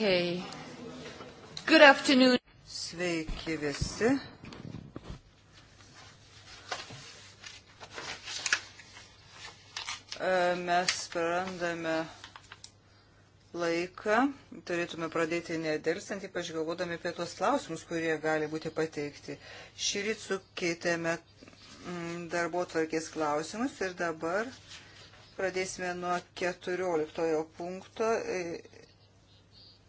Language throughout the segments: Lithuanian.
Okay. Good afternoon. Sveiki visi. E, mes prarandame laiką, turėtume pradėti nedelsant, ypač galvodami apie tuos klausimus, kurie gali būti pateikti. Šį rytą sukeitėme mm, darbo tvarkės klausimus ir dabar pradėsime nuo 14 punkto e,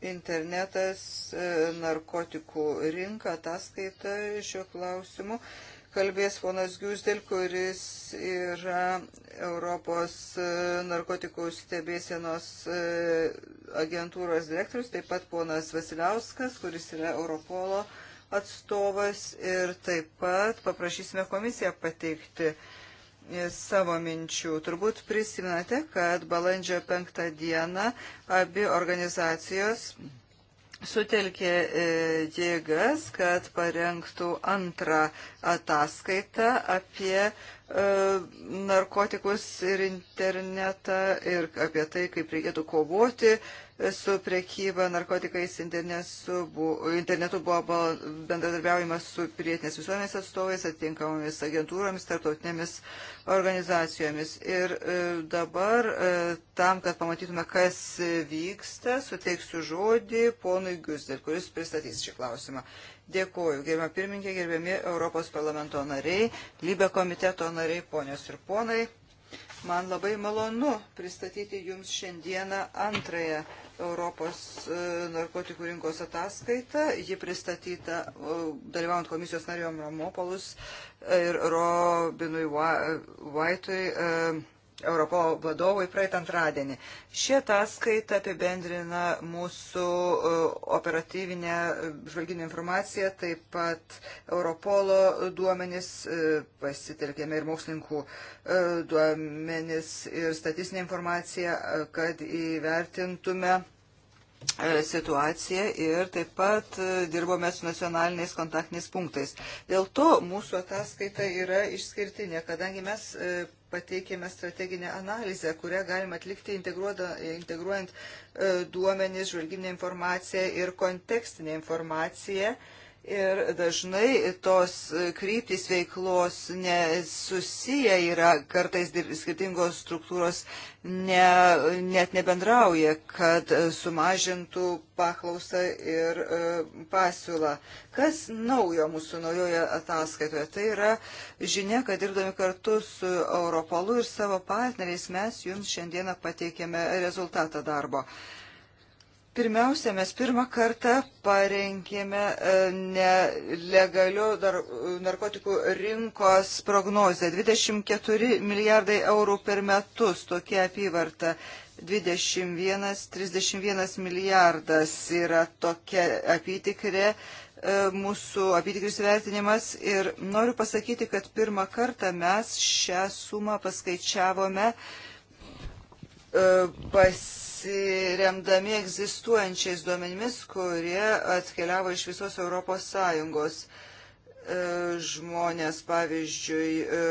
internetas, e, narkotikų rinka, ataskaita šiuo klausimu. Kalbės ponas Giusdėl, kuris yra Europos e, narkotikų stebėsienos e, agentūros direktorius, taip pat ponas Vasiliauskas, kuris yra Europolo atstovas ir taip pat paprašysime komisiją pateikti uh, savo minčių. Turbūt prisimenate, kad balandžio penktą dieną abi organizacijos sutelkė e, jėgas, kad parengtų antrą ataskaitą apie E, narkotikus ir internetą ir apie tai, kaip reikėtų kovoti su priekyba narkotikais internetu, internetu buvo bendradarbiaujama su pilietinės visuomenės atstovais, atitinkamomis agentūromis, tarptautinėmis organizacijomis. Ir e, dabar e, tam, kad pamatytume, kas vyksta, suteiksiu žodį ponui Gusdėl, kuris pristatys šį klausimą. Dėkuoju, gerbėma pirmininkė, gerbėmi Europos parlamento nariai, lybė komiteto nariai, ponios ir ponai. Man labai malonu pristatyti Jums šiandieną antrąją Europos e, narkotikų rinkos ataskaitą. Ji pristatyta e, dalyvaujant komisijos nariom Ramopolus ir Robinui Vaitui. Uh, e, Europo vadovai praeitą antradienį. Šie ataskaita apibendrina mūsų e, operatyvinę žvalginę informaciją, taip pat Europolo duomenis, e, pasitelkėme ir mokslininkų e, duomenis ir statistinę informaciją, kad įvertintume situaciją ir taip pat dirbome su nacionaliniais kontaktiniais punktais. Dėl to mūsų ataskaita yra išskirtinė, kadangi mes pateikėme strateginę analizę, kurią galima atlikti integruojant e, duomenys, žvalgybinę informaciją ir kontekstinę informaciją. E, Ir dažnai tos kryptis veiklos nesusiję yra, kartais skirtingos struktūros ne, net nebendrauja, kad sumažintų paklausą ir e, pasiūlą. Kas naujo mūsų naujoje ataskaitoje? Tai yra žinia, kad dirbdami kartu su Europolu ir savo partneriais mes jums šiandieną pateikėme rezultatą darbo. Uh, Pirmiausia, mes pirmą kartą parengėme e, nelegalių e, narkotikų rinkos prognozę. 24 milijardai eurų per metus tokia apyvarta. 21-31 milijardas yra tokia apytikrė e, mūsų apytikris vertinimas ir noriu pasakyti, kad pirmą kartą mes šią sumą paskaičiavome pas pasiremdami egzistuojančiais duomenimis, kurie atkeliavo iš visos Europos Sąjungos e, žmonės, pavyzdžiui, e,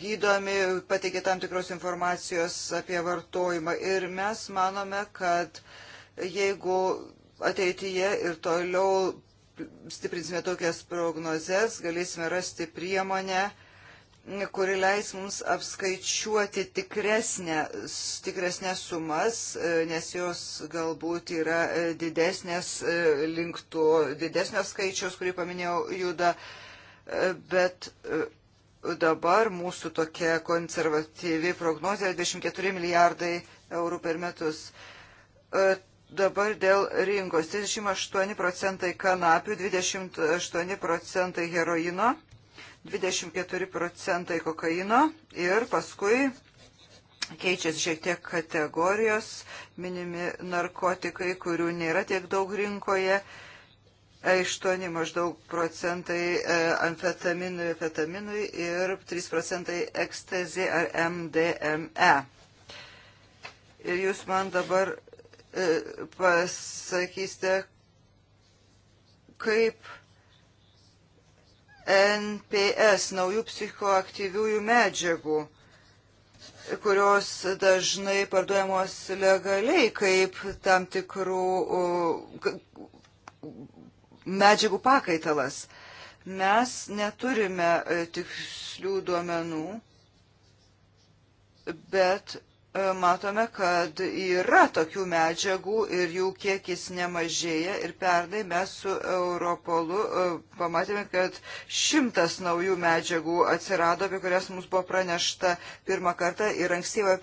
gydomi, pateikia tam tikros informacijos apie vartojimą. Ir mes manome, kad jeigu ateityje ir toliau stiprinsime tokias prognozes, galėsime rasti priemonę kuri leis mums apskaičiuoti tikresnę, tikresnės sumas, e, nes jos galbūt yra e, didesnės e, link to didesnio skaičiaus, kurį paminėjau, juda, bet dabar mūsų tokia konservatyvi prognozija 24 milijardai eurų per metus. Dabar dėl rinkos 38 procentai kanapių, 28 procentai heroino, 24 procentai kokaino ir paskui keičiasi šiek tiek kategorijos, minimi narkotikai, kurių nėra tiek daug rinkoje. 8 maždaug procentai e, amfetaminui, fetaminui ir 3 procentai ekstazė ar MDME. Ir jūs man dabar e, pasakysite, kaip NPS, naujų psichoaktyviųjų medžiagų, kurios dažnai parduojamos legaliai kaip tam tikrų medžiagų pakaitalas. Mes neturime e, tikslių duomenų, bet E, matome, kad yra tokių medžiagų ir jų kiekis nemažėja. Ir pernai mes su Europolu e, pamatėme, kad šimtas naujų medžiagų atsirado, apie kurias mums buvo pranešta pirmą kartą ir ankstyvojo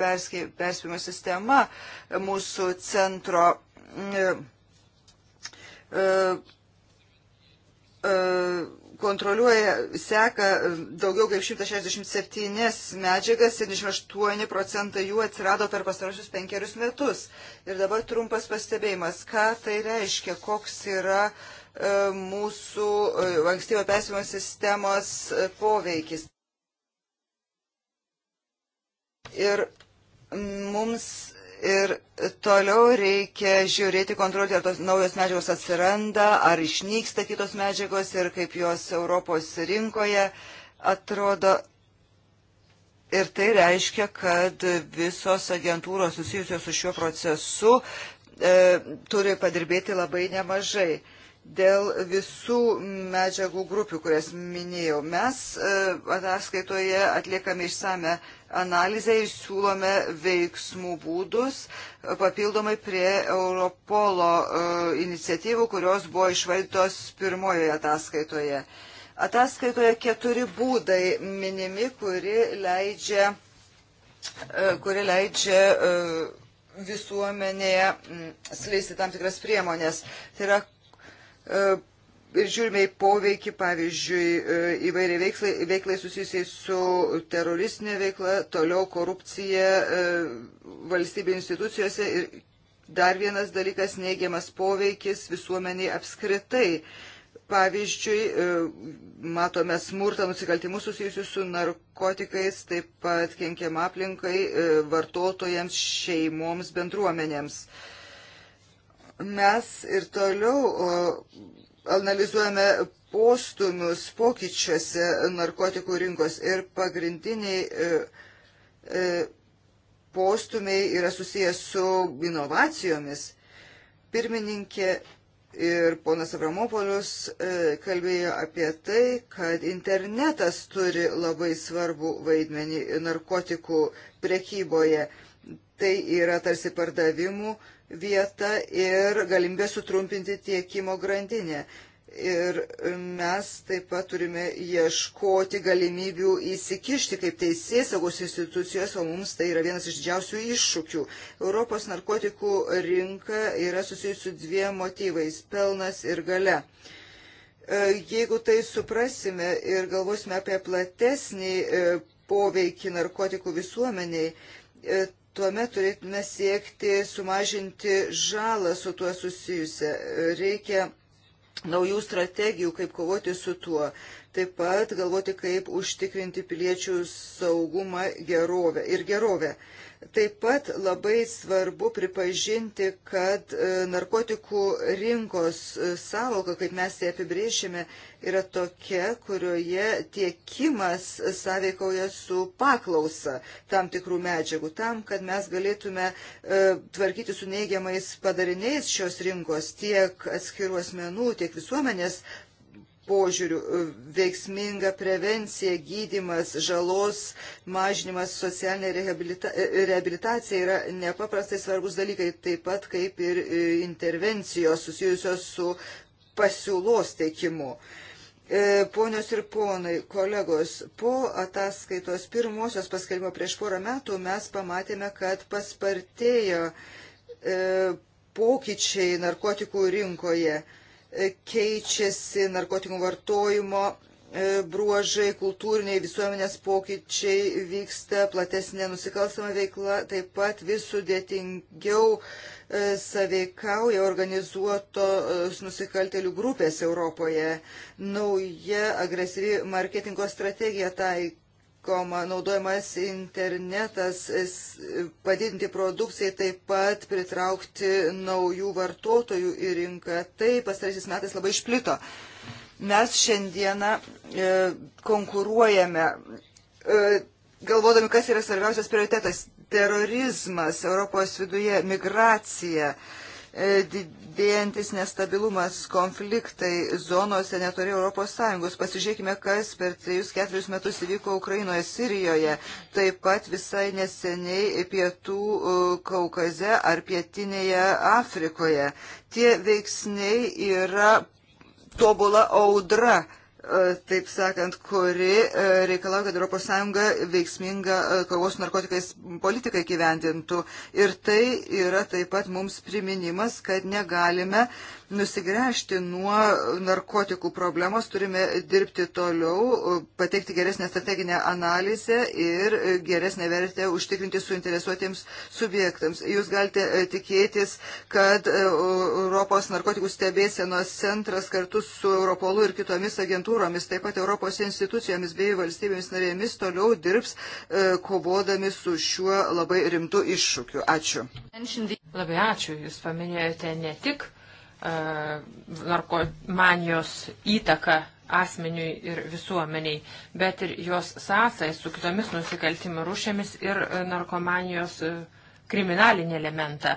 perspėjimo sistema mūsų centro. Mm, e, e, e, kontroliuoja, seka e, daugiau kaip 167 medžiagas, 78 procentai jų atsirado per pastarosius penkerius metus. Ir dabar trumpas pastebėjimas, ką tai reiškia, koks yra e, mūsų e, ankstyvo persimo sistemos poveikis. Ir mums Ir toliau reikia žiūrėti, kontroliuoti, ar tos naujos medžiagos atsiranda, ar išnyksta kitos medžiagos ir kaip jos Europos rinkoje atrodo. Ir tai reiškia, kad visos agentūros susijusios su šiuo procesu e, turi padirbėti labai nemažai. Dėl visų medžiagų grupių, kurias minėjau, mes e, ataskaitoje atliekame išsame analizę ir siūlome veiksmų būdus papildomai prie Europolo e, iniciatyvų, kurios buvo išvaidytos pirmojoje ataskaitoje. Ataskaitoje keturi būdai minimi, kuri leidžia, e, kuri leidžia e, visuomenėje sleisti tam tikras priemonės. Tai yra ir žiūrime į poveikį, pavyzdžiui, e, įvairiai veiklai, veiklai susijusiai su teroristinė veikla, toliau korupcija e, valstybių institucijose ir dar vienas dalykas neigiamas poveikis visuomeniai apskritai. Pavyzdžiui, e, matome smurtą nusikaltimus susijusius su narkotikais, taip pat kenkiam aplinkai, vartotojams, šeimoms, bendruomenėms mes ir toliau analizuojame postumius pokyčiuose narkotikų rinkos ir pagrindiniai e, e, postumiai yra susijęs su inovacijomis. Pirmininkė ir ponas Avramopolius e, kalbėjo apie tai, kad internetas turi labai svarbų vaidmenį narkotikų prekyboje. Tai yra tarsi pardavimų vietą ir galimybę sutrumpinti tiekimo grandinę. Ir mes taip pat turime ieškoti galimybių įsikišti kaip teisės saugos institucijos, o mums tai yra vienas iš didžiausių iššūkių. Europos narkotikų rinka yra susijusi su dviem motyvais - pelnas ir gale. Jeigu tai suprasime ir galvosime apie platesnį e, poveikį narkotikų visuomeniai, e, tuomet turėtume siekti sumažinti žalą su tuo susijusią. Reikia naujų strategijų, kaip kovoti su tuo. Taip pat galvoti, kaip užtikrinti piliečių saugumą gerovę ir gerovę. Taip pat labai svarbu pripažinti, kad e, narkotikų rinkos e, savoka, kaip mes ją apibrėšime, yra tokia, kurioje tiekimas sąveikauja su paklausa tam tikrų medžiagų, tam, kad mes galėtume e, tvarkyti su neigiamais padariniais šios rinkos tiek atskirų asmenų, tiek visuomenės požiūrių e, - veiksminga prevencija, gydimas, žalos mažinimas, socialinė rehabilita, e, e, rehabilitacija yra nepaprastai svarbus dalykai, taip pat kaip ir intervencijos susijusios su pasiūlos teikimu. Ponios ir ponai, kolegos, po ataskaitos pirmosios paskelbimo prieš porą metų mes pamatėme, kad paspartėjo e, pokyčiai narkotikų rinkoje. E, keičiasi narkotikų vartojimo e, bruožai, kultūriniai visuomenės pokyčiai vyksta, platesnė nusikalstama veikla, taip pat vis sudėtingiau e, saveikauja organizuotos nusikaltelių grupės Europoje. Nauja agresyvi marketingo strategija tai taikoma, naudojamas internetas, padidinti produkcijai, taip pat pritraukti naujų vartotojų į rinką. Tai pastaraisiais metais labai išplito. Mes šiandieną e, konkuruojame, e, galvodami, kas yra svarbiausias prioritetas - terorizmas Europos viduje, migracija. E, E, didėjantis nestabilumas, konfliktai zonose netoli ES. Pasižiūrėkime, kas per 3-4 metus įvyko Ukrainoje, Sirijoje, taip pat visai neseniai pietų e, Kaukaze ar pietinėje Afrikoje. Tie veiksniai yra tobula audra E, taip sakant, kuri e, reikalauja, kad ES veiksmingą e, kovos narkotikais politiką gyvendintų. Ir tai yra taip pat mums priminimas, kad negalime uh, nusigręžti nuo narkotikų problemos, turime dirbti toliau, pateikti geresnę strateginę analizę ir geresnę vertę užtikrinti suinteresuotiems subjektams. Jūs galite e, tikėtis, kad e, Europos narkotikų stebėsienos centras kartu su Europolu ir kitomis agentūromis, taip pat Europos institucijomis bei valstybėmis narėmis toliau dirbs e, kovodami su šiuo labai rimtu iššūkiu. Ačiū. Labai ačiū. Jūs paminėjote ne tik narkomanijos įtaką asmeniui ir visuomeniai, bet ir jos sąsai su kitomis nusikaltimo rūšėmis ir narkomanijos kriminalinį elementą.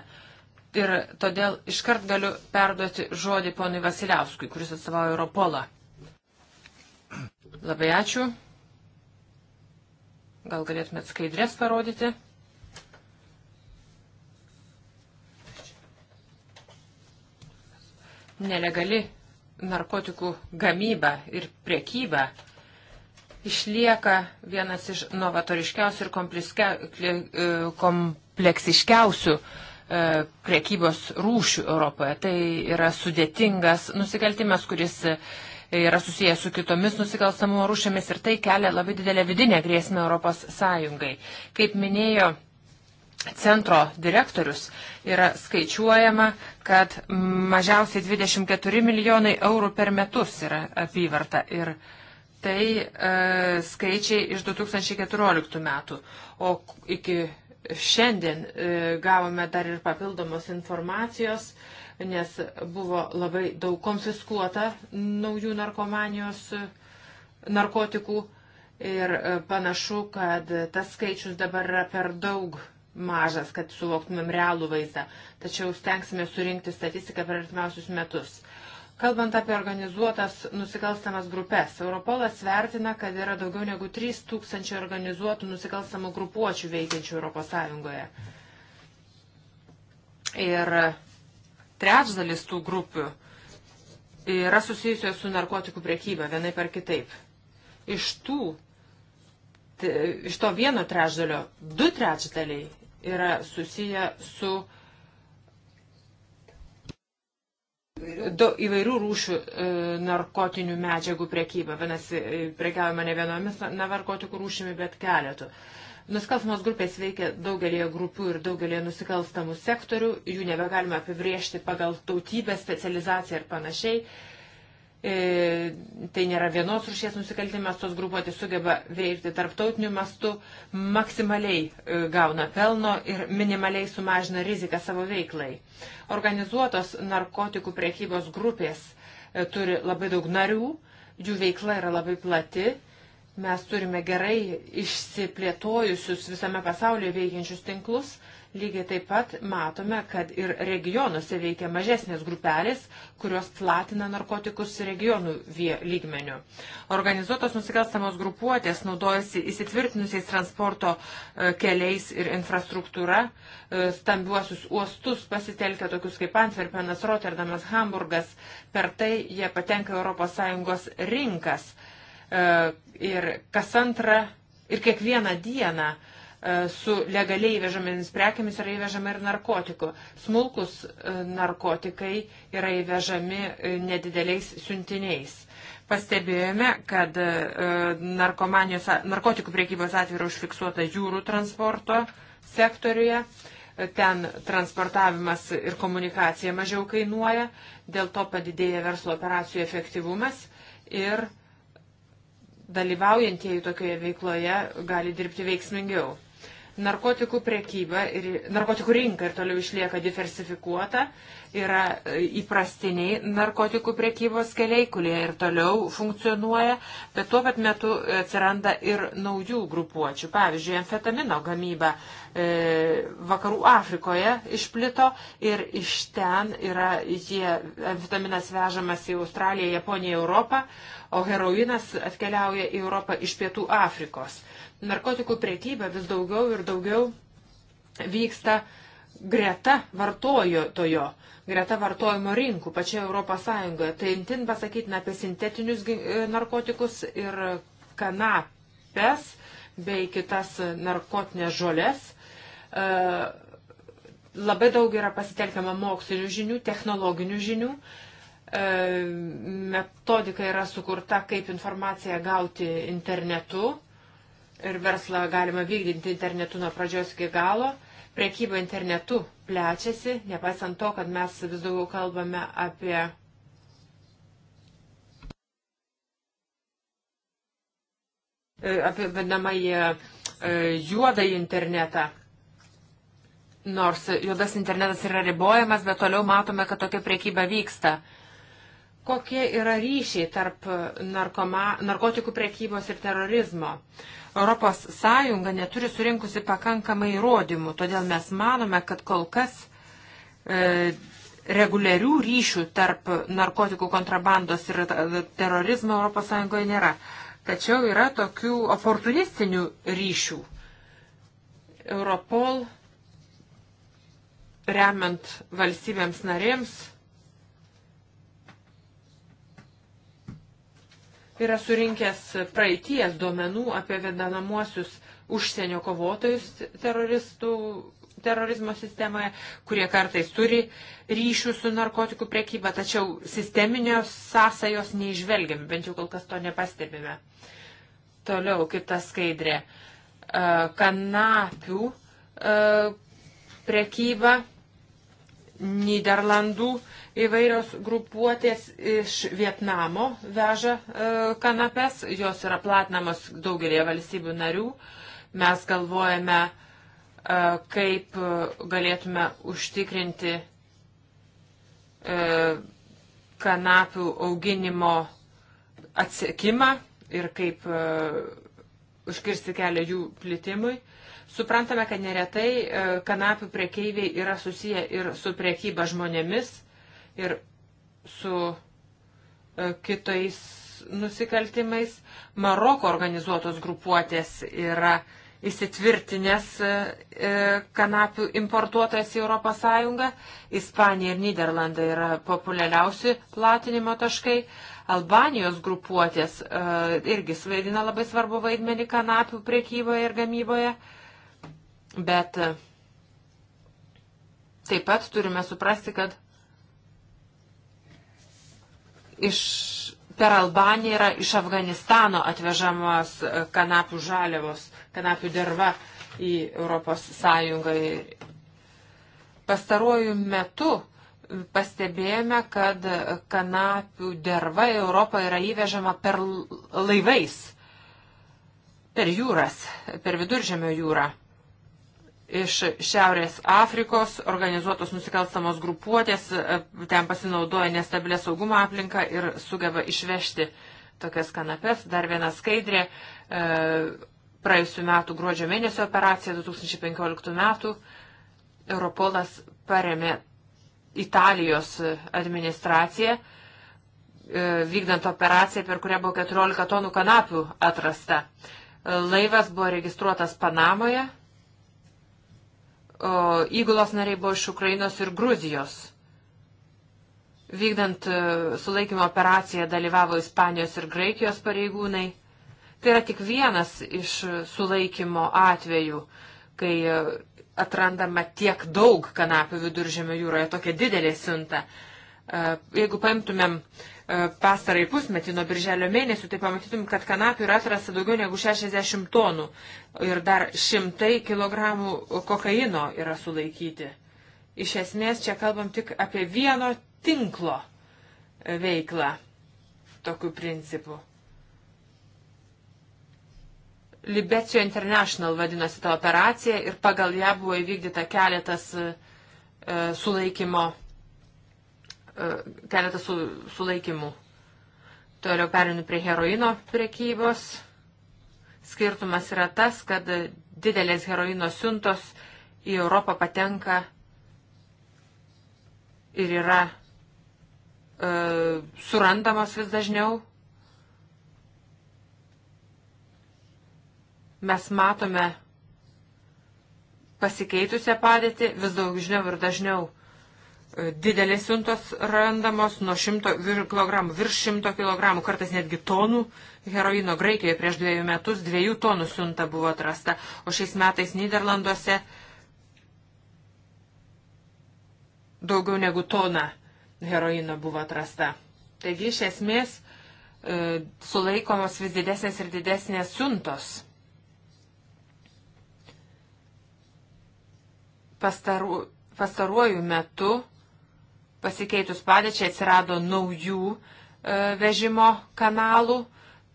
Ir todėl iškart galiu perduoti žodį ponui Vasiliauskui, kuris atstovauja Europolą. Labai ačiū. Gal galėtumėt skaidrės parodyti? nelegali narkotikų gamyba ir priekyba išlieka vienas iš novatoriškiausių ir e, kompleksiškiausių e, priekybos rūšių Europoje. Tai yra sudėtingas nusikaltimas, kuris e, yra susijęs su kitomis nusikalstamumo rūšiamis ir tai kelia labai didelę vidinę grėsmę Europos Sąjungai. Kaip minėjo centro direktorius, yra skaičiuojama, kad mažiausiai 24 milijonai eurų per metus yra apyvarta ir tai e, skaičiai iš 2014 metų, o iki šiandien e, gavome dar ir papildomos informacijos, nes buvo labai daug konfiskuota naujų narkomanijos e, narkotikų ir e, panašu, kad tas skaičius dabar yra per daug mažas, kad suvoktumėm realų vaizdą, tačiau stengsime surinkti statistiką per artimiausius metus. Kalbant apie organizuotas nusikalstamas grupės, Europolas vertina, kad yra daugiau negu 3000 organizuotų nusikalstamų grupuočių veikiančių ES. Ir trečdalis tų grupių yra susijusios su narkotikų priekyba, vienai per kitaip. Iš tų iš to vieno trečdalio du trečdaliai yra susiję su įvairių rūšių e, narkotinių medžiagų prekyba. Vienasi, e, prekiaujama ne vienomis narkotikų rūšimi, bet keletu. Nusikalstamos grupės veikia daugelėje grupių ir daugelėje nusikalstamų sektorių, jų nebegalima apibriežti pagal tautybę, specializaciją ir panašiai. E, tai nėra vienos rušies nusikaltimas, tos grupuotės sugeba veikti tarptautiniu mastu, maksimaliai e, gauna pelno ir minimaliai sumažina riziką savo veiklai. Organizuotos narkotikų priekybos grupės e, turi labai daug narių, jų veikla yra labai plati. Mes turime gerai išsiplėtojusius visame pasaulyje veikiančius tinklus Lygiai taip pat matome, kad ir regionuose veikia mažesnės grupelės, kurios platina narkotikus regionų lygmenių. Organizuotos nusikalstamos grupuotės naudojasi įsitvirtinusiais transporto e, keliais ir infrastruktūra, e, stambiuosius uostus pasitelkia tokius kaip Antverpenas, Rotterdamas, Hamburgas, per tai jie patenka ES rinkas. E, ir kas antrą ir kiekvieną dieną uh, E, su legaliai įvežamomis prekiamis yra įvežama ir narkotikų. Smulkus e, narkotikai yra įvežami e, nedideliais siuntiniais. Pastebėjome, kad narkotikų priekybos atvira užfiksuota jūrų transporto sektoriuje. Ten transportavimas ir komunikacija mažiau kainuoja, dėl to padidėja verslo operacijų efektyvumas ir dalyvaujantieji tokioje veikloje gali dirbti veiksmingiau. Narkotikų prekyba ir narkotikų rinka ir toliau išlieka diversifikuota, yra e, įprastiniai narkotikų prekybos keliai, kurie ir toliau funkcionuoja, bet tuo pat metu atsiranda ir naujų grupuočių. Pavyzdžiui, amfetamino gamyba e, vakarų Afrikoje išplito ir iš ten yra jie, amfetaminas vežamas į Australiją, Japoniją, Europą, o heroinas atkeliauja į Europą iš pietų Afrikos narkotikų priekyba vis daugiau ir daugiau vyksta greta vartojotojo, greta vartojimo rinkų pačioje Europos Sąjungoje. Tai intin pasakytina apie sintetinius e, narkotikus ir kanapes bei kitas narkotinės žolės. E, labai daug yra pasitelkiama mokslinių žinių, technologinių žinių. E, metodika yra sukurta, kaip informaciją gauti internetu ir verslą galima vykdyti internetu nuo pradžios iki galo. Prekyba internetu plečiasi, nepaisant to, kad mes vis daugiau kalbame apie. apie vadinamąjį e, juodą internetą. Nors juodas internetas yra ribojamas, bet toliau matome, kad tokia priekyba vyksta kokie yra ryšiai tarp narkoma, narkotikų prekybos ir terorizmo. Europos Sąjunga neturi surinkusi pakankamai įrodymų, todėl mes manome, kad kol kas e, reguliarių ryšių tarp narkotikų kontrabandos ir terorizmo Europos Sąjungoje nėra. Tačiau yra tokių oportunistinių ryšių. Europol remiant valstybėms narėms yra surinkęs praeities duomenų apie vedanamuosius užsienio kovotojus teroristų, terorizmo sistemoje, kurie kartais turi ryšių su narkotikų priekyba, tačiau sisteminės sąsajos neižvelgiam, bent jau kol kas to nepastebime. Toliau kita skaidrė. E, kanapių e, prekyba Niderlandų Įvairios grupuotės iš Vietnamo veža e, kanapes, jos yra platinamos daugelėje valstybių narių. Mes galvojame, e, kaip galėtume užtikrinti e, kanapių auginimo atsiekimą ir kaip užkirsti kelią jų plitimui. Suprantame, kad neretai kanapių priekeiviai yra susiję ir su priekyba žmonėmis ir su e, kitais nusikaltimais. Maroko organizuotos grupuotės yra įsitvirtinęs e, e, kanapių importuotojas į ES. Ispanija ir Niderlandai yra populiariausi platinimo taškai. Albanijos grupuotės irgi suvaidina labai svarbu vaidmenį kanapių priekyboje ir gamyboje. Bet taip pat turime suprasti, kad iš, per Albaniją yra iš Afganistano atvežamos e, kanapių žaliavos, kanapių derva į Europos Sąjungą. Pastaruoju metu e, pastebėjome, kad kanapių derva į Europą yra įvežama per laivais, per jūras, per viduržėmio jūrą iš Šiaurės Afrikos, organizuotos nusikalstamos grupuotės, e, ten pasinaudoja nestabilę saugumo aplinką ir sugeba išvežti tokias kanapes. Dar viena skaidrė, e, praėjusiu metu gruodžio mėnesio operacija 2015 metų, Europolas paremė Italijos administraciją, e, vykdant operaciją, per kurią buvo 14 tonų kanapių atrasta. Laivas buvo registruotas Panamoje, įgulos nariai buvo iš Ukrainos ir Gruzijos. Vykdant e, sulaikymo operaciją dalyvavo Ispanijos ir Graikijos pareigūnai. Tai yra tik vienas iš sulaikymo atvejų, kai e, atrandama tiek daug kanapių viduržėmio jūroje, tokia didelė siunta. E, jeigu paimtumėm E, pastarai pusmetį nuo birželio mėnesių, tai pamatytum, kad kanapių yra atrasta daugiau negu 60 tonų ir dar šimtai kilogramų kokaino yra sulaikyti. Iš esmės čia kalbam tik apie vieno tinklo e, veiklą tokiu principu. Libecio International vadinosi ta operacija ir pagal ją buvo įvykdyta keletas e, e sulaikymo E, keletą su, sulaikymų. Toliau perinu prie heroino priekybos. Skirtumas yra tas, kad didelės heroino siuntos į Europą patenka ir yra e, surandamos vis dažniau. Mes matome pasikeitusią padėtį vis daug žiniau ir dažniau E, didelės siuntos randamos nuo 100 kg, virš 100 kg, kartais netgi tonų heroino Graikijoje prieš dviejų metus dviejų tonų siunta buvo atrasta, o šiais metais Niderlanduose daugiau negu tona heroino buvo atrasta. Taigi iš esmės e, sulaikomos vis didesnės ir didesnės siuntos. Pastaru, pastaruoju metu Pasikeitus padėčiai atsirado naujų e, vežimo kanalų.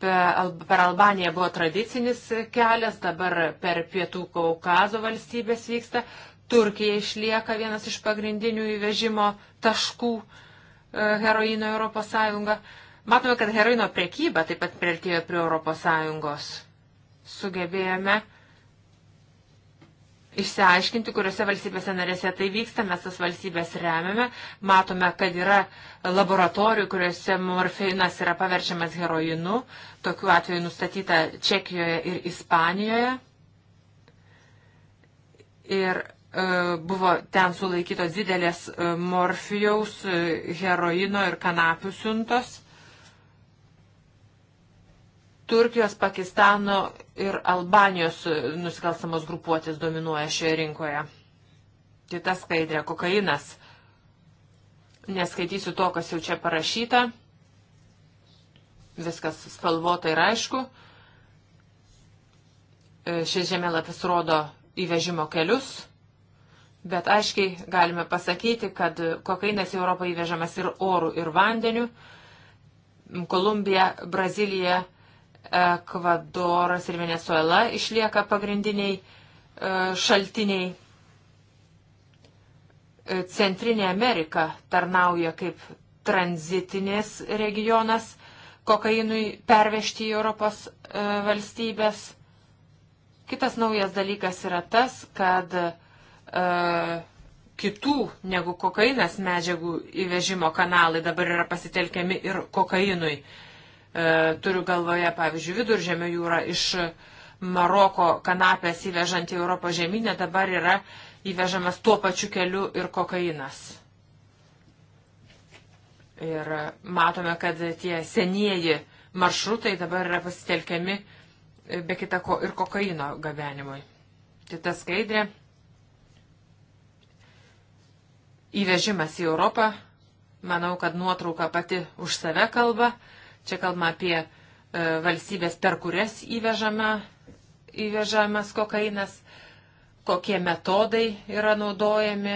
Per Albaniją buvo tradicinis kelias, dabar per Pietų Kaukazo valstybės vyksta. Turkija išlieka vienas iš pagrindinių įvežimo taškų e, heroino Europos Sąjunga. Matome, kad heroino prekyba taip pat prieartėjo prie Europos Sąjungos. Sugebėjome uh, išsiaiškinti, kuriuose valstybėse narėse tai vyksta, mes tas valstybės remiame, matome, kad yra laboratorijų, kuriuose morfinas yra paverčiamas heroinu, tokiu atveju nustatyta Čekijoje ir Ispanijoje. Ir e, buvo ten sulaikytos didelės e, morfijaus, e, heroino ir kanapių siuntos. Turkijos, Pakistano ir Albanijos nusikalstamos grupuotės dominuoja šioje rinkoje. Kita skaidrė - kokainas. Neskaitysiu to, kas jau čia parašyta. Viskas spalvota ir aišku. E, šis žemėlapis rodo įvežimo kelius, bet aiškiai galime pasakyti, kad kokainas į Europą įvežamas ir orų, ir vandeniu. Kolumbija, Brazilija, Ekvadoras ir Venezuela išlieka pagrindiniai e, šaltiniai. E, Centrinė Amerika tarnauja kaip tranzitinės regionas kokainui pervežti į Europos e, valstybės. Kitas naujas dalykas yra tas, kad kitų negu kokainas medžiagų įvežimo kanalai dabar yra pasitelkiami ir kokainui. Uh, E, turiu galvoje, pavyzdžiui, viduržėmio jūra iš Maroko kanapės įvežant į Europos žemynę dabar yra įvežamas tuo pačiu keliu ir kokainas. Ir matome, kad tie senieji maršrutai dabar yra pasitelkiami e, be kitako ir kokaino gabenimui. Kita tai skaidrė. Įvežimas į Europą. Manau, kad nuotrauka pati už save kalba. Čia kalbama apie e, valstybės, per kurias įvežama, įvežamas kokainas, kokie metodai yra naudojami,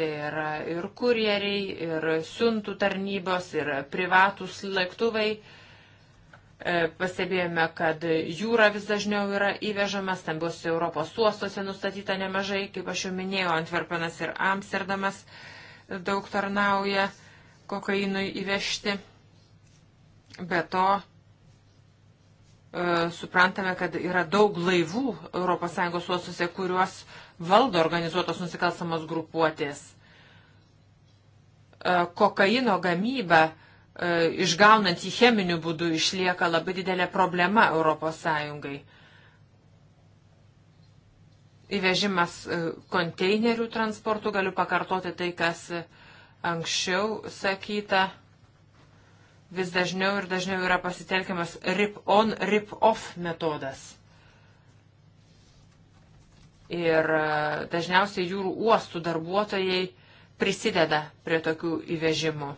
tai yra ir kurjeriai, ir siuntų tarnybos, ir privatus lėktuvai. E, pastebėjome, kad jūra vis dažniau yra įvežama, stambiuose Europos uostuose nustatyta nemažai, kaip aš jau minėjau, Antverpenas ir Amsterdamas daug tarnauja kokainui įvežti. Be to, e, suprantame, kad yra daug laivų ES uostose, kuriuos valdo organizuotos nusikalstamos grupuotės. E, kokaino gamyba, e, išgaunant jį cheminiu būdu, išlieka labai didelė problema ES. Įvežimas konteinerių transportų, galiu pakartoti tai, kas anksčiau sakyta vis dažniau ir dažniau yra pasitelkiamas rip-on, rip-off metodas. Ir e, dažniausiai jūrų uostų darbuotojai prisideda prie tokių įvežimų.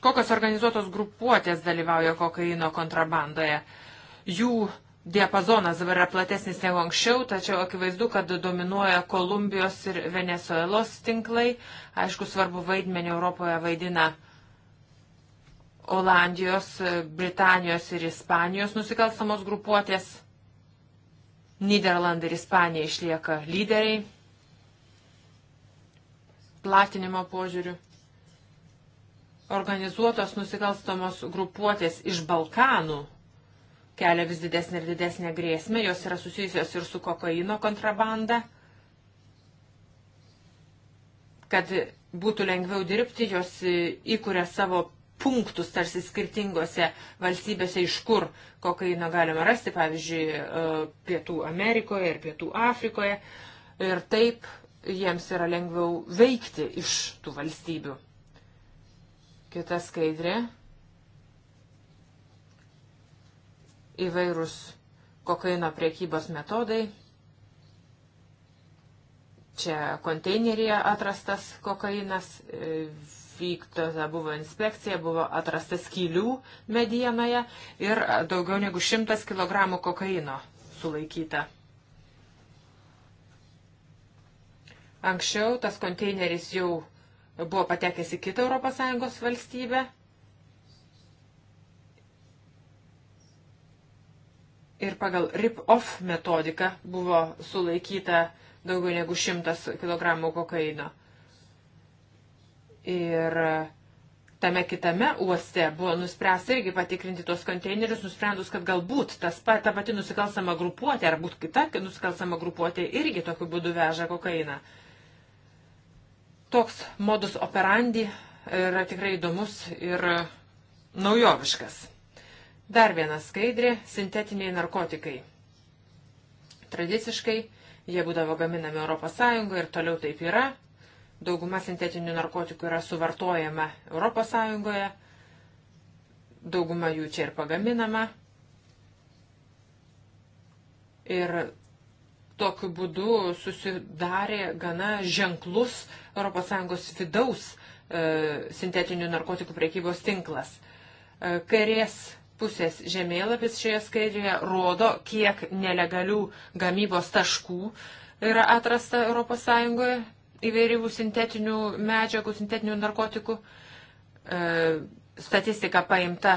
Kokios organizuotos grupuotės dalyvauja kokaino kontrabandoje? Jų diapazonas dabar yra platesnis negu anksčiau, tačiau akivaizdu, kad dominuoja Kolumbijos ir Venezuelos tinklai. Aišku, svarbu vaidmenį Europoje vaidina uh, Olandijos, Britanijos ir Ispanijos nusikalstamos grupuotės. Niderlandai ir Ispanija išlieka lyderiai platinimo požiūrių. Organizuotos nusikalstamos grupuotės iš Balkanų kelia vis didesnį ir didesnį grėsmę, jos yra susijusios ir su kokaino kontrabanda. Kad būtų lengviau dirbti, jos įkuria savo punktus tarsi skirtingose valstybėse, iš kur kokaino galima rasti, pavyzdžiui, e, Pietų Amerikoje ir Pietų Afrikoje. Ir taip jiems yra lengviau veikti iš tų valstybių. Kita skaidrė. Įvairūs kokaino priekybos metodai. Čia konteineryje atrastas kokainas, e, vykdota buvo inspekcija, buvo atrasta skylių medienoje ir e, daugiau negu 100 kg kokaino sulaikyta. Anksčiau tas konteineris jau buvo patekęs į kitą ES valstybę. Ir pagal rip-off metodiką buvo sulaikyta daugiau negu 100 kg kokaino. Ir tame kitame uoste buvo nuspręsta irgi patikrinti tuos konteinerius, nusprendus, kad galbūt tas, pa, ta pati nusikalstama grupuotė, ar būt kita nusikalstama grupuotė irgi tokiu būdu veža kokainą. Toks modus operandi yra tikrai įdomus ir naujoviškas. Dar viena skaidrė - sintetiniai narkotikai. Tradiciškai jie būdavo gaminami ES ir toliau taip yra, Dauguma sintetinių narkotikų yra suvartojama ES, dauguma jų čia ir pagaminama. Ir tokiu būdu susidarė gana ženklus ES vidaus e, sintetinių narkotikų priekybos tinklas. E, kairės pusės žemėlapis šioje skaidrėje rodo, kiek nelegalių gamybos taškų yra atrasta ES įvairių sintetinių medžiagų, sintetinių narkotikų. E, statistika paimta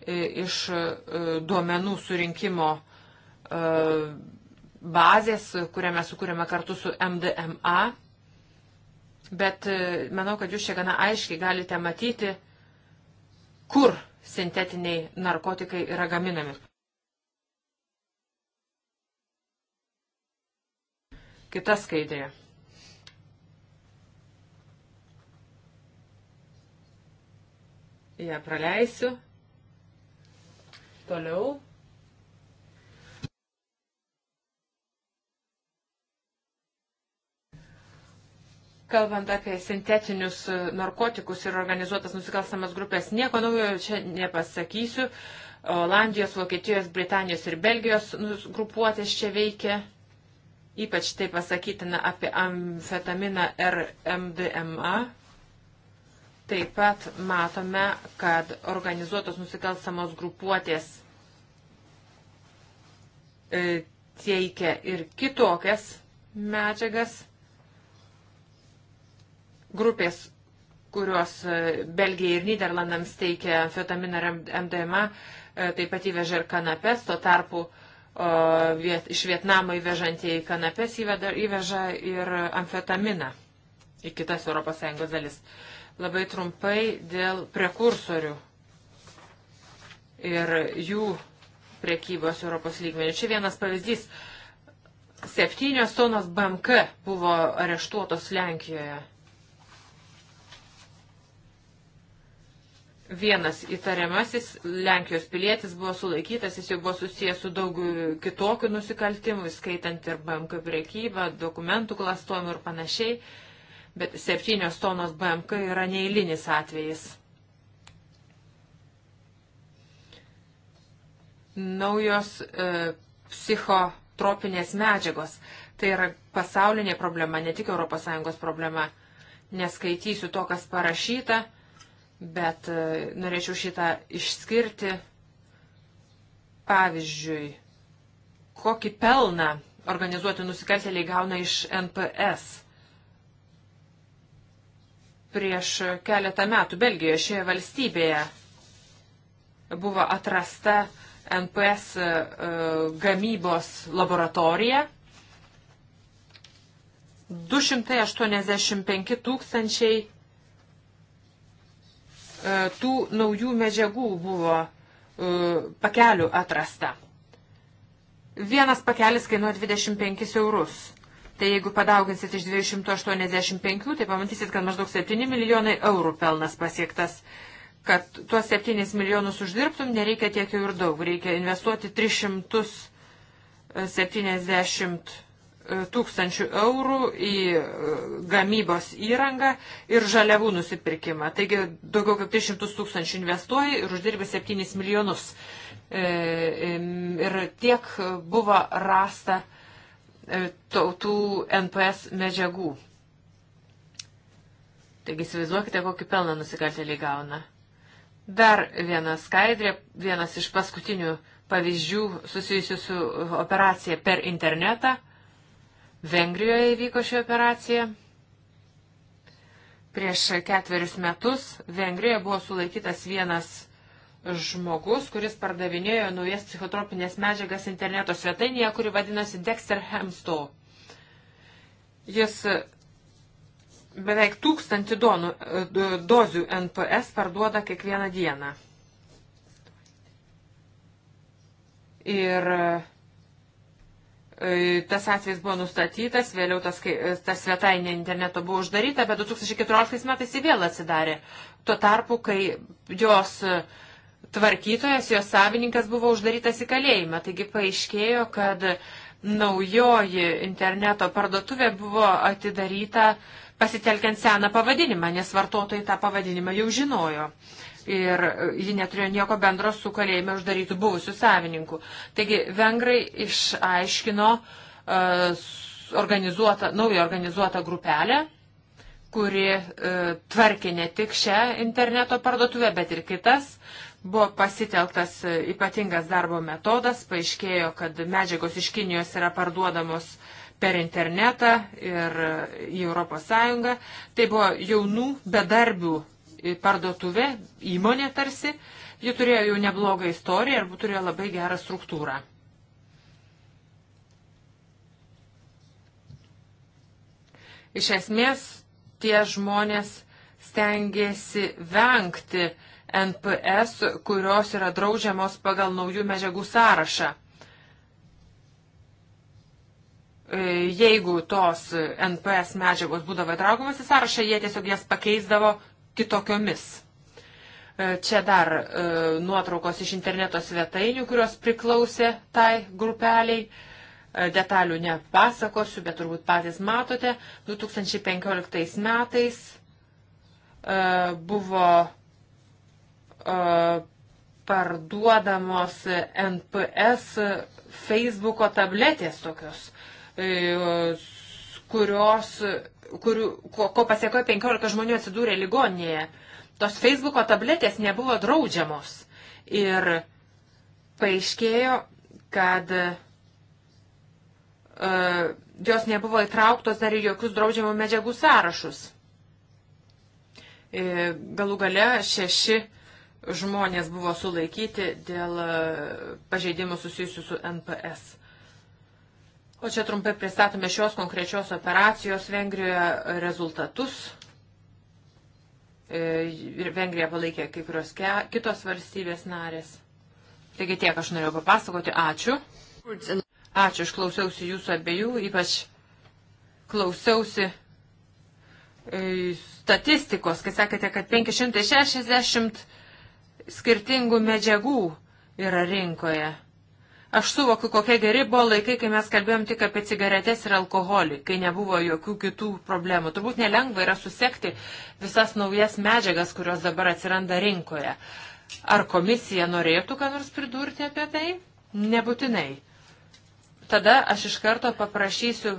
e, iš e, duomenų surinkimo bazės, kurią mes sukūrėme kartu su MDMA. Bet manau, kad jūs čia gana aiškiai galite matyti, kur sintetiniai narkotikai yra gaminami. Kita skaidrė. ją praleisiu. Toliau. Kalbant apie sintetinius e, narkotikus ir organizuotas nusikalstamas grupės, nieko naujo čia nepasakysiu. Olandijos, Vokietijos, Britanijos ir Belgijos nu, grupuotės čia veikia. Ypač tai pasakytina apie amfetaminą RMDMA, Taip pat matome, kad organizuotos nusikalstamos grupuotės e, teikia ir kitokias medžiagas. Grupės, kurios e, Belgijai ir Niderlandams teikia amfetaminą ir MDMA, e, taip pat įveža ir kanapes, tuo tarpu viet, iš Vietnamo įvežantieji kanapes įveža ir amfetaminą į kitas ES dalis. Labai trumpai dėl prekursorių ir jų prekybos Europos lygmenių. Čia vienas pavyzdys. Septynios tonos BMK buvo areštuotos Lenkijoje. Vienas įtariamasis Lenkijos pilietis buvo sulaikytas, jis jau buvo susijęs su daug kitokių nusikaltimų, skaitant ir BMK priekybą, dokumentų klastojimų ir panašiai. Uh, bet 7 tonos BMK yra neįlinis atvejis. Naujos e, psichotropinės medžiagos. Tai yra pasaulinė problema, ne tik ES problema. Neskaitysiu to, kas parašyta, bet e, norėčiau šitą išskirti. Pavyzdžiui, kokį pelną organizuoti nusikaltėliai gauna iš NPS prieš keletą metų Belgijoje šioje valstybėje buvo atrasta NPS e, gamybos laboratorija. 285 tūkstančiai e, tų naujų medžiagų buvo e, pakelių atrasta. Vienas pakelis kainuoja 25 eurus. Tai jeigu padauginsit iš 285, tai pamatysit, kad maždaug 7 milijonai eurų pelnas pasiektas. Kad tuos 7 milijonus uždirbtum, nereikia tiek jau ir daug. Reikia investuoti 370 e, tūkstančių eurų į e, gamybos įrangą ir žaliavų nusipirkimą. Taigi daugiau kaip 300 tūkstančių investuoji ir uždirbi 7 milijonus. E, ir tiek buvo rasta E, tautų NPS medžiagų. Taigi įsivaizduokite, kokį pelną nusikaltėliai gauna. Dar viena skaidrė, vienas iš paskutinių pavyzdžių susijusių su operacija per internetą. Vengrijoje įvyko ši operacija. Prieš ketverius metus Vengrijoje buvo sulaikytas vienas žmogus, kuris pardavinėjo naujas psichotropinės medžiagas interneto svetainėje, kuri vadinasi Dexter Hemstow. Jis beveik tūkstantį donų, e, dozių NPS parduoda kiekvieną dieną. Ir e, tas atvejs buvo nustatytas, vėliau tas, e, ta svetainė interneto buvo uždaryta, bet 2014 metais jį vėl atsidarė. Tuo tarpu, kai jos uh, tvarkytojas, jos savininkas buvo uždarytas į kalėjimą. Taigi paaiškėjo, kad naujoji interneto parduotuvė buvo atidaryta pasitelkiant seną pavadinimą, nes vartotojai tą pavadinimą jau žinojo. Ir ji neturėjo nieko bendro su kalėjime uždarytų buvusių savininkų. Taigi vengrai išaiškino uh, e, organizuotą, naują organizuotą grupelę, kuri uh, tvarkė ne tik šią interneto parduotuvę, bet ir kitas. Uh, Buvo pasiteltas ypatingas darbo metodas, paaiškėjo, kad medžiagos iš Kinijos yra parduodamos per internetą ir į ES. Tai buvo jaunų bedarbių parduotuvė, įmonė tarsi. Ji turėjo jau neblogą istoriją ir turėjo labai gerą struktūrą. Iš esmės, tie žmonės stengiasi vengti uh, NPS, kurios yra draudžiamos pagal naujų medžiagų sąrašą. E, jeigu tos NPS medžiagos būdavo įtraukiamas į sąrašą, jie tiesiog jas pakeisdavo kitokiomis. E, čia dar e, nuotraukos iš interneto svetainių, kurios priklausė tai grupeliai detalių nepasakosiu, bet turbūt patys matote, 2015 metais buvo parduodamos NPS Facebooko tabletės tokios, e, kurios, kurių, ko, ko pasiekoje 15 žmonių atsidūrė ligoninėje. Tos Facebooko tabletės nebuvo draudžiamos. Ir paaiškėjo, kad uh, jos nebuvo įtrauktos dar į jokius draudžiamų medžiagų sąrašus. E, galų gale šeši žmonės buvo sulaikyti dėl e, pažeidimų susijusių su NPS. O čia trumpai pristatome šios konkrečios operacijos Vengrijoje rezultatus. E, ir Vengrija palaikė kai kurios kitos valstybės narės. Taigi tiek aš norėjau papasakoti. Ačiū. Ačiū, išklausiausi jūsų abiejų, ypač klausiausi e, statistikos, kai sakėte, kad 560 skirtingų medžiagų yra rinkoje. Aš suvokiu, kokie geri buvo laikai, kai mes kalbėjom tik apie cigaretės ir alkoholį, kai nebuvo jokių kitų problemų. Turbūt nelengva yra susekti visas naujas medžiagas, kurios dabar atsiranda rinkoje. Ar komisija norėtų ką nors pridurti apie tai? Nebūtinai. Tada aš iš karto paprašysiu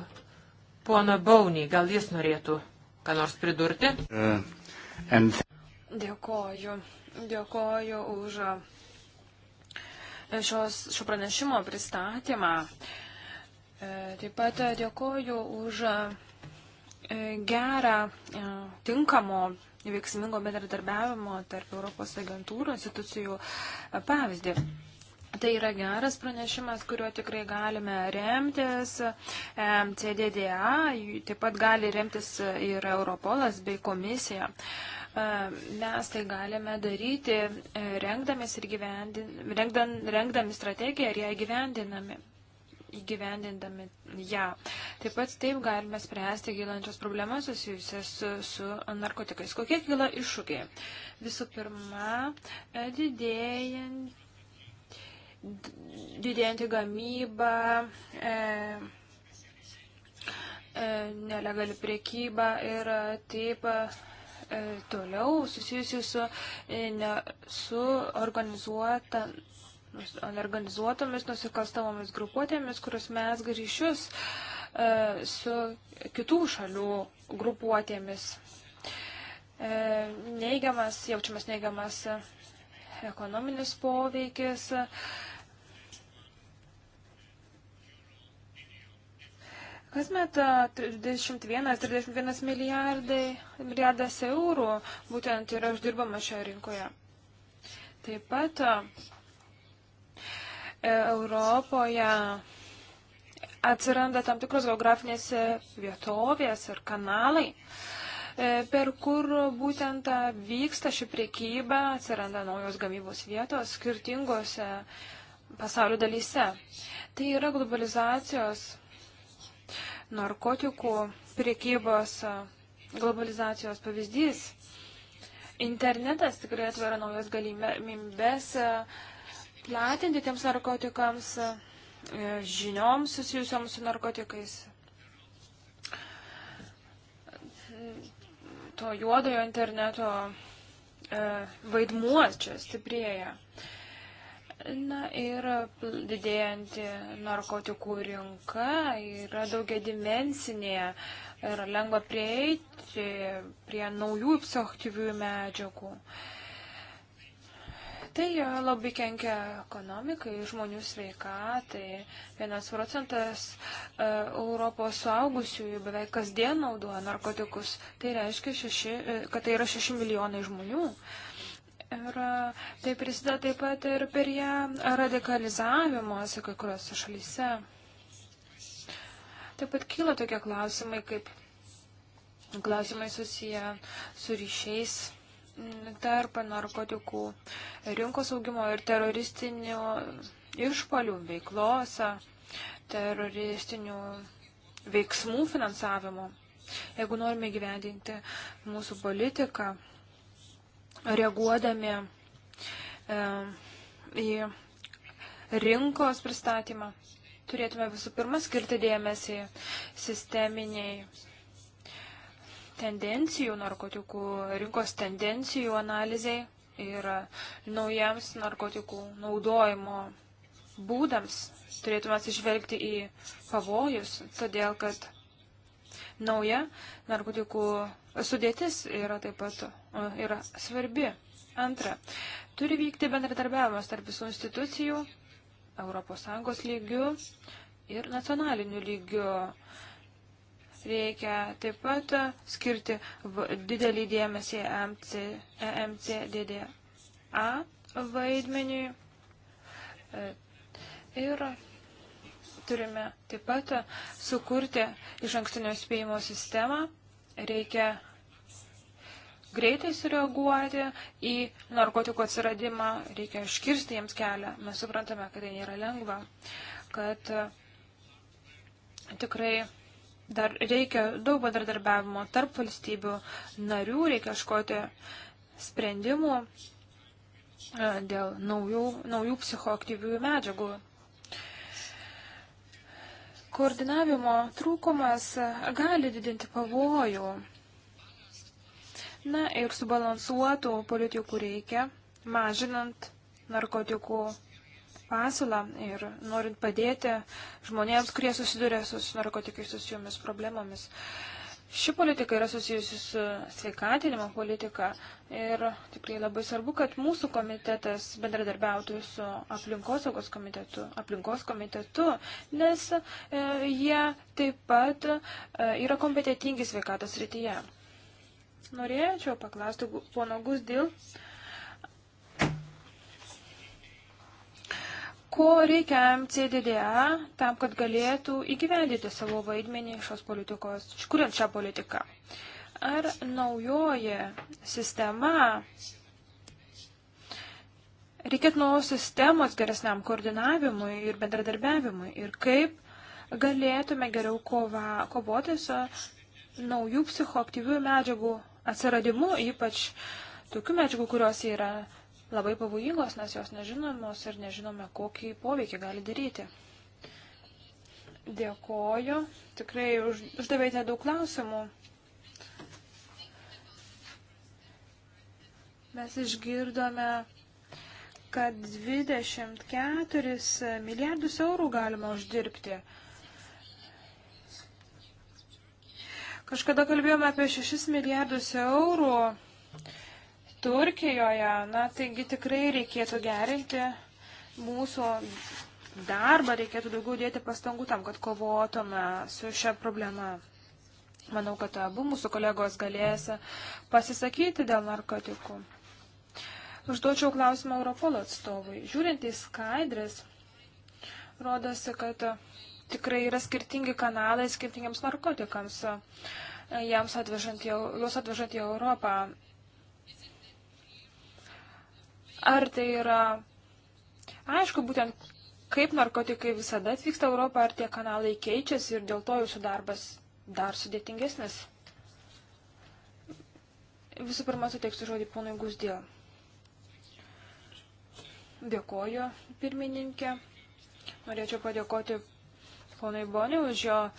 pono Baunį, gal jis norėtų ką nors pridurti. Uh, and... Dėkoju. Dėkoju už e, šios, šio pranešimo pristatymą. E, taip pat dėkoju už e, gerą, tinkamo veiksmingo bendradarbiavimo tarp Europos agentūrų institucijų pavyzdį. Tai yra geras pranešimas, kuriuo tikrai galime remtis. CDDA taip pat gali remtis ir Europolas bei komisija. E, mes tai galime daryti, e, rengdamis ir rengdan, rengdami strategiją ir ją įgyvendinami įgyvendindami ją. Taip pat taip galime spręsti gilančias problemas susijusias su, su narkotikais. Kokie kyla iššūkiai? Visų pirma, e, didėjant, didėjantį gamybą, e, e, nelegali priekyba ir taip E, toliau susijusių su, e, ne, su organizuota organizuotomis nusikalstamomis grupuotėmis, kurios mesga ryšius e, su kitų šalių grupuotėmis. E, neigiamas, jaučiamas neigiamas ekonominis poveikis, Kasmet 31-31 milijardai, milijardas eurų būtent yra uždirbama šioje rinkoje. Taip pat e, Europoje atsiranda tam tikros geografinės vietovės ir kanalai, e, per kur būtent vyksta ši priekyba, atsiranda naujos gamybos vietos skirtingose pasaulio dalyse. Tai yra globalizacijos narkotikų priekybos globalizacijos pavyzdys. Internetas tikrai atveria naujas galimybės platinti tiems narkotikams, e, žinioms susijusioms su narkotikais. To juodojo interneto e, vaidmuo čia stiprėja. Na ir didėjanti narkotikų rinka yra daugia dimensinė ir lengva prieiti prie naujų psichoktyvių medžiagų. Tai labai kenkia ekonomikai, žmonių sveikatai. Vienas procentas e, Europos suaugusiųjų beveik kasdien naudoja narkotikus. Tai reiškia, šeši, e, kad tai yra 6 milijonai žmonių. E, Ir e, tai prisideda taip pat ir per ją radikalizavimuose kai kuriuose šalyse. Taip pat kyla tokie klausimai, kaip klausimai susiję su ryšiais tarp narkotikų rinkos augimo ir teroristinių išpalių veiklos, teroristinių veiksmų finansavimo. Jeigu norime gyvendinti mūsų politiką, reaguodami e, į rinkos pristatymą turėtume visų pirma skirti dėmesį sisteminiai tendencijų, narkotikų rinkos tendencijų analizai ir naujams narkotikų naudojimo būdams turėtume atsižvelgti į pavojus, todėl kad nauja narkotikų sudėtis yra taip pat yra svarbi. Antra, turi vykti bendradarbiavimas tarp visų institucijų, ES lygių ir nacionalinių lygių. Reikia taip pat skirti didelį dėmesį EMC, EMCDDA vaidmeniui. E, ir turime taip pat sukurti iš ankstinio spėjimo sistemą. Reikia greitai sureaguoti į narkotikų atsiradimą, reikia iškirsti jiems kelią. Mes suprantame, kad tai nėra lengva, kad e, tikrai dar reikia daug bendradarbiavimo tarp valstybių narių, reikia iškoti sprendimų e, dėl naujų, naujų psichoaktyvių medžiagų. Koordinavimo trūkumas gali didinti pavojų na ir subalansuotų politikų reikia, mažinant narkotikų pasiūlą ir norint padėti žmonėms, kurie susiduria su narkotikais susijomis problemomis. Ši politika yra susijusi su sveikatinimo politika ir tikrai labai svarbu, kad mūsų komitetas bendradarbiautų su aplinkosaugos komitetu, aplinkos komitetu, nes e, jie taip pat e, yra kompetitingi sveikatos rytyje. Norėčiau paklausti pono Gusdil, ko reikia MCDDA tam, kad galėtų įgyvendyti savo vaidmenį šios politikos, kuriant šią politiką. Ar naujoji sistema reikėtų naujos sistemos geresniam koordinavimui ir bendradarbiavimui ir kaip galėtume geriau kova, kovoti su naujų psichoaktyvių medžiagų atsiradimu, ypač tokių medžiagų, kurios yra labai pavojingos, nes jos nežinomos ir nežinome, kokį poveikį gali daryti. Dėkoju. Tikrai už, uždavėte daug klausimų. Mes išgirdome, kad 24 milijardus eurų galima uždirbti. Uh, Kažkada kalbėjome apie 6 milijardus eurų Turkijoje, na taigi tikrai reikėtų gerinti mūsų darbą, reikėtų daugiau dėti pastangų tam, kad kovotume su šia problema. Manau, kad abu mūsų kolegos galės pasisakyti dėl narkotikų. Užduočiau klausimą Europolo atstovui. Žiūrint į skaidrės, rodosi, kad tikrai yra skirtingi kanalai skirtingiams narkotikams, e, jiems atvežant jau, juos atvežant į Europą. Ar tai yra, aišku, būtent kaip narkotikai visada atvyksta Europą, ar tie kanalai keičiasi ir dėl to jūsų darbas dar sudėtingesnis? Visų pirma, suteiksiu žodį ponui Gusdėl. Dėkoju, pirmininkė. Norėčiau padėkoti ponai Boni už jo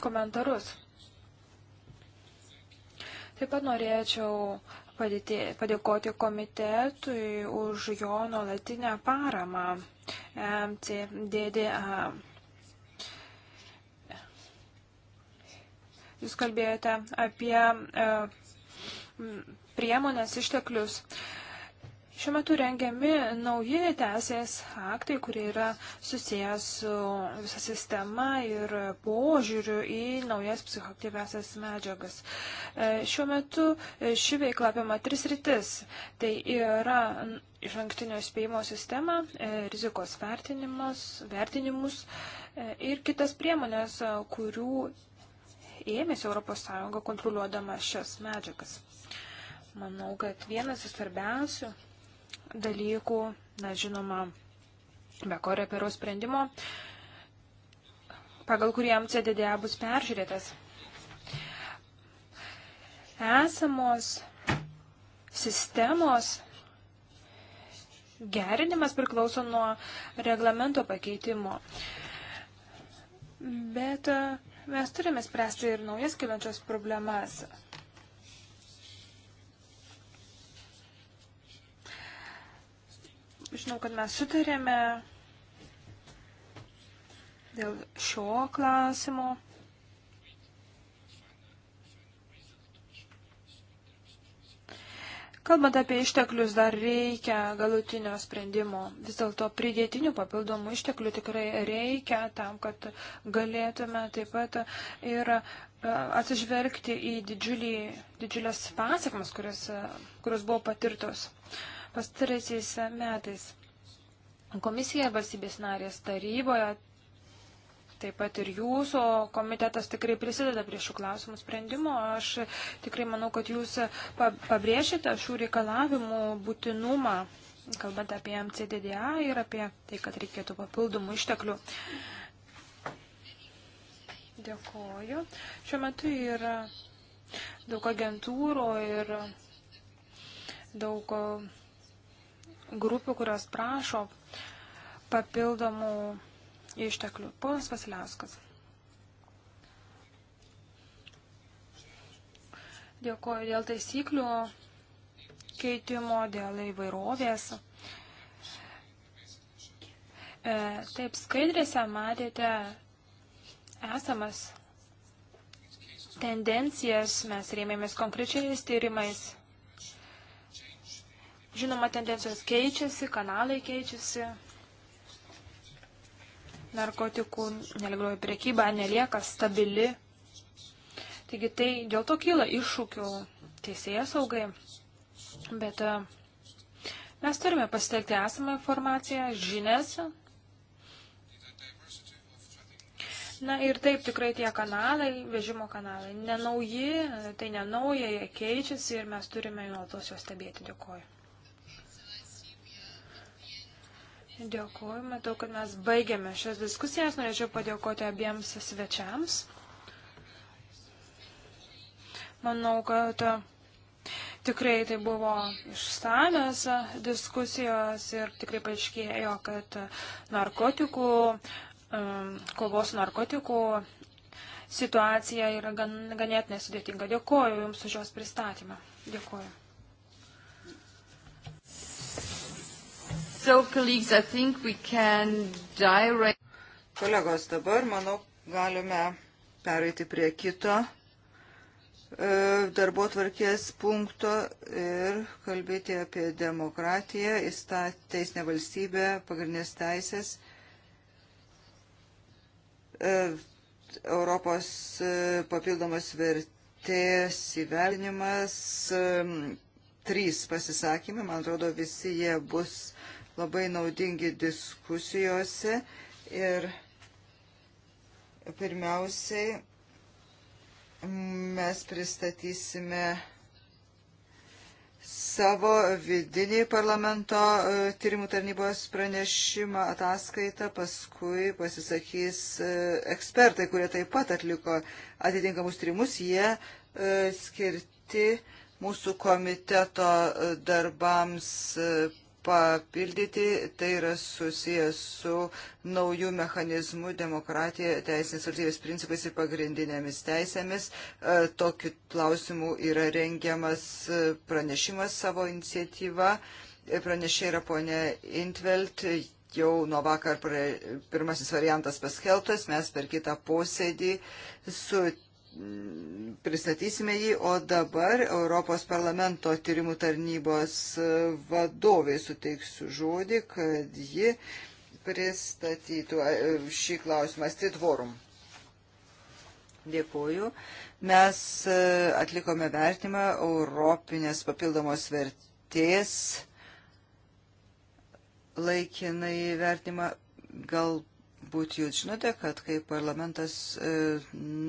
komentarus. Taip pat norėčiau padėti, padėkoti komitetui už jo nuolatinę paramą MCDDA. Jūs kalbėjote apie e, priemonės išteklius. E, Šiuo metu rengiami nauji teisės aktai, kurie yra susijęs su visa sistema ir požiūriu į naujas psichoktyvesias medžiagas. E, šiuo metu e, ši veikla apima tris rytis. Tai yra iš ankstinio spėjimo sistema, e, rizikos vertinimus ir kitas priemonės, kurių ėmėsi ES kontroliuodama šias medžiagas. Manau, kad vienas iš svarbiausių dalykų, na žinoma, be korepero sprendimo, pagal kurį MCDDA bus peržiūrėtas. Esamos sistemos gerinimas priklauso nuo reglamento pakeitimo. Bet e, mes turime spręsti ir naujas kilančias problemas. Žinau, kad mes sutarėme dėl šio klausimo. Kalbant apie išteklius, dar reikia galutinio sprendimo. Vis dėlto pridėtinių papildomų išteklių tikrai reikia tam, kad galėtume taip pat ir e, atsižvelgti į didžiulį, didžiulės pasiekmes, kurios, kurios buvo patirtos. Uh, pastaraisiais metais. Komisija valstybės narės taryboje, taip pat ir jūsų komitetas tikrai prisideda prie šių klausimų sprendimo. Aš tikrai manau, kad jūs pabrėšite šių reikalavimų būtinumą, kalbant apie MCDDA ir apie tai, kad reikėtų papildomų išteklių. Dėkoju. Šiuo metu yra daug agentūrų ir daug grupių, kurios prašo papildomų išteklių. Ponas Vasiliauskas. Dėkuoju dėl taisyklių keitimo, dėl įvairovės. E, taip, skaidrėse matėte esamas tendencijas, mes rėmėmės konkrečiais tyrimais. Žinoma, tendencijos keičiasi, kanalai keičiasi, narkotikų nelegalioji priekyba nelieka stabili. Taigi tai dėl to kyla iššūkių teisėjas saugai, bet e, mes turime pasitelkti esamą informaciją, žinias. Na ir taip tikrai tie kanalai, vežimo kanalai, nenauji, tai nenauja, jie keičiasi ir mes turime nuolatos juos stebėti. Dėkuoju. Dėkuoju, matau, kad mes baigiame šias diskusijas. Norėčiau padėkoti abiems svečiams. Manau, kad tikrai tai buvo išsamios diskusijos ir tikrai paaiškėjo, kad narkotikų, um, kovos narkotikų situacija yra gan, ganėtinai sudėtinga. Dėkuoju Jums už jos pristatymą. Dėkuoju. So, colleagues, I think we can direct... Kolegos, dabar, manau, galime pereiti prie kito e, darbo tvarkės punkto ir kalbėti apie demokratiją, teisinę valstybę, pagrindinės teisės, e, Europos e, papildomas vertės įvertinimas, trys pasisakymai, man atrodo, visi jie bus labai naudingi diskusijose ir pirmiausiai mes pristatysime savo vidinį parlamento e, tyrimų tarnybos pranešimą ataskaitą, paskui pasisakys e, ekspertai, kurie taip pat atliko atitinkamus tyrimus, jie e, skirti mūsų komiteto darbams papildyti, tai yra susijęs su naujų mechanizmų demokratija, teisinės valstybės principais ir pagrindinėmis teisėmis. E, tokiu klausimu yra rengiamas e, pranešimas savo iniciatyva. E, pranešė yra ponė Intvelt, jau nuo vakar pirmasis variantas paskeltas, mes per kitą posėdį su pristatysime jį, o dabar Europos parlamento tyrimų tarnybos vadovai suteiksiu žodį, kad ji pristatytų šį klausimą. Stitvorum. Dėkuoju. Mes e, atlikome vertimą Europinės papildomos vertės laikinai vertimą. Galbūt Turbūt jūs žinote, kad kai parlamentas e,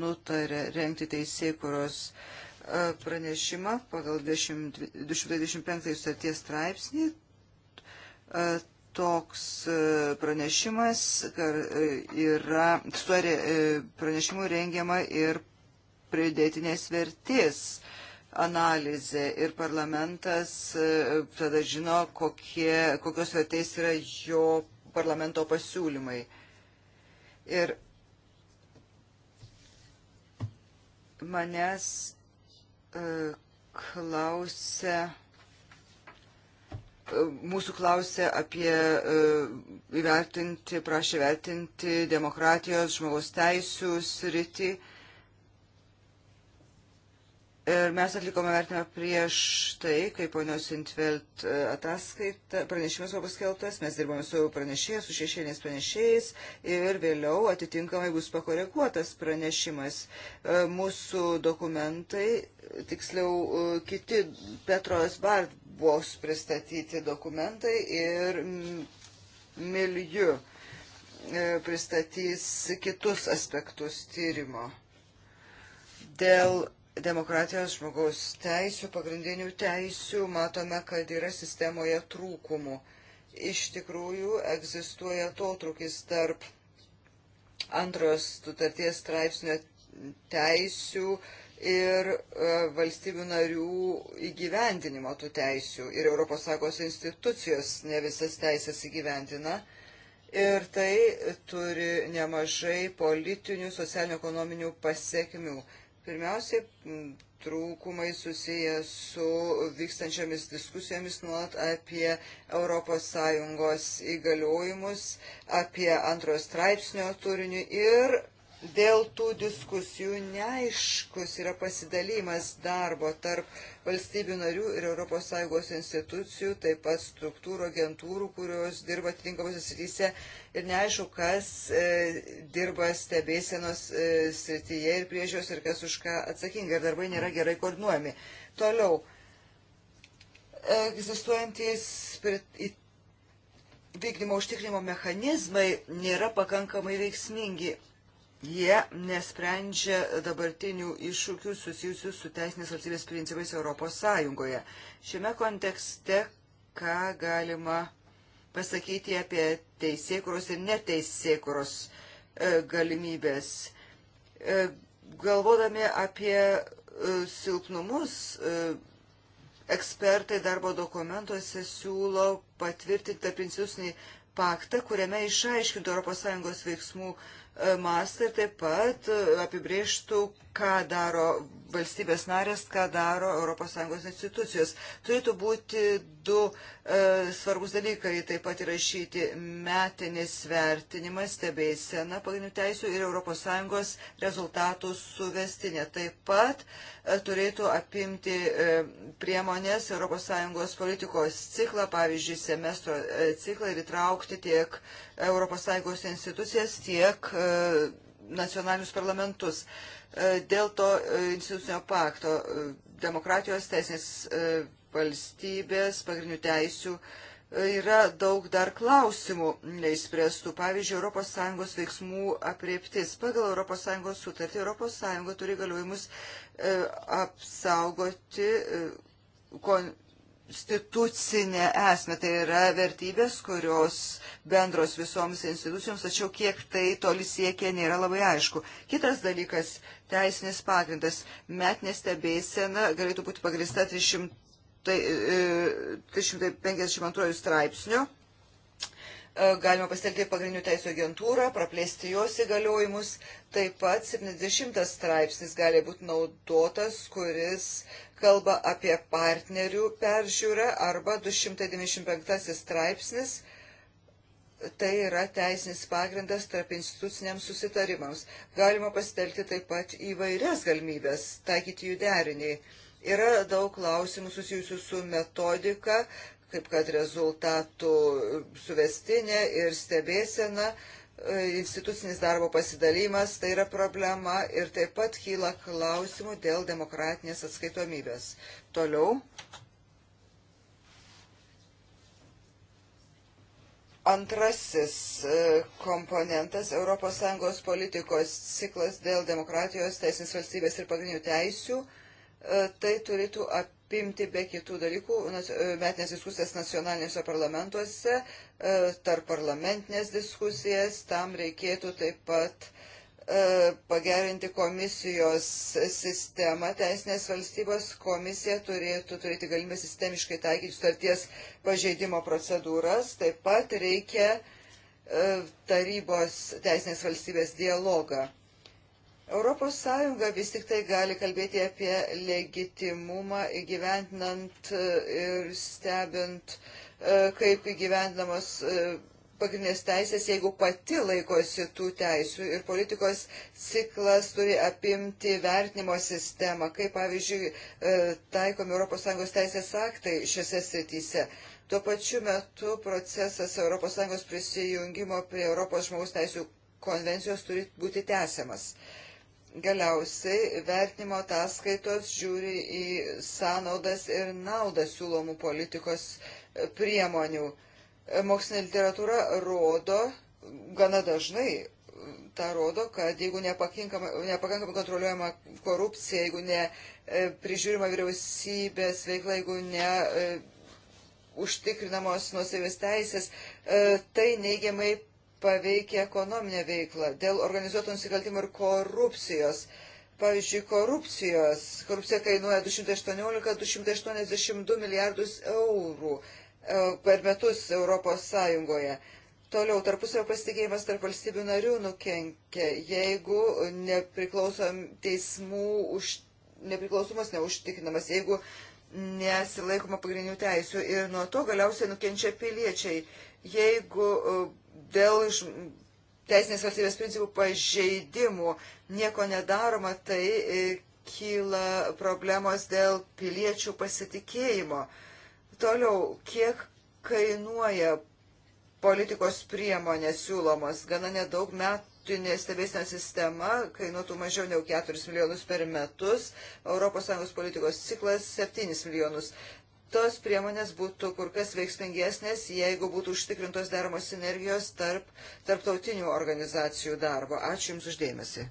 nutarė renkti teisėkuros e, pranešimą pagal 225 sutarties straipsnį, e, toks e, pranešimas e, yra, su e, pranešimu rengiama ir pridėtinės vertės analizė ir parlamentas tada žino, kokie, kokios vertės yra jo parlamento pasiūlymai. Ir manęs e, klausė, e, mūsų klausė apie e, įvertinti, prašė vertinti demokratijos, žmogaus teisų sritį. Ir e, mes atlikome vertinimą prieš tai, kai ponios Intvelt e, ataskaita, pranešimas buvo paskeltas, mes dirbome su pranešėjais, su šešėliniais pranešėjais ir vėliau atitinkamai bus pakoreguotas pranešimas. E, mūsų dokumentai, tiksliau kiti Petros Barbos pristatyti dokumentai ir Miliu pristatys kitus aspektus tyrimo. Dėl demokratijos žmogaus teisių, pagrindinių teisių, matome, kad yra sistemoje trūkumų. Iš tikrųjų, egzistuoja totrukis tarp antros sutarties straipsnio teisių ir e, valstybių narių įgyvendinimo tų teisių. Ir ES institucijos ne visas teisės įgyvendina. Ir tai turi nemažai politinių, socialinio-ekonominių pasiekmių. Pirmiausia, trūkumai susiję su vykstančiamis diskusijomis nuolat apie ES įgaliojimus, apie antrojo straipsnio turinį ir Dėl tų diskusijų neaiškus yra pasidalymas darbo tarp valstybių narių ir ES institucijų, taip pat struktūrų, agentūrų, kurios dirba atitinkamose srityse ir neaišku, kas e, dirba stebėsenos e, srityje ir priežios ir kas už ką atsakinga ir darbai nėra gerai koordinuojami. Toliau, e, egzistuojantis vykdymo užtikrimo mechanizmai nėra pakankamai veiksmingi jie nesprendžia dabartinių iššūkių susijusių su teisinės valstybės principais Europos Sąjungoje. Šiame kontekste, ką galima pasakyti apie teisėkuros ir neteisėkuros e, galimybės. E, galvodami apie e, silpnumus, ekspertai darbo dokumentuose siūlo patvirtinti tarpinstitucinį paktą, kuriame išaiškintų ES veiksmų mastą ir taip pat apibrėžtų, ką daro valstybės narės, ką daro ES institucijos. Turėtų būti du e, svarbus dalykai, taip pat įrašyti metinis vertinimas, stebėsena pagrindinių teisų ir ES rezultatų suvestinė. Taip pat e, turėtų apimti e, priemonės ES politikos ciklą, pavyzdžiui, semestro e, ciklą ir įtraukti tiek ES institucijas, tiek e, nacionalinius parlamentus. E, E, dėl to e, institucinio pakto e, demokratijos teisinės valstybės pagrindinių teisių yra daug dar klausimų neįspręstų. Pavyzdžiui, ES veiksmų apriektis. Pagal ES sutartį ES turi galiojimus apsaugoti konstitucinę esmę. Tai yra vertybės, kurios bendros visoms institucijoms, tačiau kiek tai toli siekia nėra labai aišku. Kitas dalykas teisinis pagrindas. Metinė stebėsena galėtų būti pagrista 300, 352 straipsnio. Galima pasitelkti pagrindinių teisų agentūrą, praplėsti jos įgaliojimus. Taip pat 70 straipsnis gali būti naudotas, kuris kalba apie partnerių peržiūrą arba 295 straipsnis – tai yra teisinis pagrindas tarp instituciniams susitarimams. Galima pasitelkti taip pat įvairias galimybės, taikyti jų derinį. Yra daug klausimų susijusių su metodika, kaip kad rezultatų suvestinė ir stebėsena, institucinis darbo pasidalymas, tai yra problema ir taip pat kyla klausimų dėl demokratinės atskaitomybės. Toliau antrasis e, komponentas ES politikos ciklas dėl demokratijos, teisinės valstybės ir pagrindinių teisių, e, tai turėtų apimti be kitų dalykų e, metinės diskusijas nacionaliniuose parlamentuose, tarp parlamentinės diskusijas, tam reikėtų taip pat uh, E, pagerinti komisijos sistemą. Teisinės valstybės komisija turėtų turėti galimybę sistemiškai taikyti starties pažeidimo procedūras. Taip pat reikia e, tarybos teisinės valstybės dialogą. ES vis tik tai gali kalbėti apie legitimumą įgyventinant e, ir stebint, kaip įgyvendinamos pagrindinės teisės, jeigu pati laikosi tų teisų ir politikos ciklas turi apimti vertinimo sistemą, kaip pavyzdžiui e, taikomi ES teisės aktai šiuose srityse. Tuo pačiu metu procesas ES prisijungimo prie ES žmogaus teisų konvencijos turi būti tęsiamas. Galiausiai vertinimo ataskaitos žiūri į sąnaudas ir naudą siūlomų politikos e, priemonių Mokslinė literatūra rodo, gana dažnai tą rodo, kad jeigu nepakankamai kontroliuojama korupcija, jeigu neprižiūrima e, vyriausybės veikla, jeigu ne e, užtikrinamos nuosavės teisės, e, tai neigiamai paveikia ekonominę veiklą dėl organizuoto nusikaltimo ir korupcijos. Pavyzdžiui, korupcijos. Korupcija kainuoja 218-282 milijardus eurų. E, per metus Europos Sąjungoje. Toliau, tarpusavio pasitikėjimas tarp valstybių narių nukenkia, jeigu nepriklausom teismų už, nepriklausomas neužtikrinamas, jeigu nesilaikoma pagrindinių teisių ir nuo to galiausiai nukenčia piliečiai. Jeigu e, dėl iš teisinės valstybės principų pažeidimų nieko nedaroma, tai e, kyla problemos dėl piliečių pasitikėjimo. Uh, Toliau, kiek kainuoja politikos priemonės siūlomos? Gana nedaug metinė stebėsina sistema kainuotų mažiau negu 4 milijonus per metus, ES politikos ciklas 7 milijonus. Tos priemonės būtų kur kas veiksmingesnės, jeigu būtų užtikrintos daromos sinergijos tarp tarptautinių organizacijų darbo. Ačiū Jums uždėmesi.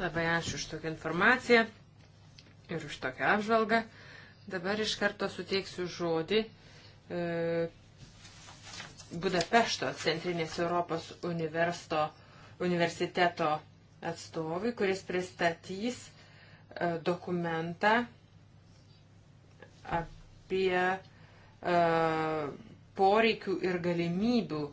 Labai ačiū už tokią informaciją ir už tokią apžvalgą. Dabar iš karto suteiksiu žodį e, Budapešto Centrinės Europos universito, universiteto atstovui, kuris pristatys e, dokumentą apie e, poreikių ir galimybių e,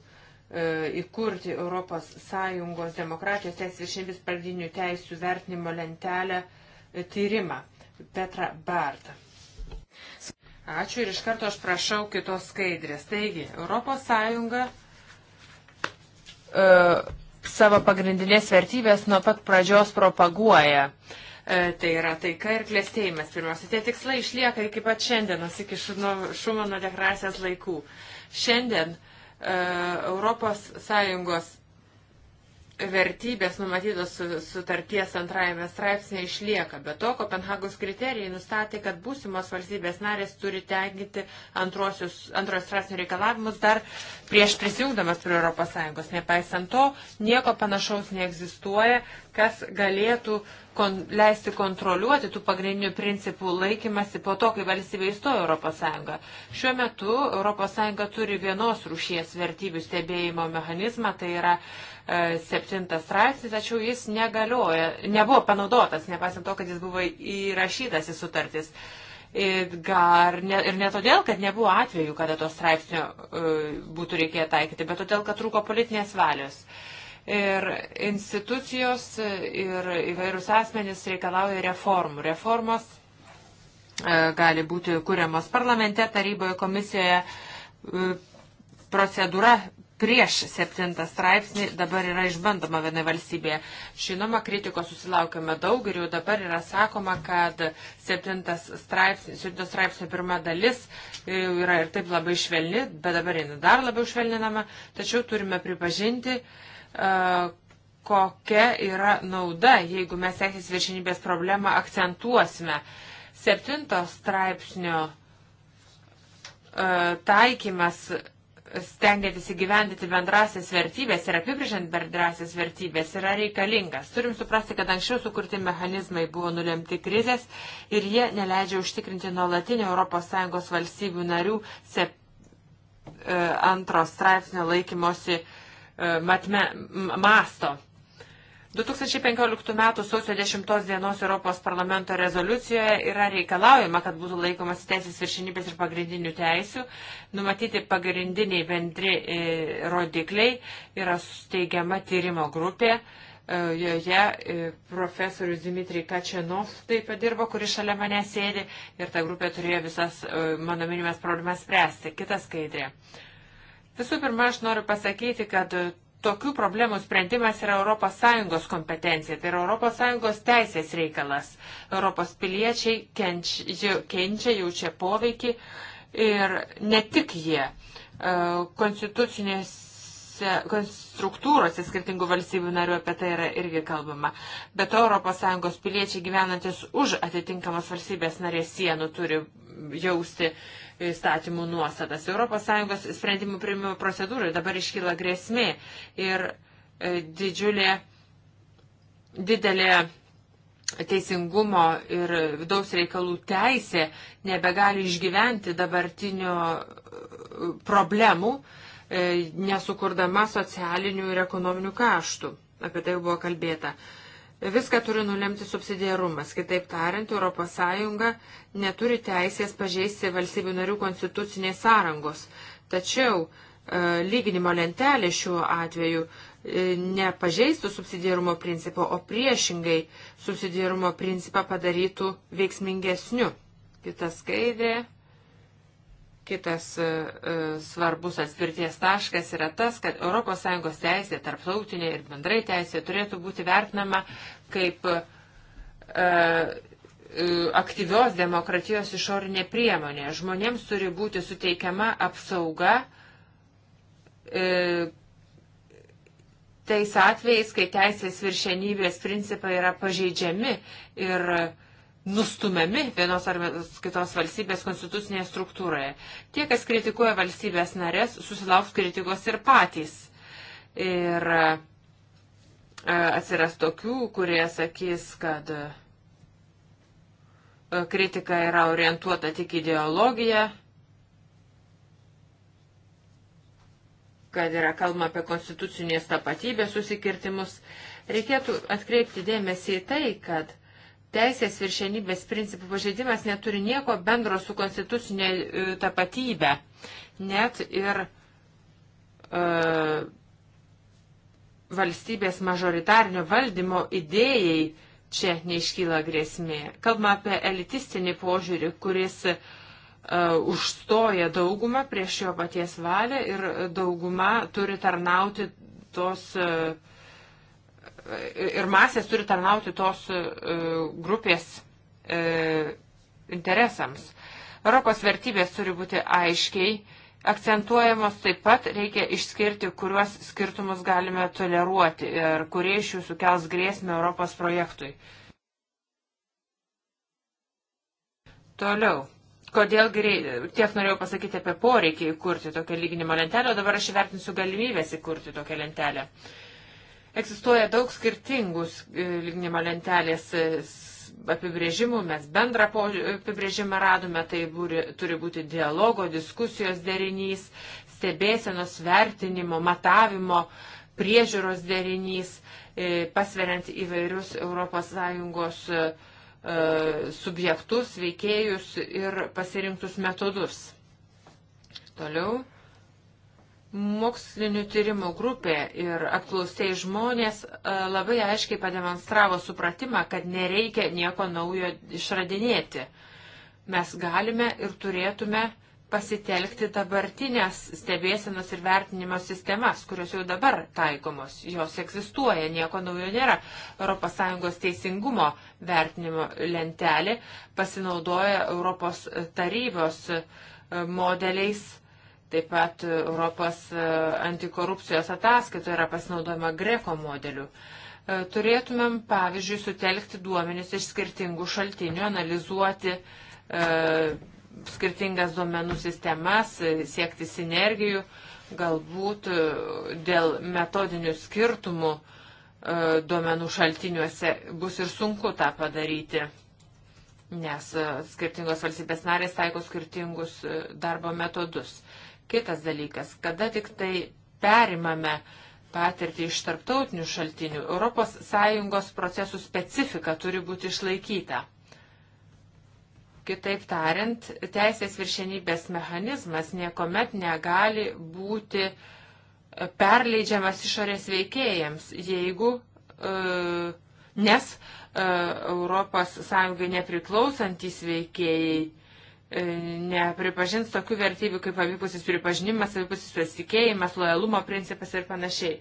įkurti Europos Sąjungos demokratijos teisės viršinybės pradinių teisų vertinimo lentelę e, tyrimą Petra Bartą. Ačiū ir iš karto aš prašau kitos skaidrės. Taigi, ES e, savo pagrindinės vertybės nuo pat pradžios propaguoja. E, tai yra taika ir klėstėjimas. Pirmiausia, tie tikslai išlieka iki pat šiandienos, iki Šumano deklaracijos laikų. Šiandien e, ES vertybės numatytos sutarties antrajame straipsnėje išlieka. Be to, Kopenhagos kriterijai nustatė, kad būsimos valstybės narės turi tenkinti antrojo straipsnio reikalavimus dar prieš prisijungdamas prie ES. Nepaisant to, nieko panašaus neegzistuoja, kas galėtų kon, leisti kontroliuoti tų pagrindinių principų laikymasi po to, kai valstybė įstojo ES. Šiuo metu ES turi vienos rūšies vertybių stebėjimo mechanizmą, tai yra uh, septintas straipsnis, tačiau jis negalioja, nebuvo panaudotas, nepaisant to, kad jis buvo įrašytas į sutartis. Ir, gar, ne, ir ne todėl, kad nebuvo atvejų, kada to straipsnio e, būtų reikėję taikyti, bet todėl, kad trūko politinės valios. Ir institucijos e, ir įvairūs asmenys reikalauja reformų. Reformos e, gali būti kuriamos parlamente, taryboje, komisijoje. Procedūra prieš septintą straipsnį dabar yra išbandoma vienoje valstybėje. Žinoma, kritikos susilaukime daug ir jau dabar yra sakoma, kad septintas straipsnis, septinto straipsnio pirma dalis yra ir taip labai švelni, bet dabar jinai dar labiau švelninama, tačiau turime pripažinti, e, kokia yra nauda, jeigu mes teisės viršinybės problemą akcentuosime. Septinto straipsnio e, taikymas stengiantis įgyvendyti bendrasias vertybės ir apibrižant bendrasias vertybės yra reikalingas. Turim suprasti, kad anksčiau sukurti mechanizmai buvo nulemti krizės ir jie neleidžia užtikrinti nuolatinio ES valstybių narių sep, e, antro straipsnio laikymosi e, matme, masto. 2015 m. sausio 10 dienos Europos parlamento rezoliucijoje yra reikalaujama, kad būtų laikomas teisės viršinybės ir pagrindinių teisių, numatyti pagrindiniai bendri e, rodikliai, yra susteigiama tyrimo grupė, e, joje e, profesorius Dimitrij Kačenov taip pat dirbo, kuris šalia mane sėdi ir ta grupė turėjo visas mano minimas problemas spręsti. Kita skaidrė. Visų pirma, aš noriu pasakyti, kad tokių problemų sprendimas yra ES kompetencija, tai yra ES teisės reikalas. Europos piliečiai kenčia, kenčia jaučia poveikį ir ne tik jie. E, konstitucinės struktūrose skirtingų valstybių narių apie tai yra irgi kalbama. Bet ES piliečiai gyvenantis už atitinkamos valstybės narės sienų turi jausti įstatymų nuostatas. ES sprendimų priimimo procedūrai dabar iškyla grėsmė ir e, didžiulė, didelė teisingumo ir vidaus reikalų teisė nebegali išgyventi dabartinių e, problemų, uh, E, nesukurdama socialinių ir ekonominių kaštų. Apie tai buvo kalbėta. Viską turi nulemti subsidiarumas. Kitaip tariant, ES neturi teisės pažeisti valstybių narių konstitucinės sąrangos. Tačiau e, lyginimo lentelė šiuo atveju e, nepažeistų subsidiarumo principo, o priešingai subsidiarumo principą padarytų veiksmingesniu. Kita skaidrė. Kitas e, e, svarbus atspirties taškas yra tas, kad ES teisė, tarptautinė ir bendrai teisė turėtų būti vertinama kaip e, aktyvios demokratijos išorinė priemonė. Žmonėms turi būti suteikiama apsauga e, tais atvejais, kai teisės viršenybės principai yra pažeidžiami ir nustumiami vienos ar kitos valstybės konstitucinėje struktūroje. Tie, kas kritikuoja valstybės narės, susilauks kritikos ir patys. Ir e, atsiras tokių, kurie sakys, kad e, kritika yra orientuota tik ideologiją, kad yra kalba apie konstitucinės tapatybės susikirtimus. Reikėtų atkreipti dėmesį į tai, kad teisės viršenybės principų pažeidimas neturi nieko bendro su konstitucinė e, tapatybė. Net ir e, valstybės mažoritarnio valdymo idėjai čia neiškyla grėsmė. Kalbama apie elitistinį požiūrį, kuris e, užstoja daugumą prieš jo paties valią ir dauguma turi tarnauti tos. E, ir masės turi tarnauti tos e, grupės e, interesams. Europos vertybės turi būti aiškiai akcentuojamos, taip pat reikia išskirti, kuriuos skirtumus galime toleruoti ir kurie iš jų sukels grėsmę Europos projektui. Toliau. Kodėl tiek norėjau pasakyti apie poreikį įkurti tokią lyginimo lentelę, o dabar aš įvertinsiu galimybės įkurti tokią lentelę. Uh, Egzistuoja daug skirtingus e, lygnimo lentelės e, apibrėžimų, mes bendrą apibrėžimą radome, tai būri, turi būti dialogo, diskusijos derinys, stebėsenos vertinimo, matavimo, priežiūros derinys, e, pasveriant įvairius ES subjektus, veikėjus ir pasirinktus metodus. Toliau Mokslinių tyrimų grupė ir apklausiai žmonės e, labai aiškiai pademonstravo supratimą, kad nereikia nieko naujo išradinėti. Mes galime ir turėtume pasitelkti dabartinės stebėsenos ir vertinimo sistemas, kurios jau dabar taikomos. Jos egzistuoja, nieko naujo nėra. ES teisingumo vertinimo lentelė pasinaudoja Europos tarybos e, modeliais Taip pat Europos e, antikorupcijos ataskaitoje yra pasinaudojama greko modeliu. E, turėtumėm, pavyzdžiui, sutelkti duomenis iš skirtingų šaltinių, analizuoti e, skirtingas duomenų sistemas, e, siekti sinergijų, galbūt dėl metodinių skirtumų e, duomenų šaltiniuose bus ir sunku tą padaryti, nes skirtingos valstybės narės taiko skirtingus darbo metodus. Kitas dalykas, kada tik tai perimame patirtį iš tarptautinių šaltinių, ES procesų specifika turi būti išlaikyta. Kitaip tariant, teisės viršenybės mechanizmas niekuomet negali būti e, perleidžiamas išorės veikėjams, jeigu, e, nes ES nepriklausantys veikėjai E, nepripažins tokių vertybių kaip abipusis pripažinimas, abipusis pasitikėjimas, lojalumo principas ir panašiai.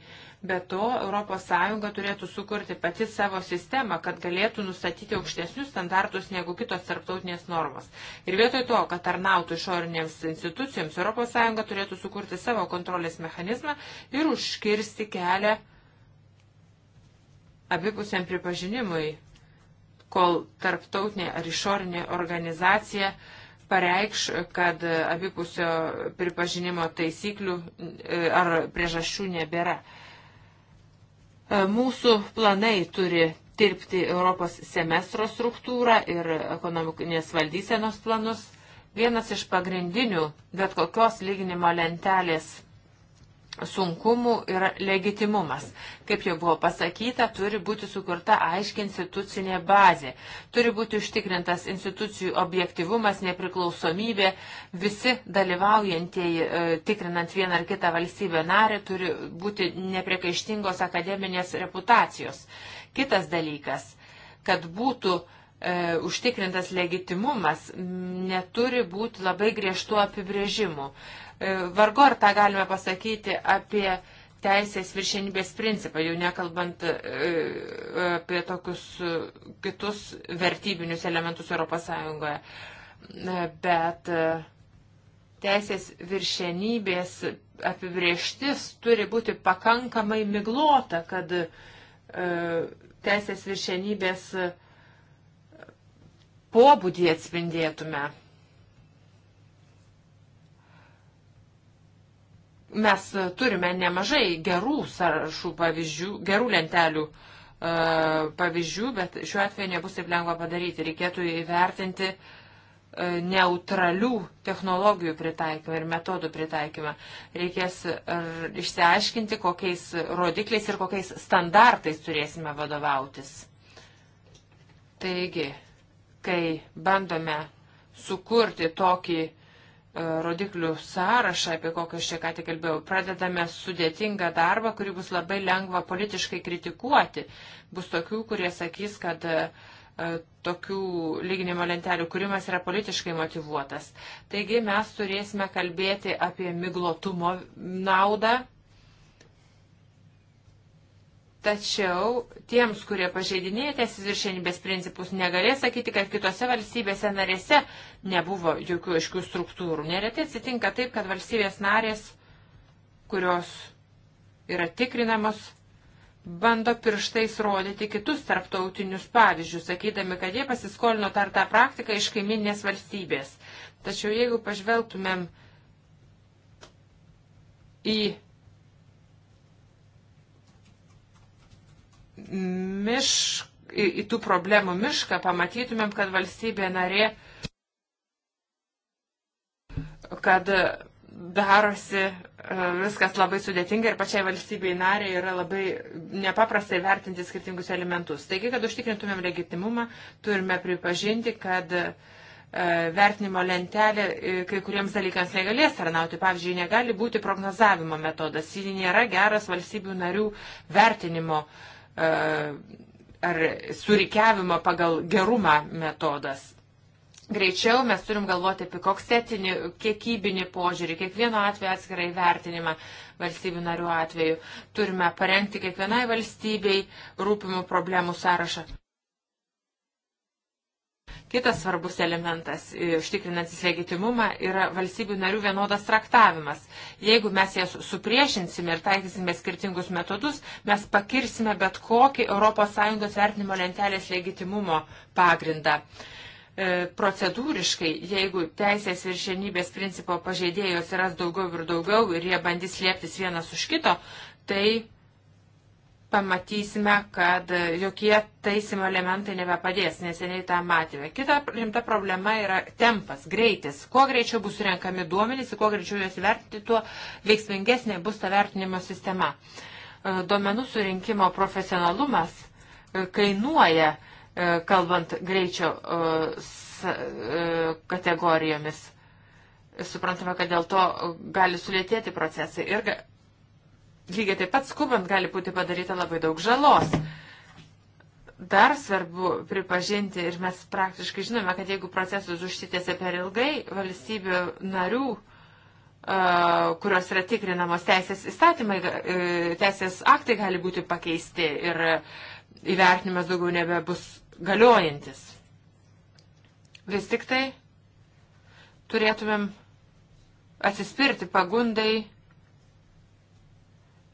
Be to, ES turėtų sukurti pati savo sistemą, kad galėtų nustatyti aukštesnius standartus negu kitos tarptautinės normos. Ir vietoj to, kad tarnautų išorinėms institucijoms, ES turėtų sukurti savo kontrolės mechanizmą ir užkirsti kelią abipusiam pripažinimui, kol tarptautinė ar išorinė organizacija uh, pareikš, kad abipusio pripažinimo taisyklių e, ar priežasčių nebėra. E, mūsų planai turi tirpti Europos semestro struktūrą ir ekonominės valdysenos planus. Vienas iš pagrindinių bet kokios lyginimo lentelės sunkumų yra legitimumas. Kaip jau buvo pasakyta, turi būti sukurta aiški institucinė bazė, turi būti užtikrintas institucijų objektivumas, nepriklausomybė, visi dalyvaujantieji e, tikrinant vieną ar kitą valstybę narį turi būti nepriekaištingos akademinės reputacijos. Kitas dalykas, kad būtų e, e, užtikrintas legitimumas, neturi būti labai griežtų apibrėžimų. E, vargu ar tą galime pasakyti apie teisės viršenybės principą, jau nekalbant e, apie tokius e, kitus vertybinius elementus ES. E, bet e, teisės viršenybės apibrieštis turi būti pakankamai miglota, kad e, teisės viršenybės e, pobūdį atspindėtume. Mes turime nemažai gerų sąrašų pavyzdžių, gerų lentelių e, pavyzdžių, bet šiuo atveju nebus taip lengva padaryti. Reikėtų įvertinti e, neutralių technologijų pritaikymą ir metodų pritaikymą. Reikės e, išsiaiškinti, kokiais rodikliais ir kokiais standartais turėsime vadovautis. Taigi, kai bandome sukurti tokį e, rodiklių sąrašą, apie kokius čia ką tik kalbėjau, pradedame sudėtingą darbą, kurį bus labai lengva politiškai kritikuoti. Bus tokių, kurie sakys, kad e, e, tokių lyginimo lentelių kūrimas yra politiškai motivuotas. Taigi mes turėsime kalbėti apie miglotumo naudą, Tačiau tiems, kurie pažeidinėja teisės viršenybės principus, negalės sakyti, kad kitose valstybėse narėse nebuvo jokių aiškių struktūrų. Neretai atsitinka taip, kad valstybės narės, kurios yra tikrinamos, bando pirštais rodyti kitus tarptautinius pavyzdžius, sakydami, kad jie pasiskolino tar tą praktiką iš kaiminės valstybės. Tačiau jeigu pažvelgtumėm į mišk, į, į tų problemų mišką, pamatytumėm, kad valstybė narė, kad darosi e, viskas labai sudėtinga ir pačiai valstybei nariai yra labai nepaprastai vertinti skirtingus elementus. Taigi, kad užtikrintumėm legitimumą, turime pripažinti, kad e, vertinimo lentelė e, kai kuriems dalykams negalės tarnauti. Pavyzdžiui, negali būti prognozavimo metodas. Ji nėra geras valstybių narių vertinimo uh, E, ar surikiavimo pagal gerumą metodas. Greičiau mes turim galvoti apie koksetinį, kiekybinį požiūrį, kiekvieno atveju atskirai vertinimą valstybių narių atveju. Turime parengti kiekvienai valstybei rūpimų problemų sąrašą. Kitas svarbus elementas, e, užtikrinantis legitimumą, yra valstybių narių vienodas traktavimas. Jeigu mes jas supriešinsime ir taikysime skirtingus metodus, mes pakirsime bet kokį ES vertinimo lentelės legitimumo pagrindą. E, procedūriškai, jeigu teisės viršenybės principo pažeidėjos yra daugiau ir daugiau ir jie bandys lieptis vienas už kito, tai pamatysime, kad jokie taisimo elementai nebepadės, neseniai tą matėme. Kita rimta problema yra tempas, greitis. Kuo greičiau bus renkami duomenys, kuo greičiau juos vertinti, tuo veiksmingesnė bus ta vertinimo sistema. E, duomenų surinkimo profesionalumas e, kainuoja, e, kalbant greičio kategorijomis. Suprantame, kad dėl to gali sulėtėti procesai. Ir lygiai taip pat skubant gali būti padaryta labai daug žalos. Dar svarbu pripažinti, ir mes praktiškai žinome, kad jeigu procesus užsitėse per ilgai, valstybių narių, kurios yra tikrinamos teisės įstatymai, e, teisės aktai gali būti pakeisti ir įvertinimas daugiau nebebus galiojantis. Vis tik tai turėtumėm atsispirti pagundai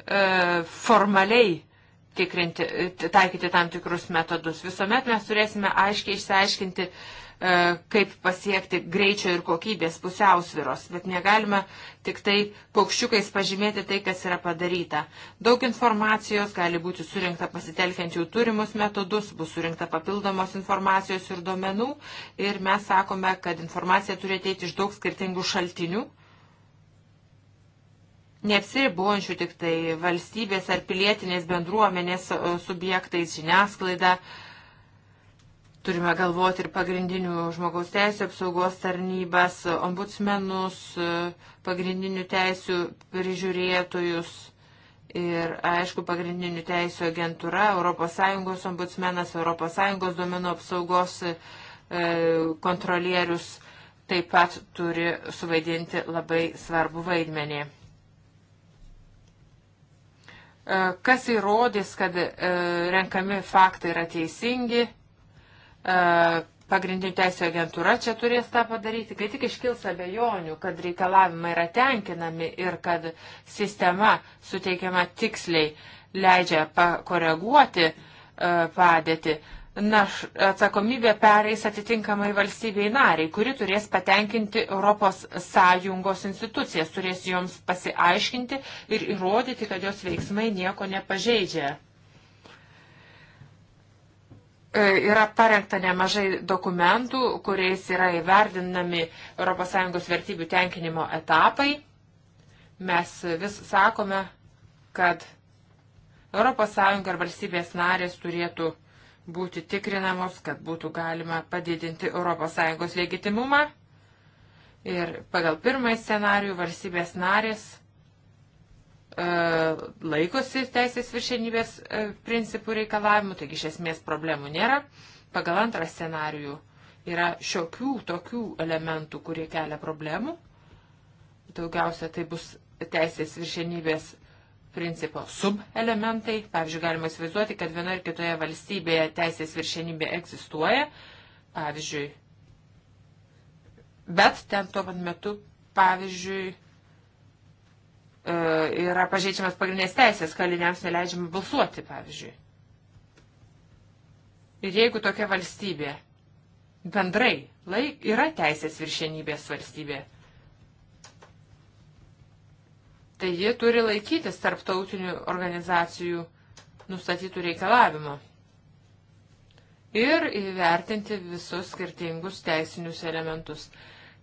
E, formaliai tikrinti, taikyti tam tikrus metodus. Visuomet mes turėsime aiškiai išsiaiškinti, e, kaip pasiekti greičio ir kokybės pusiausviros, bet negalime tik tai paukščiukais pažymėti tai, kas yra padaryta. Daug informacijos gali būti surinkta pasitelkiant jau turimus metodus, bus surinkta papildomos informacijos ir duomenų ir mes sakome, kad informacija turi ateiti iš daug skirtingų šaltinių neapsiribuojančių tik tai valstybės ar pilietinės bendruomenės subjektais žiniasklaida. Turime galvoti ir pagrindinių žmogaus teisų apsaugos tarnybas, ombudsmenus, pagrindinių teisų prižiūrėtojus ir, aišku, pagrindinių teisų agentūra, ES ombudsmenas, ES duomenų apsaugos e, kontrolierius taip pat turi suvaidinti labai svarbų vaidmenį kas įrodys, kad e, renkami faktai yra teisingi. E, pagrindinių teisų agentūra čia turės tą padaryti, kai tik iškils abejonių, kad reikalavimai yra tenkinami ir kad sistema suteikiama tiksliai leidžia pakoreguoti e, padėtį, naš, atsakomybė pereis atitinkamai valstybei nariai, kuri turės patenkinti ES institucijas, turės joms pasiaiškinti ir įrodyti, kad jos veiksmai nieko nepažeidžia. E, yra parengta nemažai dokumentų, kuriais yra įverdinami ES vertybių tenkinimo etapai. Mes vis sakome, kad ES ir valstybės narės turėtų uh, būti tikrinamos, kad būtų galima padidinti ES legitimumą. Ir pagal pirmąjį scenarių valstybės narės e, laikosi teisės viršenybės e, principų reikalavimų, taigi iš esmės problemų nėra. Pagal antrą scenarių yra šiokių tokių elementų, kurie kelia problemų. Daugiausia tai bus teisės viršenybės principų principo subelementai. Pavyzdžiui, galima įsivaizduoti, kad vienoje ir kitoje valstybėje teisės viršenybė egzistuoja. Pavyzdžiui, bet ten tuo pat metu, pavyzdžiui, e, yra pažeidžiamas pagrindinės teisės, kaliniams neleidžiama balsuoti, pavyzdžiui. Ir jeigu tokia valstybė bendrai laik, yra teisės viršenybės valstybė, tai ji turi laikytis tarptautinių organizacijų nustatytų reikalavimų ir įvertinti visus skirtingus teisinius elementus.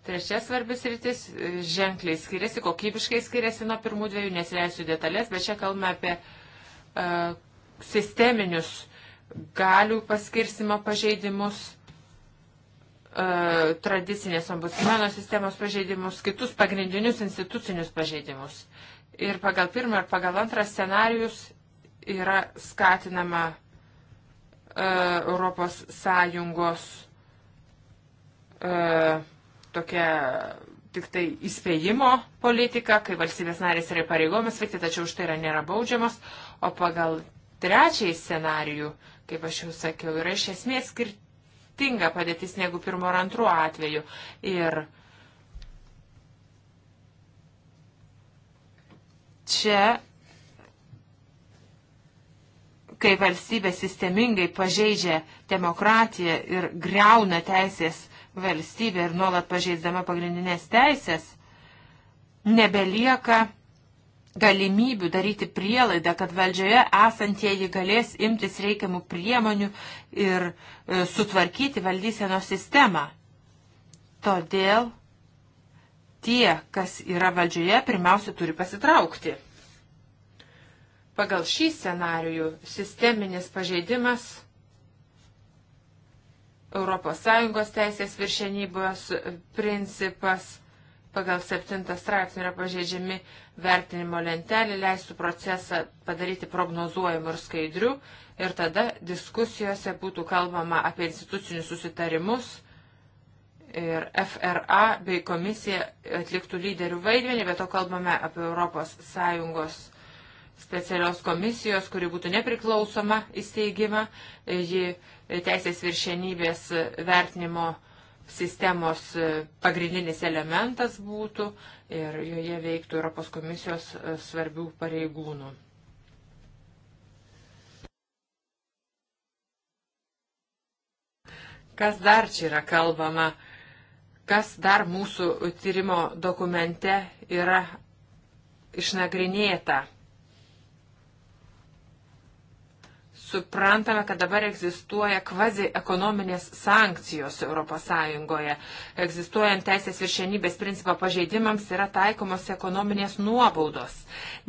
Trečia svarbis rytis e, ženkliai skiriasi, kokybiškai skiriasi nuo pirmų dviejų, nesileisiu detalės, bet čia kalbame apie uh, sisteminius galių paskirsimo pažeidimus tradicinės ombudsmeno sistemos pažeidimus, kitus pagrindinius institucinius pažeidimus. Ir pagal pirmą ir pagal antrą scenarius yra skatinama e, Europos Sąjungos e, tokia tik tai įspėjimo politika, kai valstybės narės yra pareigomis veikti, tačiau už tai yra nėra baudžiamas, o pagal trečiąjį scenarijų, kaip aš jau sakiau, yra iš esmės skirti skirtinga padėtis negu pirmo ar antro atveju. Ir čia, kai valstybė sistemingai pažeidžia demokratiją ir greuna teisės valstybė ir nuolat pažeidama pagrindinės teisės, nebelieka galimybių daryti prielaidą, kad valdžioje esantieji galės imtis reikiamų priemonių ir e, sutvarkyti valdysenos sistemą. Todėl tie, kas yra valdžioje, pirmiausia turi pasitraukti. Pagal šį scenarijų sisteminis pažeidimas ES teisės viršenybos principas pagal 7 straipsnį yra pažeidžiami vertinimo lentelė, leistų procesą padaryti prognozuojimu ir skaidriu ir tada diskusijose būtų kalbama apie institucinius susitarimus ir FRA bei komisija atliktų lyderių vaidmenį, bet to kalbame apie ES specialios komisijos, kuri būtų nepriklausoma įsteigimą, ji teisės viršienybės vertinimo sistemos e, pagrindinis elementas būtų ir joje veiktų Europos komisijos e, svarbių pareigūnų. Kas dar čia yra kalbama, kas dar mūsų tyrimo dokumente yra išnagrinėta? suprantame, kad dabar egzistuoja kvazi ekonominės sankcijos ES. Egzistuojant teisės viršenybės principo pažeidimams yra taikomos ekonominės nuobaudos.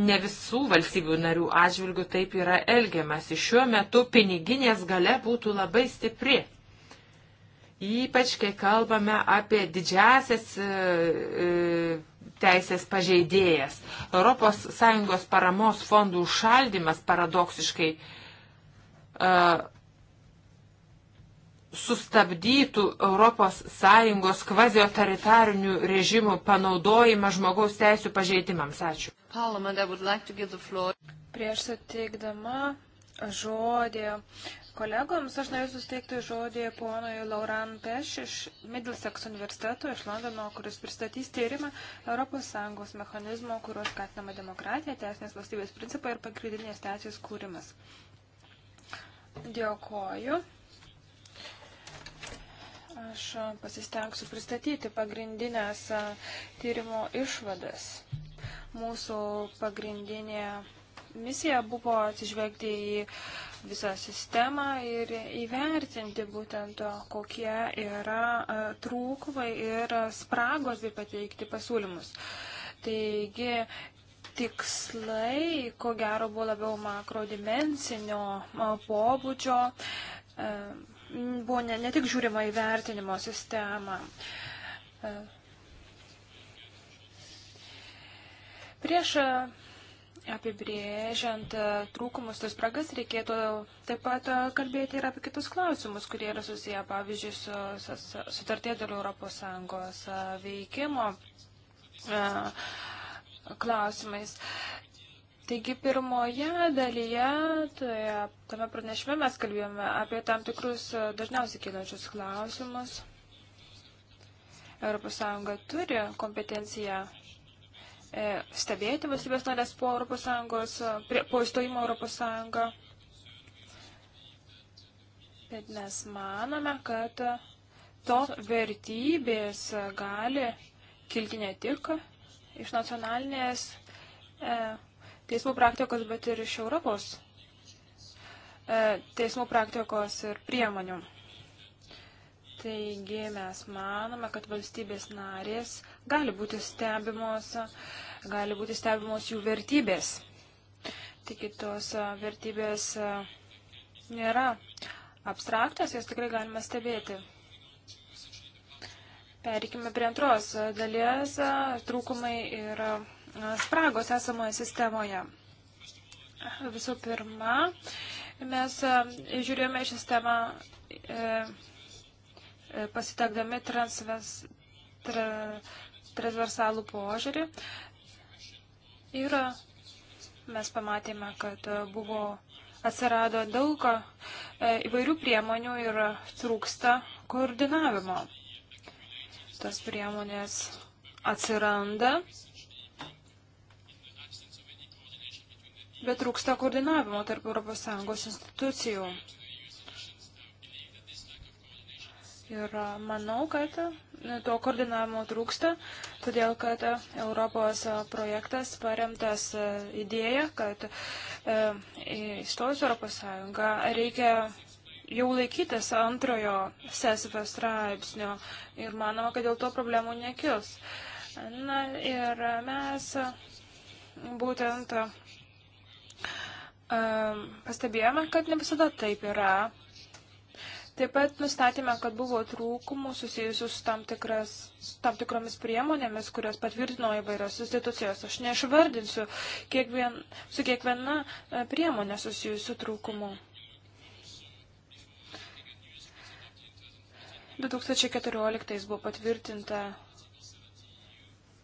Ne visų valstybių narių atžvilgių taip yra elgiamas. Šiuo metu piniginės gale būtų labai stipri ypač kai kalbame apie didžiasias e, e, teisės pažeidėjas. ES paramos fondų užšaldimas paradoksiškai sustabdytų ES kvaziotoritarinių režimų panaudojimą žmogaus teisų pažeidimams. Ačiū. Prieš suteikdama žodį kolegoms, aš noriu susteikti žodį ponui Lauran Peš iš Middlesex universiteto iš Londono, kuris pristatys tyrimą ES mechanizmo, kuriuos skatinama demokratija, teisinės valstybės principai ir pagrindinės teisės kūrimas. Dėkoju. Aš pasistengsiu pristatyti pagrindinės tyrimo išvadas. Mūsų pagrindinė misija buvo atsižvelgti į visą sistemą ir įvertinti būtent, kokie yra trūkumai ir spragos bei pateikti pasiūlymus. Taigi tikslai, ko gero, buvo labiau makrodimensinio pobūdžio, buvo ne, ne tik žiūrima į vertinimo sistemą. Prieš apibrėžiant trūkumus, tas spragas reikėtų taip pat kalbėti ir apie kitus klausimus, kurie yra susiję, pavyzdžiui, su sutartė dėl ES veikimo. Uh, klausimais. Taigi pirmoje dalyje, toje, tame pranešime mes kalbėjome apie tam tikrus e, dažniausiai kylančius klausimus. ES turi kompetenciją e, stebėti valstybės narės po, ES, e, prie, po įstojimo ES. Bet mes manome, kad tos vertybės gali kilti ne tik iš nacionalinės e, teismų praktikos, bet ir iš Europos e, teismų praktikos ir priemonių. Taigi mes manome, kad valstybės narės gali būti stebimos, gali būti stebimos jų vertybės. Tik tos e, vertybės e, nėra abstraktas, jas tikrai galima stebėti. Pereikime prie antros dalies trūkumai ir spragos esamoje sistemoje. Visų pirma, mes žiūrėjome sistemą e, e, pasitekdami transves, tra, transversalų požiūrį ir mes pamatėme, kad buvo atsirado daug e, įvairių priemonių ir trūksta koordinavimo tos priemonės atsiranda, bet trūksta koordinavimo tarp ES institucijų. Ir manau, kad to koordinavimo trūksta, todėl kad Europos projektas paremtas idėja, kad e, įstojus Europos Sąjungą reikia jau laikytis antrojo sesvio straipsnio ir manoma, kad dėl to problemų nekils. Na ir mes būtent um, pastebėjome, kad ne visada taip yra. Taip pat nustatėme, kad buvo trūkumų susijusių su tam, tikras, su tam tikromis priemonėmis, kurias patvirtino įvairios institucijos. Aš neišvardinsiu kiekvien, su kiekviena e, priemonė susijusių trūkumų. 2014 buvo patvirtinta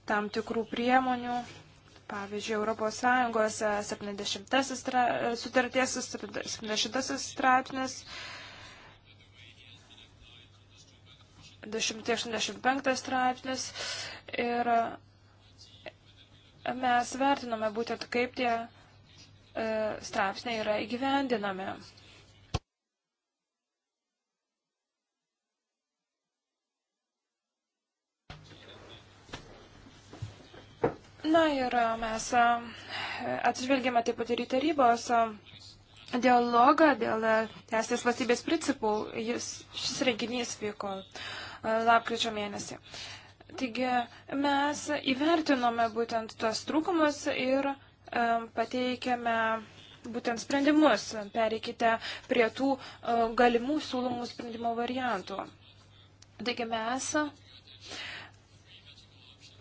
tam tikrų priemonių, pavyzdžiui, ES 70 e, stra, e, sutarties 70 straipsnis, 185 straipsnis ir e, mes vertiname būtent, kaip tie straipsniai yra įgyvendinami. Na ir mes atsižvelgėme taip pat ir į tarybos dialogą dėl teisės valstybės principų. Jis, šis renginys vyko lapkričio mėnesį. Taigi mes įvertinome būtent tuos trūkumus ir pateikėme būtent sprendimus. Pereikite prie tų galimų siūlomų sprendimo variantų. Taigi mes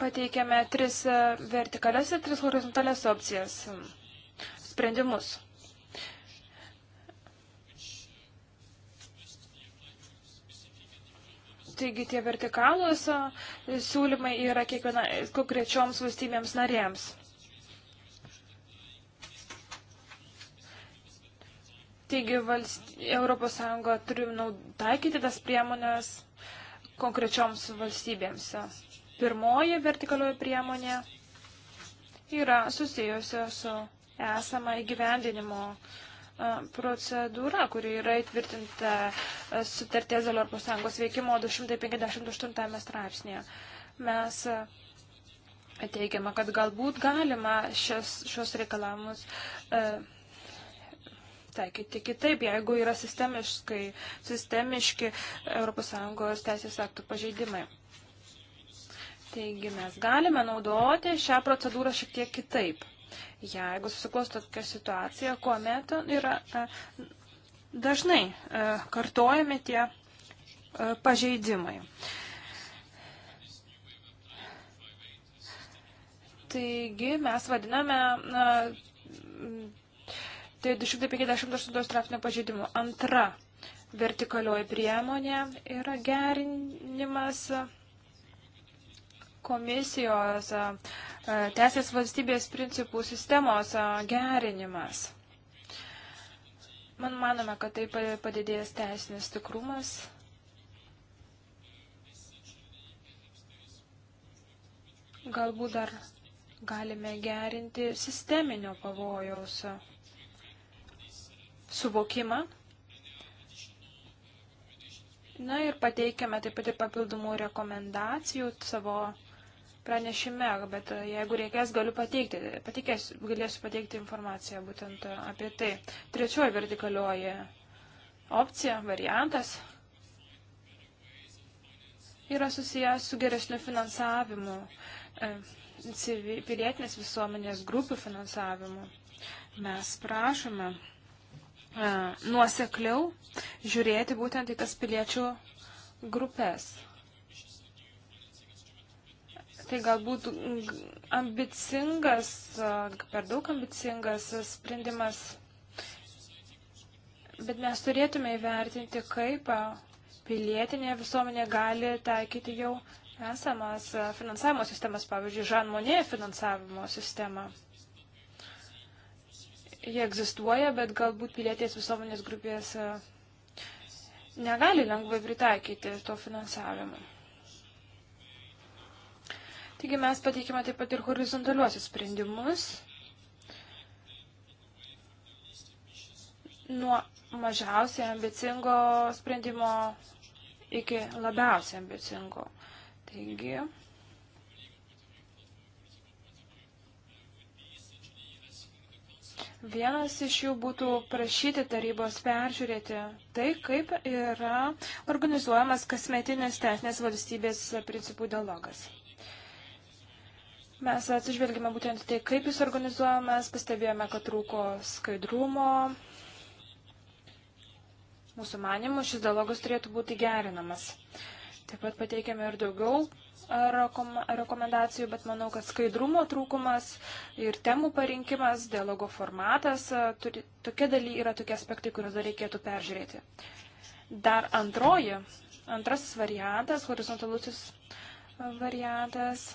pateikėme tris e, vertikales ir tris horizontales opcijas sprendimus. Taigi tie vertikalūs e, siūlymai yra kiekviena e, konkrečioms valstybėms narėms. Taigi valst... ES turi taikyti tas priemonės konkrečioms valstybėms. Pirmoji vertikalioji priemonė yra susijusi su esama įgyvendinimo procedūra, kuri yra įtvirtinta sutarties dėl Europos Sąjungos veikimo 258 straipsnėje. Mes teigiama, kad galbūt galima šios, šios reikalavimus e, taikyti kitaip, jeigu yra sistemiškai, sistemiški ES teisės aktų pažeidimai. Taigi mes galime naudoti šią procedūrą šiek tiek kitaip. Jeigu susiklos tokia situacija, kuomet yra e, dažnai e, kartojami tie e, pažeidimai. Taigi mes vadiname 258 tai straipsnio pažeidimu. Antra vertikalioji priemonė yra gerinimas komisijos teisės valstybės principų sistemos gerinimas. Man manome, kad tai padidės teisinis tikrumas. Galbūt dar galime gerinti sisteminio pavojaus suvokimą. Na ir pateikėme taip pat ir papildomų rekomendacijų savo pranešime, bet e, jeigu reikės, galiu pateikti, pateikės, galėsiu pateikti informaciją būtent e, apie tai. Trečioji vertikalioji opcija, variantas yra susijęs su geresniu finansavimu, e, pilietinės visuomenės grupių finansavimu. Mes prašome nuosekliau žiūrėti būtent į tas piliečių grupės tai galbūt ambicingas, per daug ambicingas sprendimas, bet mes turėtume įvertinti, kaip pilietinė visuomenė gali taikyti jau esamas finansavimo sistemas, pavyzdžiui, Žan Monė finansavimo sistema. Jie egzistuoja, bet galbūt pilietės visuomenės grupės negali lengvai pritaikyti to finansavimo. Taigi mes pateikime taip pat ir horizontaliuosius sprendimus nuo mažiausiai ambicingo sprendimo iki labiausiai ambicingo. Taigi, Vienas iš jų būtų prašyti tarybos peržiūrėti tai, kaip yra organizuojamas kasmetinės teisinės valstybės principų dialogas. Mes atsižvelgime būtent tai, kaip jis organizuojamas, pastebėjome, kad trūko skaidrumo. Mūsų manimų šis dialogas turėtų būti gerinamas. Taip pat pateikėme ir daugiau rekom rekomendacijų, bet manau, kad skaidrumo trūkumas ir temų parinkimas, dialogo formatas, e, turi, tokie daly yra tokie aspektai, kuriuos dar reikėtų peržiūrėti. Dar antroji, antrasis variantas, horizontalusis variantas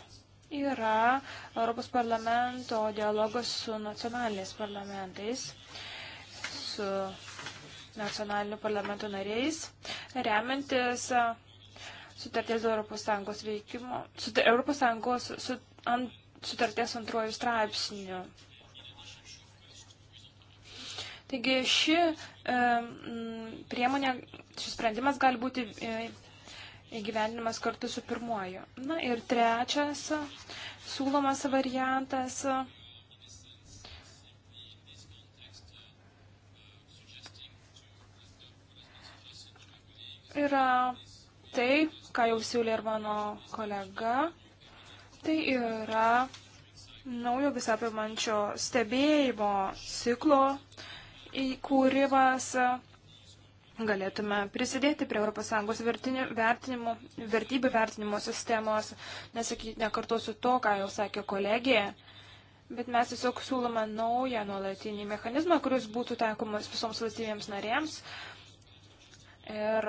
yra Europos parlamento dialogas su nacionaliniais parlamentais, su nacionaliniu parlamento nariais, remiantis sutarties dėl Europos Sąjungos veikimo, sut, Europos Sąjungos su, an, sutarties antruoju straipsniu. Taigi ši e, priemonė, šis sprendimas gali būti e, įgyvendinimas kartu su pirmuoju. Na ir trečias siūlomas variantas. Yra tai, ką jau siūlė ir mano kolega, tai yra naujo visapimančio stebėjimo ciklo įkūrimas galėtume prisidėti prie ES vertinimų, vertybių vertinimo sistemos, nesakyti, nekartosiu to, ką jau sakė kolegija, bet mes tiesiog siūlome naują nuolatinį mechanizmą, kuris būtų taikomas visoms valstybėms narėms. Ir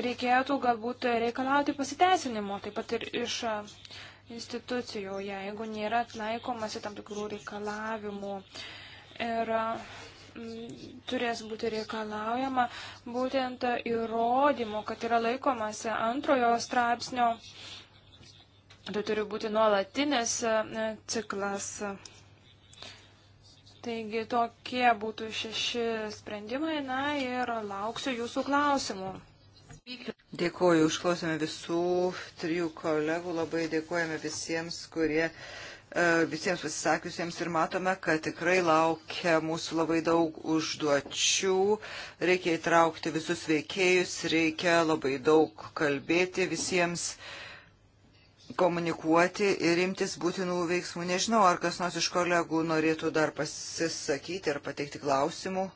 reikėtų galbūt reikalauti pasiteisinimo, taip pat ir iš institucijų, jeigu nėra atlaikomas į tam tikrų reikalavimų. Ir turės būti reikalaujama būtent įrodymų, kad yra laikomasi antrojo straipsnio. Tai turi būti nuolatinis e, ciklas. Taigi tokie būtų šeši sprendimai, na ir lauksiu jūsų klausimų. Dėkuoju, užklausėme visų trijų kolegų, labai dėkojame visiems, kurie E, visiems pasisakiusiems ir matome, kad tikrai laukia mūsų labai daug užduočių, reikia įtraukti visus veikėjus, reikia labai daug kalbėti visiems, komunikuoti ir imtis būtinų veiksmų. Nežinau, ar kas nors iš kolegų norėtų dar pasisakyti ar pateikti klausimų.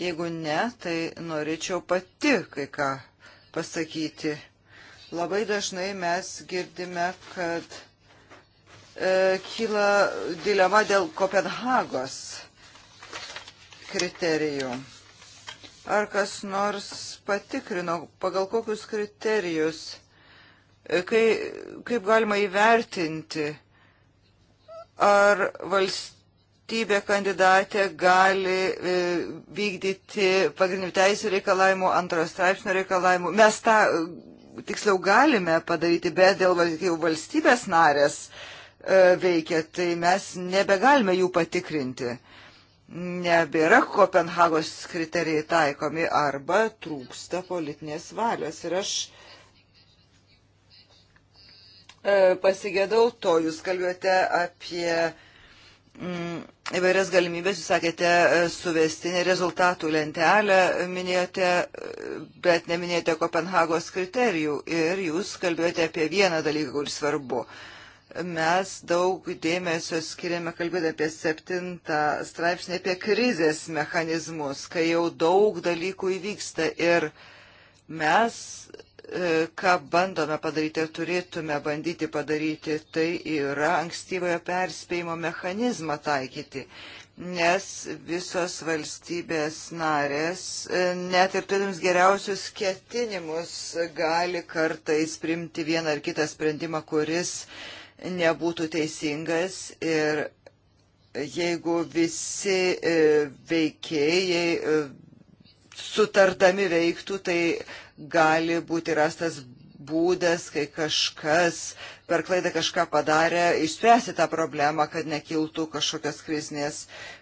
Jeigu ne, tai norėčiau pati kai ką pasakyti. Labai dažnai mes girdime, kad E, kyla dilema dėl Kopenhagos kriterijų. Ar kas nors patikrino, pagal kokius kriterijus, e, kai, kaip galima įvertinti, ar valstybė kandidatė gali e, vykdyti pagrindinių teisų reikalavimų, antros straipsnio reikalavimų. Mes tą tiksliau galime padaryti, bet dėl valstybės narės uh, E, veikia, tai mes nebegalime jų patikrinti. Nebėra Kopenhagos kriterijai taikomi arba trūksta politinės valios. Ir aš e, pasigėdau to, jūs kalbėjote apie mm, įvairias galimybės, jūs sakėte, e, suvestinė rezultatų lentelę minėjote, bet neminėjote Kopenhagos kriterijų ir jūs kalbėjote apie vieną dalyką, kuris svarbu. Uh, mes daug dėmesio skiriame kalbėti apie septintą straipsnį, apie krizės mechanizmus, kai jau daug dalykų įvyksta ir mes, e, ką bandome padaryti ir turėtume bandyti padaryti, tai yra ankstyvojo perspėjimo mechanizmą taikyti. Nes visos valstybės narės, e, net ir turėdams geriausius ketinimus, gali kartais primti vieną ar kitą sprendimą, kuris uh, nebūtų teisingas ir jeigu visi e, veikėjai e, sutardami veiktų, tai gali būti rastas būdas, kai kažkas per klaidą kažką padarė, išspręsti tą problemą, kad nekiltų kažkokios krizinės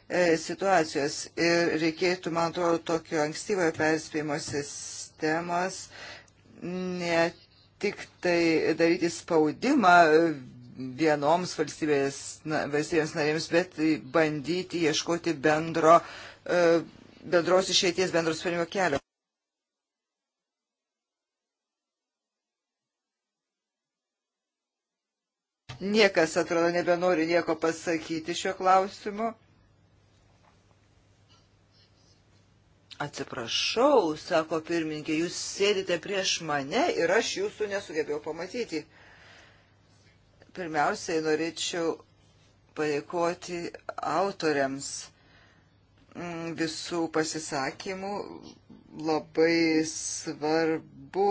e, situacijos. Ir reikėtų, man atrodo, tokio ankstyvojo perspėjimo sistemos ne tik tai daryti spaudimą vienoms valstybės, na, valstybės narėms, bet tai bandyti ieškoti bendro, e, bendros išeities, bendros sprendimo kelio. Niekas, atrodo, nebenori nieko pasakyti šiuo klausimu. Atsiprašau, sako pirmininkė, jūs sėdite prieš mane ir aš jūsų nesugebėjau pamatyti. Pirmiausiai norėčiau padėkoti autoriams mm, visų pasisakymų. Labai svarbu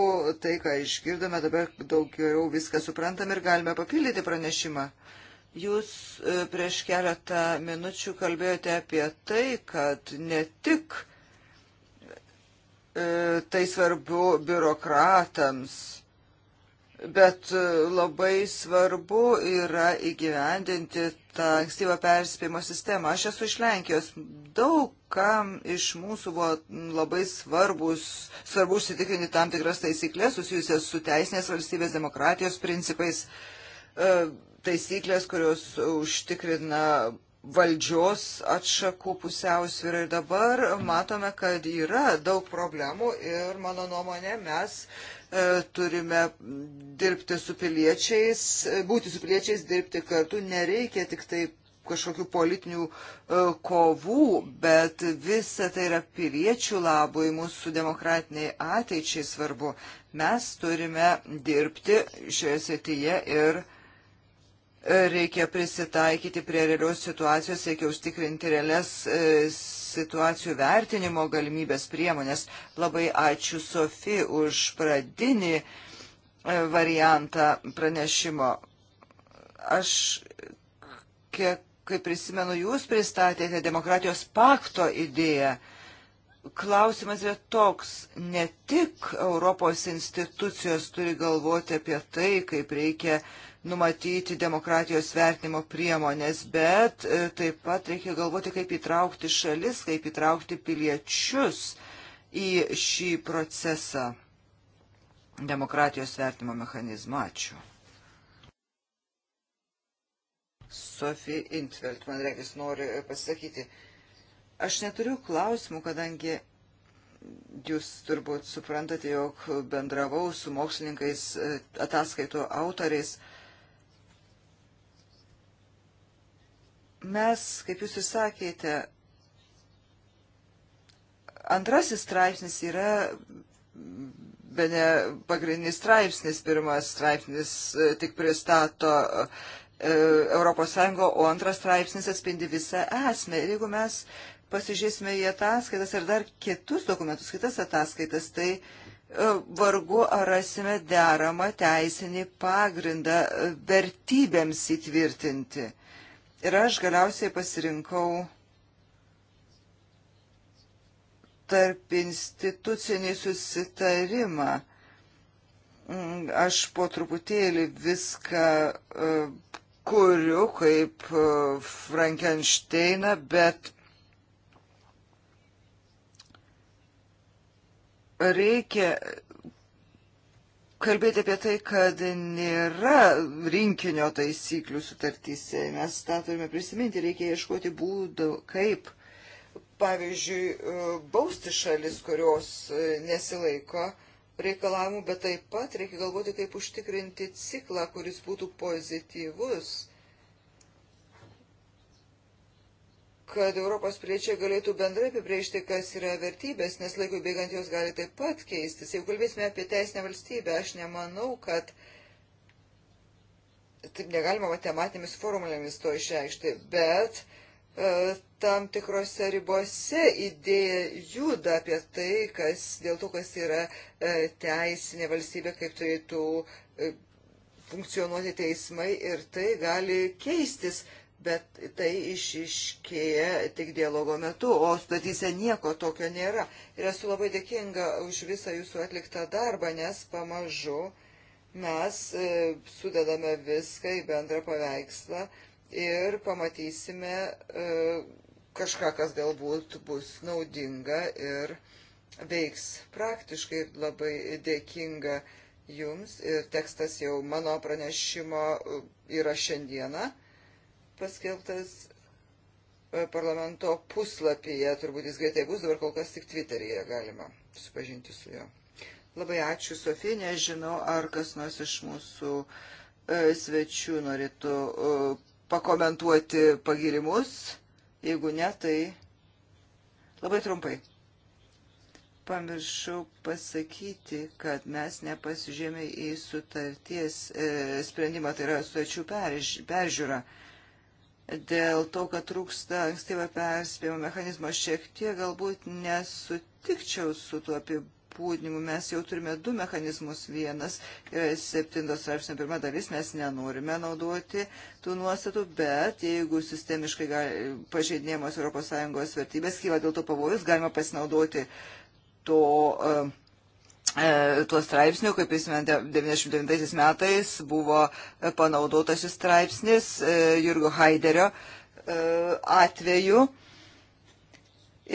tai, ką išgirdome, dabar daug geriau viską suprantam ir galime papildyti pranešimą. Jūs e, prieš keletą minučių kalbėjote apie tai, kad ne tik e, tai svarbu biurokratams, Bet e, labai svarbu yra įgyvendinti tą ankstyvą perspėjimo sistemą. Aš esu iš Lenkijos. Daug kam iš mūsų buvo labai svarbus, svarbu užsitikrinti tam tikras taisyklės susijusias su teisinės valstybės demokratijos principais, e, taisyklės, kurios užtikrina valdžios atšakų pusiausvyrą. Ir dabar matome, kad yra daug problemų ir mano nuomonė mes E, turime dirbti su piliečiais, e, būti su piliečiais, dirbti kartu. Nereikia tik tai kažkokių politinių e, kovų, bet visa tai yra piliečių labui, mūsų demokratiniai ateičiai svarbu. Mes turime dirbti šioje srityje ir reikia prisitaikyti prie realios situacijos, reikia užtikrinti realias e, situacijų vertinimo galimybės priemonės. Labai ačiū Sofi už pradinį e, variantą pranešimo. Aš, kiek kaip prisimenu, jūs pristatėte demokratijos pakto idėją. Klausimas yra toks, ne tik Europos institucijos turi galvoti apie tai, kaip reikia uh, numatyti demokratijos vertinimo priemonės, bet e, taip pat reikia galvoti, kaip įtraukti šalis, kaip įtraukti piliečius į šį procesą demokratijos vertinimo mechanizmą. Ačiū. Sofija Intvelt, man reikės, nori e, pasakyti. Aš neturiu klausimų, kadangi jūs turbūt suprantate, jog bendravau su mokslininkais e, ataskaito autoriais. Mes, kaip jūs ir sakėte, antrasis straipsnis yra bene pagrindinis straipsnis, pirmas straipsnis e, tik pristato ES, o antras straipsnis atspindi visą esmę. Ir jeigu mes pasižiūrėsime į ataskaitas ir dar kitus dokumentus, kitas ataskaitas, tai e, vargu ar rasime deramą teisinį pagrindą e, vertybėms įtvirtinti. Ir aš galiausiai pasirinkau tarp institucinį susitarimą. Mm, aš po truputėlį viską e, kuriu kaip e, Frankensteiną, bet reikia kalbėti apie tai, kad nėra rinkinio taisyklių sutartyse. Mes tą turime prisiminti, reikia ieškoti būdų, kaip, pavyzdžiui, bausti šalis, kurios nesilaiko reikalavimų, bet taip pat reikia galvoti, kaip užtikrinti ciklą, kuris būtų pozityvus kad Europos priečiai galėtų bendrai apibrėžti, kas yra vertybės, nes laikui bėgant jos gali taip pat keistis. Jeigu kalbėsime apie teisinę valstybę, aš nemanau, kad taip negalima matematinėmis formulėmis to išreikšti, bet e, tam tikrose ribose idėja juda apie tai, kas dėl to, kas yra e, teisinė valstybė, kaip turėtų e, funkcionuoti teismai ir tai gali keistis bet tai išiškėja tik dialogo metu, o stotyse nieko tokio nėra. Ir esu labai dėkinga už visą jūsų atliktą darbą, nes pamažu mes e, sudedame viską į bendrą paveikslą ir pamatysime e, kažką, kas galbūt bus naudinga ir veiks praktiškai labai dėkinga jums ir tekstas jau mano pranešimo e, yra šiandieną paskelbtas e, parlamento puslapyje, turbūt jis greitai bus, dabar kol kas tik Twitteryje galima supažinti su juo. Labai ačiū, Sofija, nežinau, ar kas nors iš mūsų e, svečių norėtų e, pakomentuoti pagirimus, jeigu ne, tai labai trumpai. Pamiršau pasakyti, kad mes nepasižėmė į sutarties sprendimą, tai yra sutarčių peržiūrą. Perž dėl to, kad trūksta ankstyvo perspėjimo mechanizmo, šiek tiek galbūt nesutikčiau su tuo apibūdinimu. Mes jau turime du mechanizmus. Vienas yra e, septintos straipsnio pirma dalis, mes nenorime naudoti tų nuostatų, bet jeigu sistemiškai pažeidinėjamos ES vertybės kyla dėl to pavojus, galima pasinaudoti to. Uh, E, tuo straipsniu, kaip prisimenate, 99 metais buvo panaudotas šis straipsnis e, Jurgo Haiderio e, atveju.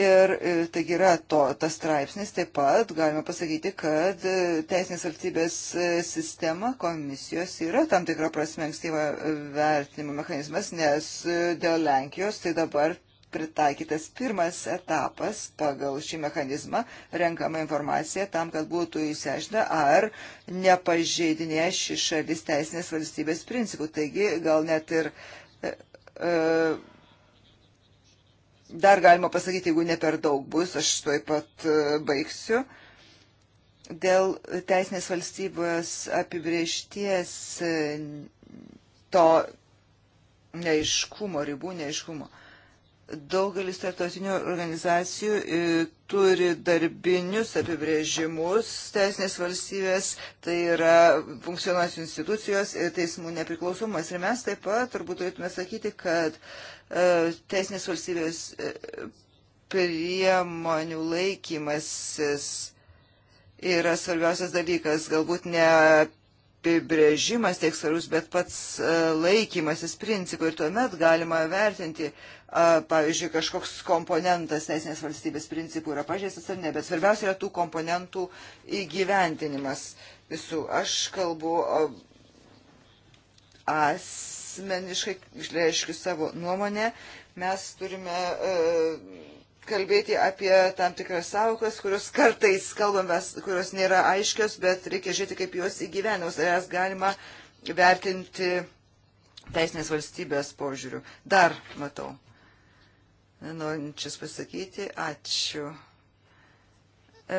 Ir taigi yra to, tas straipsnis, taip pat galima pasakyti, kad teisinės valstybės sistema komisijos yra tam tikra prasme ankstyva vertinimo mechanizmas, nes dėl Lenkijos tai dabar pritaikytas pirmas etapas pagal šį mechanizmą renkama informacija tam, kad būtų įsiaiškinta, ar nepažeidinė ši šalis teisinės valstybės principų. Taigi gal net ir. E, e, Dar galima pasakyti, jeigu ne per daug bus, aš toj pat e, baigsiu. Dėl teisinės valstybės apibriešties to neiškumo, ribų neiškumo. Daugelis tarptautinių organizacijų e, turi darbinius apibrėžimus teisinės valstybės, tai yra funkcionuos institucijos ir teismų nepriklausomumas. Ir mes taip pat turbūt turėtume sakyti, kad e, teisinės valstybės e, priemonių laikymasis yra svarbiausias dalykas, galbūt ne apibrėžimas tiek svarbus, bet pats laikymasis principų ir tuomet galima vertinti, pavyzdžiui, kažkoks komponentas teisinės valstybės principų yra pažeistas ar ne, bet svarbiausia yra tų komponentų įgyventinimas visų. Aš kalbu asmeniškai, išreiškiu savo nuomonę, mes turime e, kalbėti apie tam tikras savokas, kurios kartais kalbame, kurios nėra aiškios, bet reikia žiūrėti, kaip juos įgyvenimus, ar jas galima vertinti teisinės valstybės požiūrių. Dar matau norinčius pasakyti. Ačiū.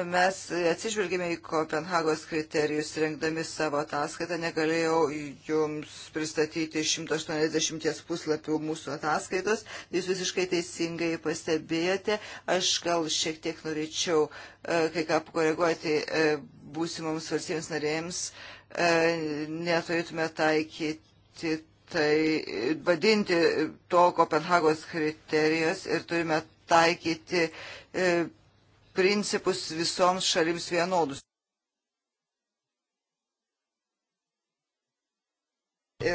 Mes atsižvelgėme į Kopenhagos kriterijus, rengdami savo ataskaitą. Negalėjau jums pristatyti 180 puslapių mūsų ataskaitos. Jūs visiškai teisingai pastebėjote. Aš gal šiek tiek norėčiau e, kai ką pakoreguoti e, būsimoms valstybėms narėjams. E, neturėtume taikyti tai vadinti to Kopenhagos kriterijos ir turime taikyti e, principus visoms šalims vienodus.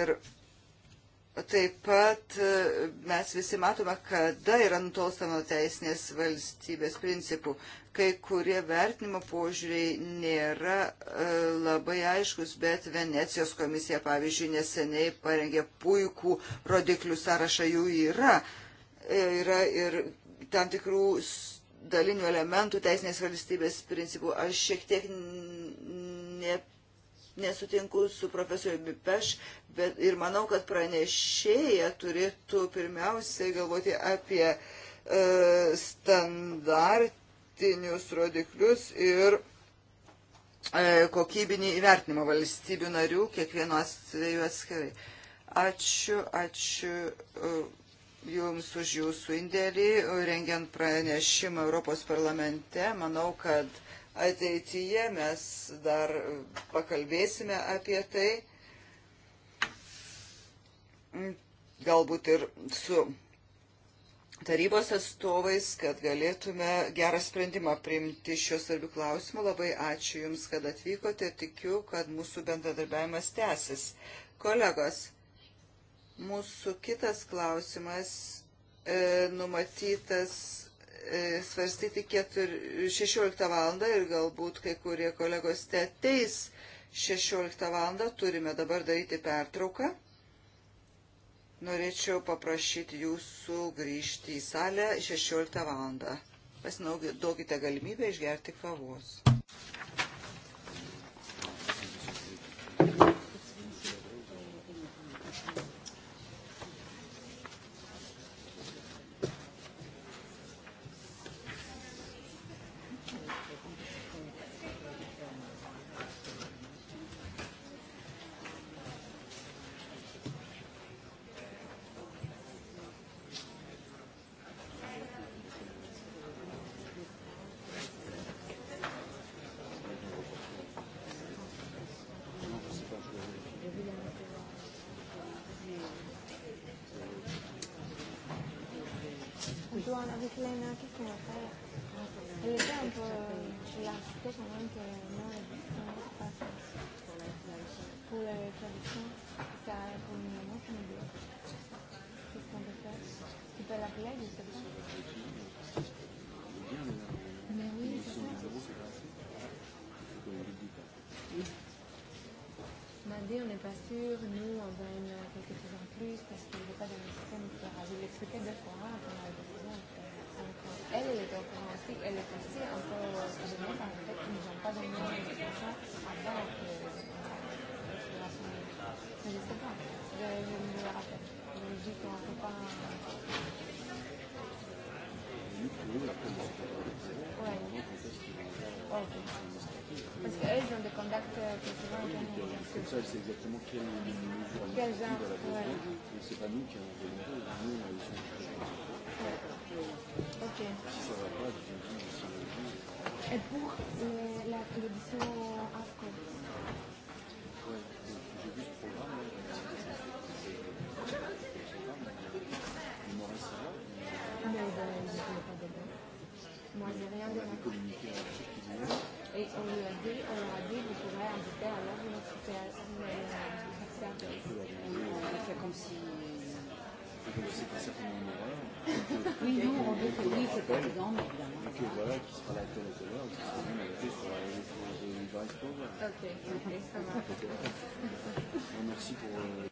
Ir Taip pat e, mes visi matome, kada yra nutolstama teisinės valstybės principų. Kai kurie vertinimo požiūriai nėra e, labai aiškus, bet Venecijos komisija, pavyzdžiui, neseniai parengė puikų rodiklių sąrašą, jų yra. E, yra ir tam tikrų dalinių elementų teisinės valstybės principų. Aš šiek tiek ne nesutinku su profesoriumi Peš bet, ir manau, kad pranešėja turėtų pirmiausiai galvoti apie e, standartinius rodiklius ir e, kokybinį įvertinimą valstybių narių kiekvieno atveju atskirai. Ačiū, ačiū. E, Jums už jūsų indėlį, rengiant pranešimą Europos parlamente. Manau, kad ateityje mes dar pakalbėsime apie tai, galbūt ir su tarybos atstovais, kad galėtume gerą sprendimą priimti šios svarbių klausimų. Labai ačiū Jums, kad atvykote. Tikiu, kad mūsų bendradarbiavimas tęsis. Kolegos, mūsų kitas klausimas e, numatytas E, svarstyti 4, 16 val. ir galbūt kai kurie kolegos te ateis 16 val. turime dabar daryti pertrauką. Norėčiau paprašyti jūsų grįžti į salę 16 val. Pasinaudokite galimybę išgerti kavos. pas sûr, nous on gagne quelques choses en plus parce qu'il n'est pas dans le système, etc. Je l'ai expliqué deux fois hein, pendant la décision. Donc elle, elle était au courant aussi, elle est aussi un peu gênée par le fait qu'ils ne nous ont pas donné l'information avant que la semaine. Mais je ne sais pas, je, je ne me le rappelle. Je me dis qu'on ne peut pas. Oui, la présentation. Ouais. Ok. Parce que de conduct culturelle euh, Comme ça, elle sait exactement quelle mesure elle quel genre, à la poser. Ouais. Et c'est pas nous qui avons fait une chose, nous on a aussi une chose. Ok. Si ça va pas, je vous dis, je vous dis. Et pour euh, l'audition AFCO Oui, non, on veut que lui, c'est président, mais évidemment. Et que voilà, qui sera l'acteur de l'heure, qui sera lui, mais qui sera le vice-président. Ok, ok, ça va. Merci pour. Euh...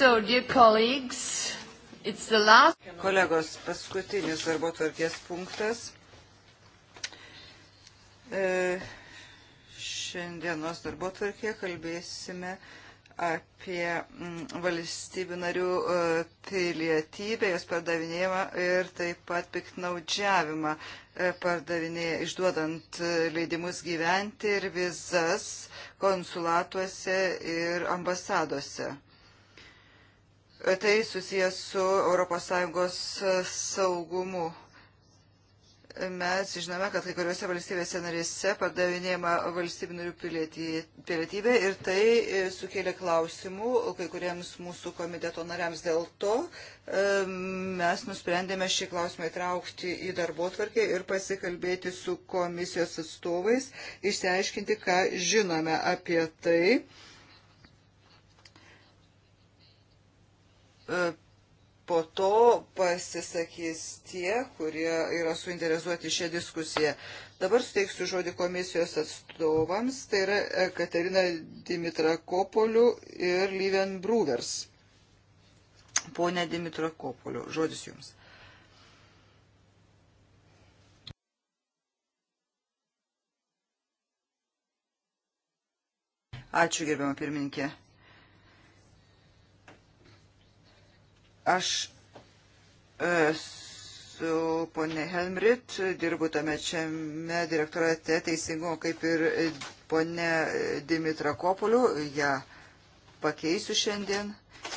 So, dear colleagues, it's the last... Kolegos, paskutinis darbo tvarkės punktas. E, šiandienos darbo tvarkė kalbėsime apie mm, valstybių narių e, pilietybę, jos pardavinėjimą ir taip pat piktnaudžiavimą e, išduodant e, leidimus gyventi ir vizas konsulatuose ir ambasadose. Tai susijęs su ES saugumu. Mes žinome, kad kai kuriuose valstybėse narėse pardavinėjama valstybinių pilietybė ir tai e, sukėlė klausimų kai kuriems mūsų komiteto nariams. Dėl to e, mes nusprendėme šį klausimą įtraukti į darbo tvarkę ir pasikalbėti su komisijos atstovais, išsiaiškinti, ką žinome apie tai E, po to pasisakys tie, kurie yra suinteresuoti šią diskusiją. Dabar suteiksiu žodį komisijos atstovams, tai yra Katerina Dimitrakopoliu ir Lyven Bruvers. Pone Dimitrakopoliu, žodis jums. Ačiū, gerbiamą pirmininkę. Aš e, su ponė Helmrit dirbu tame čiame direktorate teisingumo kaip ir ponė Dimitra Kopoliu, ją pakeisiu šiandien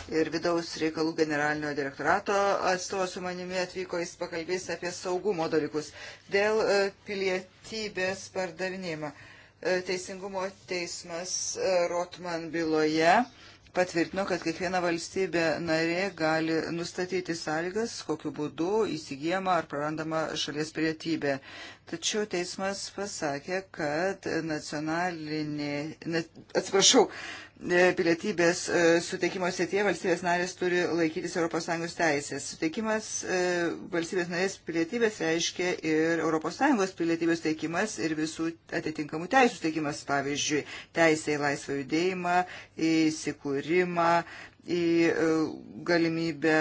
ir vidaus reikalų generalinio direktorato atstovas su manimi atvyko, jis pakalbės apie saugumo dalykus dėl e, pilietybės pardavinėjimo. E, teisingumo teismas Rotman byloje patvirtino, kad kiekviena valstybė narė gali nustatyti sąlygas, kokiu būdu įsigijama ar prarandama šalies pilietybė. Tačiau teismas pasakė, kad nacionalinė, atsiprašau, E, pilietybės e, suteikimo sėtie valstybės narės turi laikytis ES teisės. Suteikimas e, valstybės narės pilietybės reiškia ir ES pilietybės teikimas ir visų atitinkamų teisų teikimas, pavyzdžiui, teisė į laisvą judėjimą, į sikūrimą, į galimybę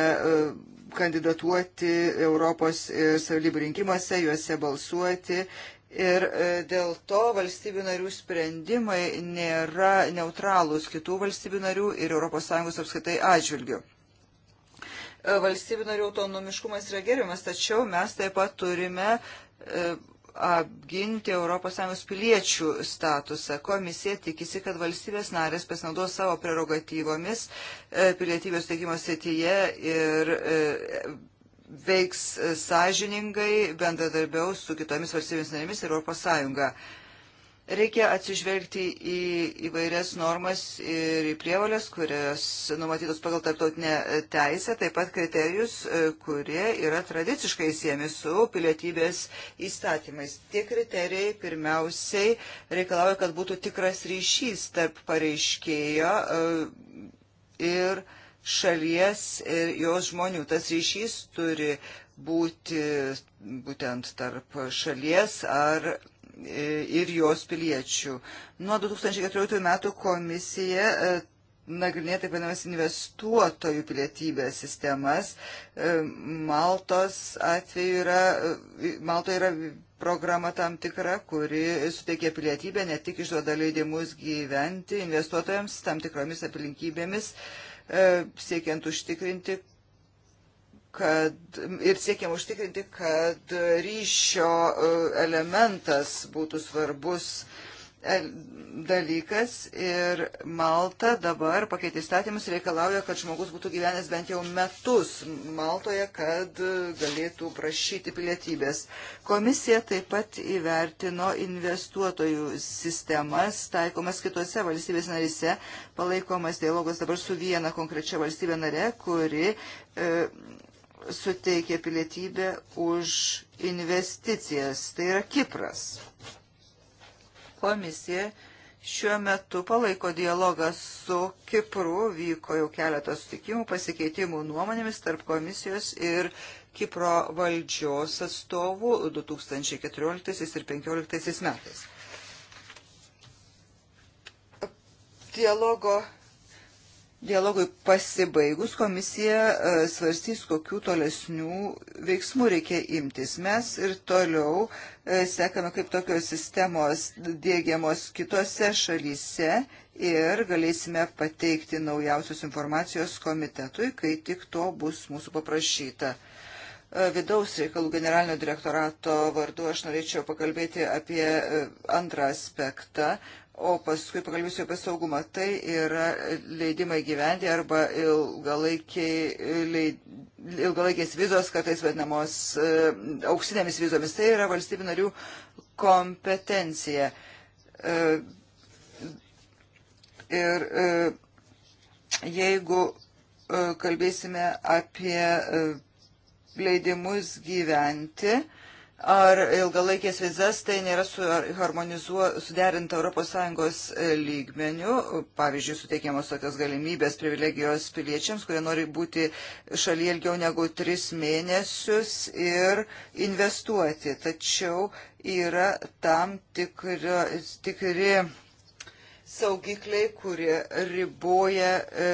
kandidatuoti Europos savivaldybių rinkimuose, juose balsuoti Ir e, dėl to valstybių narių sprendimai nėra neutralūs kitų valstybių narių ir ES apskaitai atžvilgių. E, valstybių narių autonomiškumas yra gerimas, tačiau mes taip pat turime e, apginti ES piliečių statusą. Komisija tikisi, kad valstybės narės pasinaudos savo prerogatyvomis pilietybės teikimo srityje ir veiks sąžiningai, bendradarbiaus su kitomis valstybėmis narėmis ir Europos Sąjunga. Reikia atsižvelgti į įvairias normas ir į prievalės, kurios numatytos pagal tarptautinę teisę, taip pat kriterijus, kurie yra tradiciškai siemi su pilietybės įstatymais. Tie kriterijai pirmiausiai reikalauja, kad būtų tikras ryšys tarp pareiškėjo e, ir pareiškėjo šalies ir jos žmonių. Tas ryšys turi būti būtent tarp šalies ar e, ir jos piliečių. Nuo 2014 metų komisija e, nagrinėti vadinamas investuotojų pilietybės sistemas. E, Maltos atveju yra, Maltoje yra programa tam tikra, kuri suteikia pilietybę, ne tik išduoda leidimus gyventi investuotojams tam tikromis aplinkybėmis. Uh, E, siekiant užtikrinti, kad ir siekiam užtikrinti, kad ryšio e, elementas būtų svarbus E, dalykas ir Malta dabar pakeitė įstatymus reikalauja, kad žmogus būtų gyvenęs bent jau metus Maltoje, kad galėtų prašyti pilietybės. Komisija taip pat įvertino investuotojų sistemas, taikomas kitose valstybės narise, palaikomas dialogas dabar su viena konkrečia valstybė nare, kuri e, suteikė pilietybę už investicijas. Tai yra Kipras. Komisija šiuo metu palaiko dialogą su Kipru, vyko jau keletas sutikimų, pasikeitimų nuomonėmis tarp komisijos ir Kipro valdžios atstovų 2014 ir 2015 metais. Dialogo Dialogui pasibaigus komisija e, svarstys, kokių tolesnių veiksmų reikia imtis. Mes ir toliau e, sekame, kaip tokios sistemos dėgiamos kitose šalyse ir galėsime pateikti naujausios informacijos komitetui, kai tik to bus mūsų paprašyta. E, vidaus reikalų generalinio direktorato vardu aš norėčiau pakalbėti apie antrą aspektą o paskui pakalbėsiu apie saugumą. Tai yra leidimai gyventi arba ilgalaikės vizos, kartais vadinamos e, auksinėmis vizomis. Tai yra valstybių narių kompetencija. E, ir e, jeigu kalbėsime apie leidimus gyventi, ar ilgalaikės vizas tai nėra suderinta ES e, lygmenių, pavyzdžiui, suteikiamos tokios galimybės privilegijos piliečiams, kurie nori būti šalyje ilgiau negu tris mėnesius ir investuoti. Tačiau yra tam tikra, tikri saugikliai, kurie riboja e,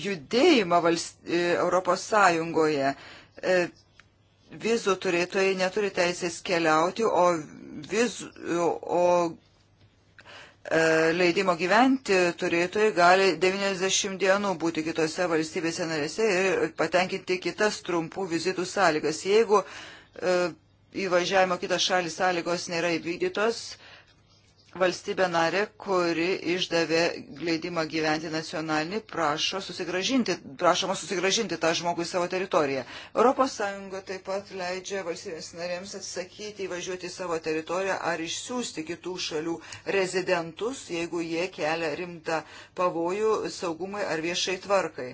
judėjimą valst, e, Europos Sąjungoje. E, vizų turėtojai neturi teisės keliauti, o, vizų, o e, leidimo gyventi turėtojai gali 90 dienų būti kitose valstybėse narėse ir patenkinti kitas trumpų vizitų sąlygas. Jeigu e, įvažiavimo kitas šalis sąlygos nėra įvykdytos, valstybė narė, kuri išdavė leidimą gyventi nacionalinį, prašo susigražinti, prašoma susigražinti tą žmogų į savo teritoriją. ES taip pat leidžia valstybės narėms atsisakyti įvažiuoti į savo teritoriją ar išsiųsti kitų šalių rezidentus, jeigu jie kelia rimtą pavojų saugumui ar viešai tvarkai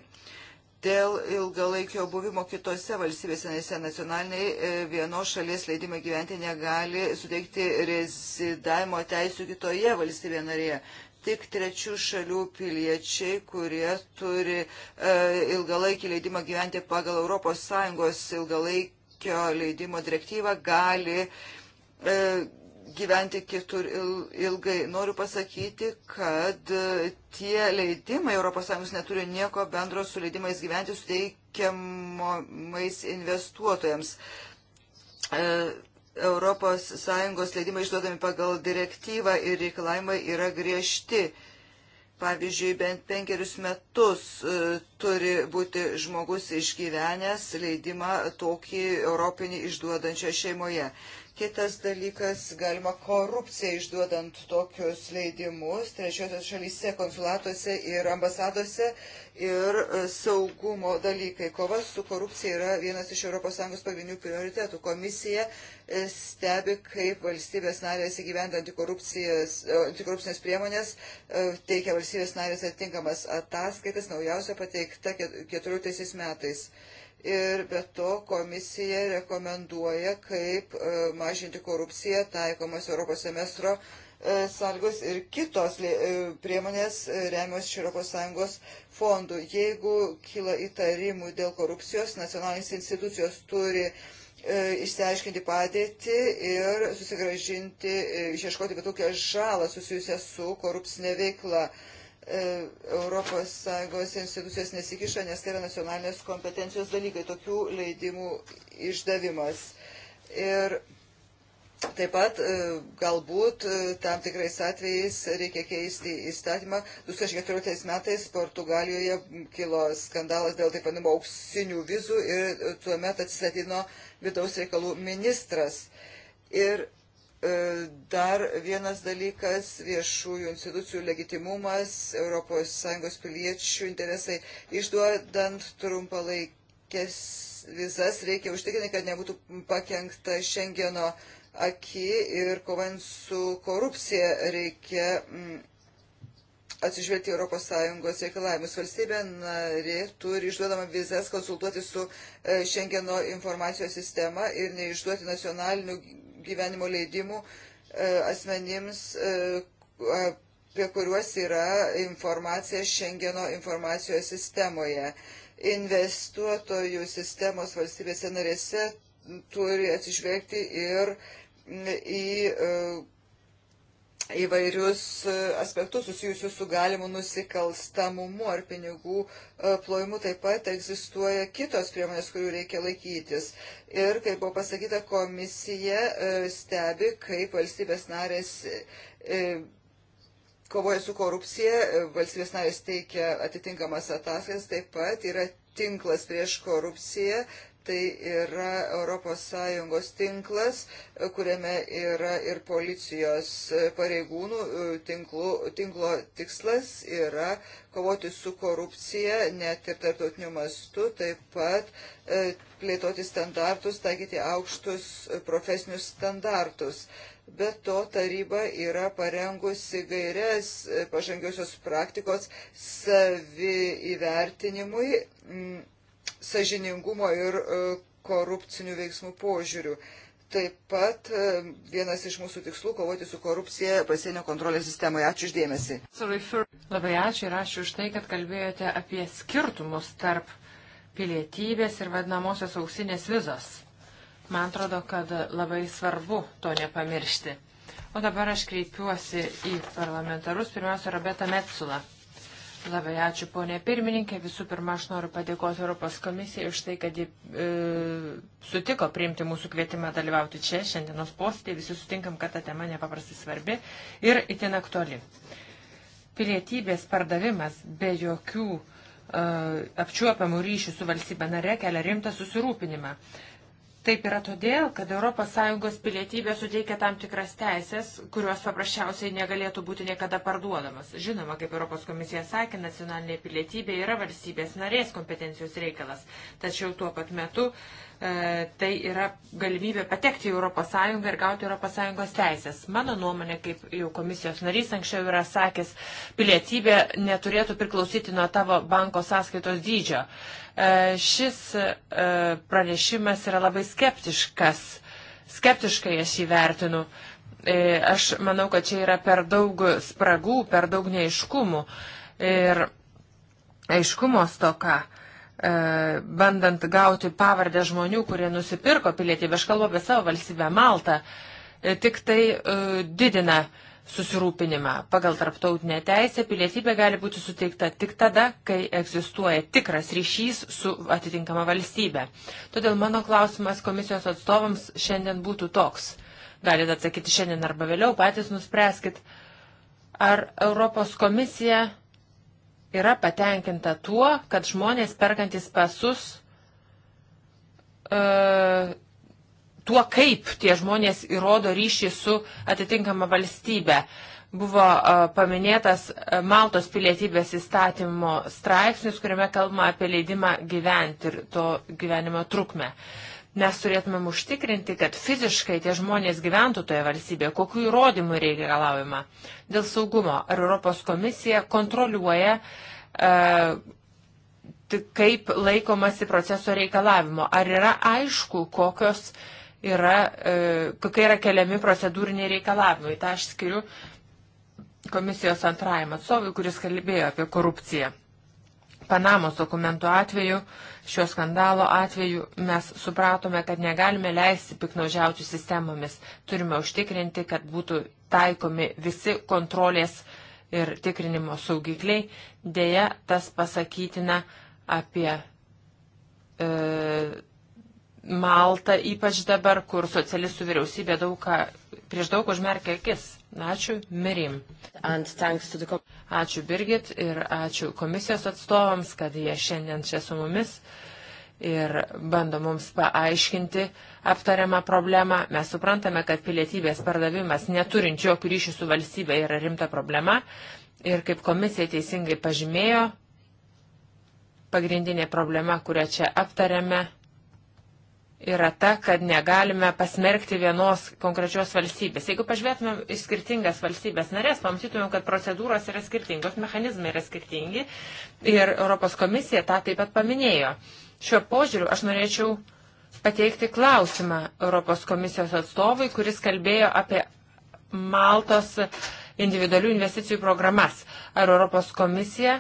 dėl ilgalaikio buvimo kitose valstybėse, nes nacionaliniai e, vienos šalies leidimai gyventi negali suteikti rezidavimo teisų kitoje valstybėje narėje. Tik trečių šalių piliečiai, kurie turi e, ilgalaikį leidimą gyventi pagal ES ilgalaikio leidimo direktyvą, gali e, gyventi kitur ilgai. Noriu pasakyti, kad e, tie leidimai ES neturi nieko bendro su leidimais gyventi suteikiamais investuotojams. ES leidimai išduodami pagal direktyvą ir reikalavimai yra griežti. Pavyzdžiui, bent penkerius metus e, turi būti žmogus išgyvenęs leidimą tokį europinį išduodančią šeimoje. Kitas dalykas, galima korupciją išduodant tokius leidimus trečiosios šalyse, konsulatuose ir ambasadose ir e, saugumo dalykai. Kova su korupcija yra vienas iš ES pagrindinių prioritetų. Komisija e, stebi, kaip valstybės narės įgyvendant e, antikorupcinės priemonės teikia valstybės narės atitinkamas ataskaitas, naujausia pateikta 14 metais ir be to komisija rekomenduoja, kaip e, mažinti korupciją taikomas Europos semestro e, sąlygos ir kitos e, priemonės remios iš ES fondų. Jeigu kyla įtarimų dėl korupcijos, nacionalinės institucijos turi išsiaiškinti padėtį ir susigražinti, išieškoti bet kokią žalą susijusią su korupcinė veikla. E, ES institucijos nesikiša, nes tai yra nacionalinės kompetencijos dalykai, tokių leidimų išdavimas. Ir taip pat e, galbūt e, tam tikrais atvejais reikia keisti įstatymą. 2014 metais Portugalijoje kilo skandalas dėl taip vadinamo auksinių vizų ir tuomet atsistatino vidaus reikalų ministras. Ir E, dar vienas dalykas - viešųjų institucijų legitimumas, ES piliečių interesai. Išduodant trumpalaikės vizas reikia užtikrinti, kad nebūtų pakengta Šengeno aki ir kovant su korupcija reikia mm, atsižvelgti ES reikalavimus. Valstybė narė turi išduodama vizas konsultuoti su Šengeno e, informacijos sistema ir neišduoti nacionalinių gyvenimo leidimų e, asmenims, e, apie kuriuos yra informacija Šengeno informacijos sistemoje. Investuotojų sistemos valstybėse narėse turi atsižvelgti ir į e, įvairius e, aspektus susijusius su galimu nusikalstamumu ar pinigų e, plojimu. Taip pat egzistuoja kitos priemonės, kurių reikia laikytis. Ir, kaip buvo pasakyta, komisija e, stebi, kaip valstybės narės kovoja su korupcija, valstybės narės teikia atitinkamas ataskaitas, taip pat yra tinklas prieš korupciją, tai yra ES tinklas, kuriame yra ir policijos pareigūnų. E, tinklo, tinklo tikslas yra kovoti su korupcija, net ir tarptautiniu mastu, taip pat e, plėtoti standartus, taikyti aukštus profesinius standartus. Be to taryba yra parengusi gairias e, pažangiosios praktikos savi įvertinimui sažiningumo ir e, korupcinių veiksmų požiūrių. Taip pat e, vienas iš mūsų tikslų - kovoti su korupcija pasienio kontrolės sistemoje. Ačiū išdėmesi. Labai ačiū ir ačiū už tai, kad kalbėjote apie skirtumus tarp pilietybės ir vadinamosios auksinės vizos. Man atrodo, kad labai svarbu to nepamiršti. O dabar aš kreipiuosi į parlamentarus, pirmiausia, Roberta Metsula. Labai ačiū, ponė pirmininkė. Visų pirma, aš noriu padėkoti Europos komisijai už tai, kad ji e, sutiko priimti mūsų kvietimą dalyvauti čia šiandienos postėje. Visi sutinkam, kad ta tema nepaprastai svarbi ir itin aktuali. Pilietybės pardavimas be jokių e, apčiuopiamų ryšių su valstybė nare kelia rimtą susirūpinimą. Taip yra todėl, kad ES pilietybė suteikia tam tikras teisės, kurios paprasčiausiai negalėtų būti niekada parduodamas. Žinoma, kaip Europos komisija sakė, nacionalinė pilietybė yra valstybės narės kompetencijos reikalas, tačiau tuo pat metu e, tai yra galimybė patekti į ES ir gauti ES teisės. Mano nuomonė, kaip jau komisijos narys anksčiau yra sakęs, pilietybė neturėtų priklausyti nuo tavo banko sąskaitos dydžio. E, E, šis e, pranešimas yra labai skeptiškas. Skeptiškai aš jį vertinu. E, aš manau, kad čia yra per daug spragų, per daug neiškumų. Ir aiškumo stoka bandant gauti pavardę žmonių, kurie nusipirko pilietybę, aš kalbu apie savo valstybę Maltą, tik tai didina uh, susirūpinimą. Pagal tarptautinę teisę pilietybė gali būti suteikta tik tada, kai egzistuoja tikras ryšys su atitinkama valstybė. Todėl mano klausimas komisijos atstovams šiandien būtų toks. Galite atsakyti šiandien arba vėliau, patys nuspręskit, ar Europos komisija yra patenkinta tuo, kad žmonės perkantis pasus e, tuo, kaip tie žmonės įrodo ryšį su atitinkama valstybe. Buvo paminėtas Maltos pilietybės įstatymo straipsnis, kuriame kalbama apie leidimą gyventi ir to gyvenimo trukmę mes turėtumėm užtikrinti, kad fiziškai tie žmonės gyventų toje valstybėje, kokiu įrodymu reikalaujama dėl saugumo. Ar Europos komisija kontroliuoja, e, kaip laikomasi proceso reikalavimo? Ar yra aišku, kokios yra, e, kokie yra keliami procedūriniai reikalavimai. Ta aš skiriu komisijos antrajam atstovui, kuris kalbėjo apie korupciją. Panamos dokumentų atveju, šio skandalo atveju mes supratome, kad negalime leisti piknaužiauti sistemomis. Turime užtikrinti, kad būtų taikomi visi kontrolės ir tikrinimo saugikliai. Deja, tas pasakytina apie e, Malta ypač dabar, kur socialistų vyriausybė daug ką, prieš daug užmerkė akis. Ačiū Mirim. Ačiū Birgit ir ačiū komisijos atstovams, kad jie šiandien čia su mumis ir bando mums paaiškinti aptariamą problemą. Mes suprantame, kad pilietybės pardavimas neturint jokių ryšių su valstybė yra rimta problema. Ir kaip komisija teisingai pažymėjo, pagrindinė problema, kurią čia aptariame, yra ta, kad negalime pasmerkti vienos konkrečios valstybės. Jeigu pažvelgtumėm į skirtingas valstybės narės, pamatytumėm, kad procedūros yra skirtingos, mechanizmai yra skirtingi ir Europos komisija tą taip pat paminėjo. Šiuo požiūriu aš norėčiau pateikti klausimą Europos komisijos atstovui, kuris kalbėjo apie Maltos individualių investicijų programas. Ar Europos komisija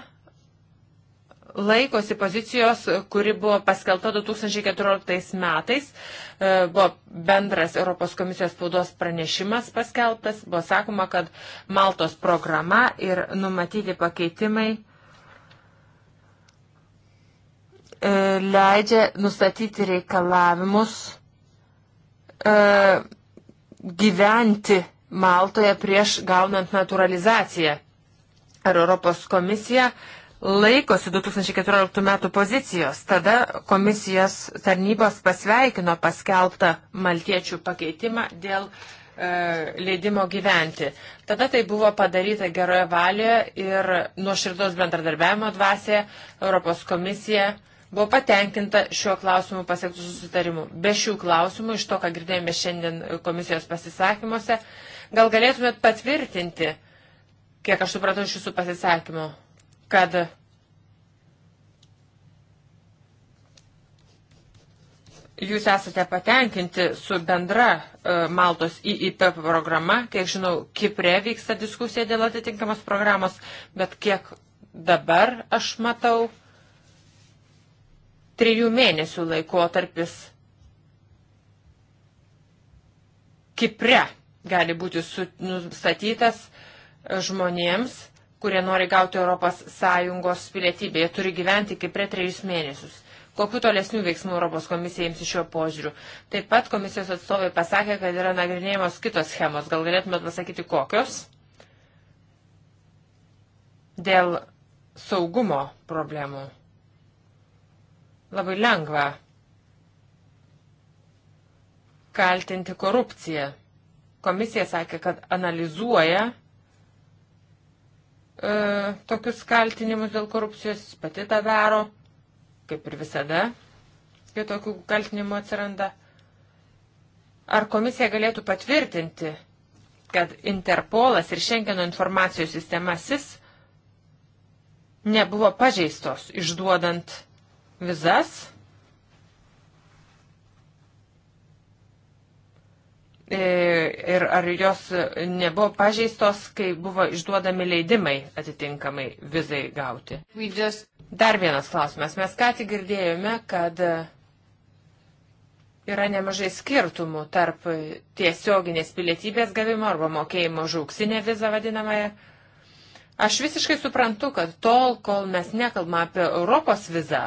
laikosi pozicijos, kuri buvo paskelta 2014 metais. E, buvo bendras Europos komisijos spaudos pranešimas paskeltas. Buvo sakoma, kad Maltos programa ir numatyti pakeitimai e, leidžia nustatyti reikalavimus e, gyventi Maltoje prieš gaunant naturalizaciją. Ar Europos komisija uh, laikosi 2014 metų pozicijos. Tada komisijos tarnybos pasveikino paskelbtą maltiečių pakeitimą dėl e, leidimo gyventi. Tada tai buvo padaryta geroje valioje ir nuoširdos bendradarbiavimo dvasėje Europos komisija buvo patenkinta šiuo klausimu pasiektų susitarimu. Be šių klausimų, iš to, ką girdėjome šiandien komisijos pasisakymuose, gal galėtumėt patvirtinti, kiek aš supratau iš jūsų pasisakymų, kad jūs esate patenkinti su bendra e, Maltos IIP programa. Kiek žinau, Kipre vyksta diskusija dėl atitinkamos programos, bet kiek dabar aš matau, trijų mėnesių laikotarpis Kipre gali būti nustatytas e, žmonėms kurie nori gauti ES pilietybę. Jie turi gyventi iki prie trejus mėnesius. Kokiu tolesnių veiksmų Europos komisija imsi šiuo požiūriu? Taip pat komisijos atstovai pasakė, kad yra nagrinėjamos kitos schemos. Gal galėtumėt pasakyti kokios? Dėl saugumo problemų. Labai lengva kaltinti korupciją. Komisija sakė, kad analizuoja e, tokius kaltinimus dėl korupcijos, jis pati tą daro, kaip ir visada, kai tokių kaltinimų atsiranda. Ar komisija galėtų patvirtinti, kad Interpolas ir Šengeno informacijos sistemasis nebuvo pažeistos išduodant vizas? E, ir ar jos nebuvo pažeistos, kai buvo išduodami leidimai atitinkamai vizai gauti. Just... Dar vienas klausimas. Mes ką tik girdėjome, kad yra nemažai skirtumų tarp tiesioginės pilietybės gavimo arba mokėjimo žauksinė viza vadinamąją. Aš visiškai suprantu, kad tol, kol mes nekalbame apie Europos vizą,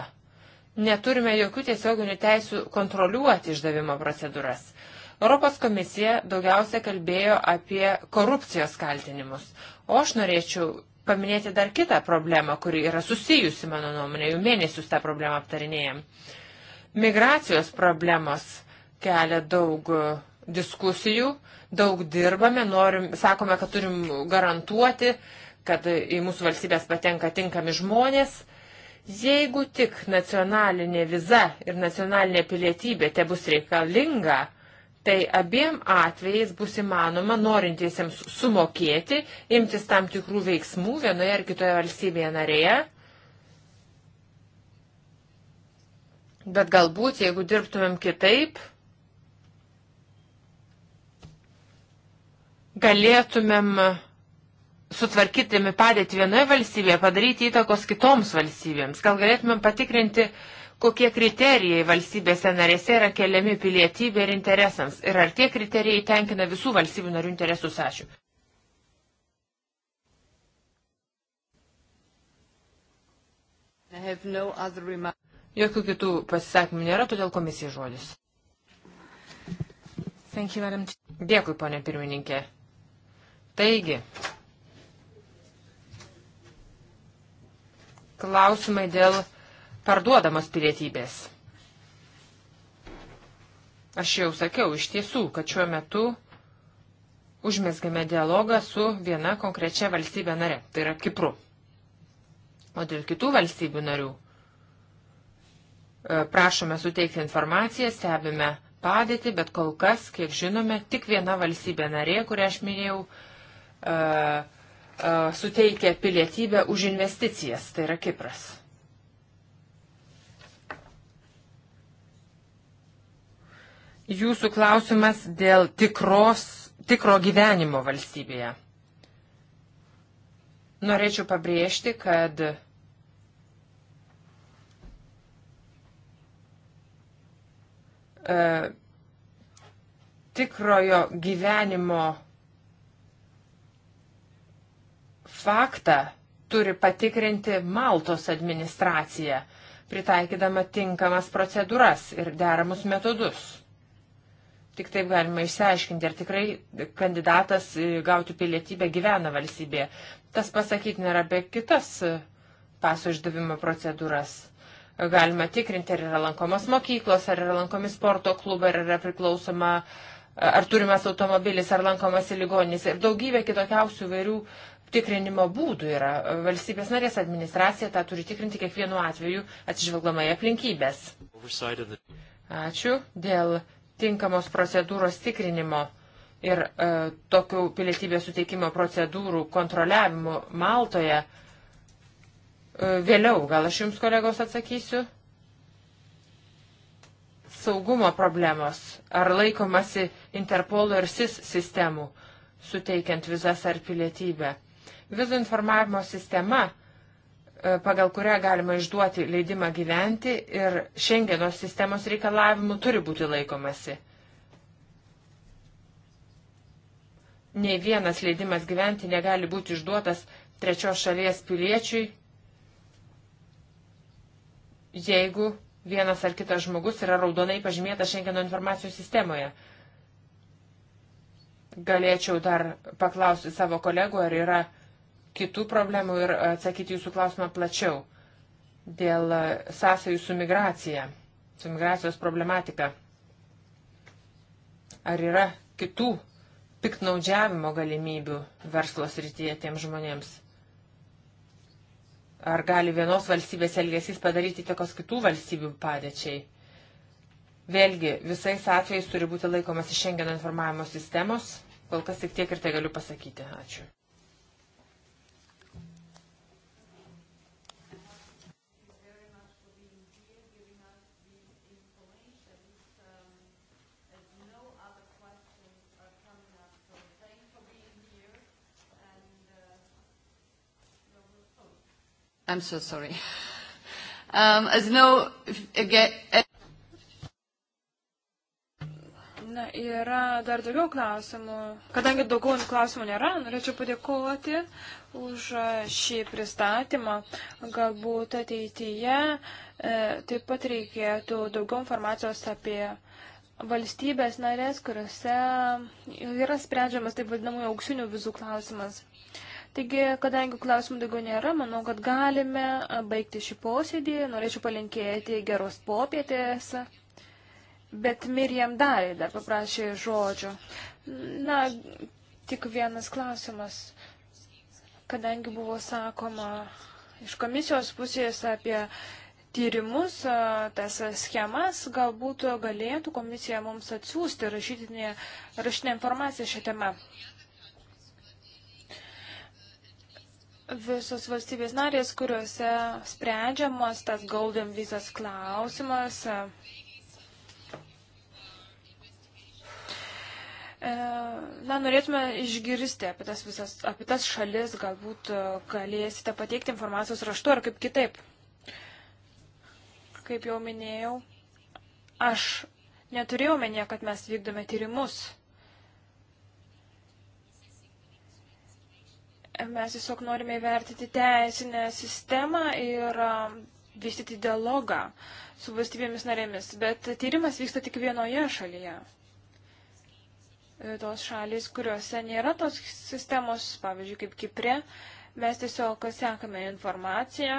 neturime jokių tiesioginių teisų kontroliuoti išdavimo procedūras. Europos komisija daugiausia kalbėjo apie korupcijos kaltinimus, o aš norėčiau paminėti dar kitą problemą, kuri yra susijusi, mano nuomonė, jau mėnesius tą problemą aptarinėjom. Migracijos problemos kelia daug e, diskusijų, daug dirbame, norim, sakome, kad turim garantuoti, kad į mūsų valstybės patenka tinkami žmonės. Jeigu tik nacionalinė viza ir nacionalinė pilietybė te bus reikalinga, tai abiem atvejais bus įmanoma norintiesiems sumokėti, imtis tam tikrų veiksmų vienoje ar kitoje valstybėje narėje. Bet galbūt, jeigu dirbtumėm kitaip, galėtumėm sutvarkytėmi padėti vienoje valstybėje, padaryti įtakos kitoms valstybėms. Gal galėtumėm patikrinti uh, kokie kriterijai valstybėse narėse yra keliami pilietybė ir interesams ir ar tie kriterijai tenkina visų valstybių narių interesus. Ačiū. No Jokių kitų pasisakymų nėra, todėl komisija žodis. You, Dėkui, ponė pirmininkė. Taigi, klausimai dėl parduodamos pilietybės. Aš jau sakiau iš tiesų, kad šiuo metu užmesgame dialogą su viena konkrečia valstybė nare, tai yra Kipru. O dėl kitų valstybių narių e, prašome suteikti informaciją, stebime padėtį, bet kol kas, kiek žinome, tik viena valstybė narė, kurią aš minėjau, e, e, suteikia pilietybę už investicijas, tai yra Kipras. Jūsų klausimas dėl tikros, tikro gyvenimo valstybėje. Norėčiau pabrėžti, kad e, tikrojo gyvenimo faktą turi patikrinti Maltos administracija, pritaikydama tinkamas procedūras ir deramus metodus. Tik taip galima išsiaiškinti, ar tikrai kandidatas e, gauti pilietybę gyvena valstybėje. Tas pasakyti nėra be kitas e, paso išdavimo procedūras. Galima tikrinti, ar yra lankomos mokyklos, ar yra lankomi sporto klubai, ar yra priklausoma, e, ar turimas automobilis, ar lankomas į ligonis. Ir daugybė kitokiausių vairių tikrinimo būdų yra. Valstybės narės administracija tą turi tikrinti kiekvienu atveju atsižvelgdama į aplinkybės. Ačiū dėl tinkamos procedūros tikrinimo ir e, tokių pilietybės suteikimo procedūrų kontroliavimo Maltoje. E, vėliau, gal aš jums kolegos atsakysiu. Saugumo problemos. Ar laikomasi Interpolo ir SIS sistemų, suteikiant vizas ar pilietybę. Vizų informavimo sistema E, pagal kurią galima išduoti leidimą gyventi ir Šengeno sistemos reikalavimų turi būti laikomasi. Nei vienas leidimas gyventi negali būti išduotas trečios šalies piliečiui, jeigu vienas ar kitas žmogus yra raudonai pažymėtas Šengeno informacijos sistemoje. Galėčiau dar paklausti savo kolegų, ar yra kitų problemų ir atsakyti jūsų klausimą plačiau dėl sąsajų su migracija, su migracijos problematika. Ar yra kitų piknaudžiavimo galimybių verslo srityje tiem žmonėms? Ar gali vienos valstybės elgesys padaryti tokios kitų valstybių padėčiai? Vėlgi, visais atvejais turi būti laikomas iš šiandien informavimo sistemos. Kol kas tik tiek ir tai galiu pasakyti. Ačiū. I'm so sorry. Um, as no, again, eh, Na, yra dar daugiau klausimų. Kadangi daugiau klausimų nėra, norėčiau padėkoti už eh, šį pristatymą. Galbūt ateityje e, taip pat reikėtų daugiau informacijos apie valstybės narės, kuriuose yra sprendžiamas taip vadinamųjų auksinių vizų klausimas. Taigi, kadangi klausimų daugiau nėra, manau, kad galime baigti šį posėdį. Norėčiau palinkėti geros popietės. Bet Mirjam darė, dar paprašė žodžio. Na, tik vienas klausimas. Kadangi buvo sakoma iš komisijos pusės apie tyrimus, tas schemas, galbūt galėtų komisija mums atsiųsti rašytinę, rašytinę informaciją šią temą. visos valstybės narės, kuriuose sprendžiamas tas Golden Visas klausimas. E, na, norėtume išgirsti apie tas, visas, apie tas šalis, galbūt e, galėsite pateikti informacijos raštu ar kaip kitaip. Kaip jau minėjau, aš neturėjau menė, kad mes vykdome tyrimus Mes tiesiog norime įvertinti teisinę sistemą ir um, vystyti dialogą su valstybėmis narėmis, bet tyrimas vyksta tik vienoje šalyje. Tos šalys, kuriuose nėra tos sistemos, pavyzdžiui, kaip Kipre, mes tiesiog sekame informaciją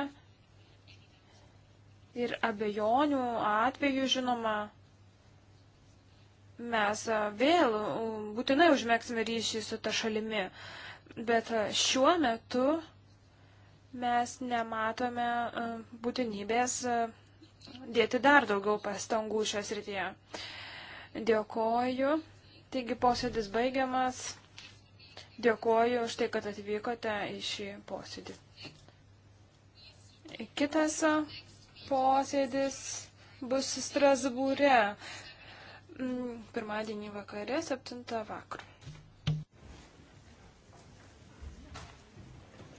ir abejonių atveju, žinoma, mes uh, vėl uh, būtinai užmėgsime ryšį su ta šalimi. Uh, bet e, šiuo metu mes nematome e, būtinybės e, dėti dar daugiau pastangų šios rytyje. Dėkoju. Taigi posėdis baigiamas. Dėkoju už tai, kad atvykote į šį posėdį. Kitas posėdis bus Strasbūre. Mm, pirmadienį vakare, 7 vakarų.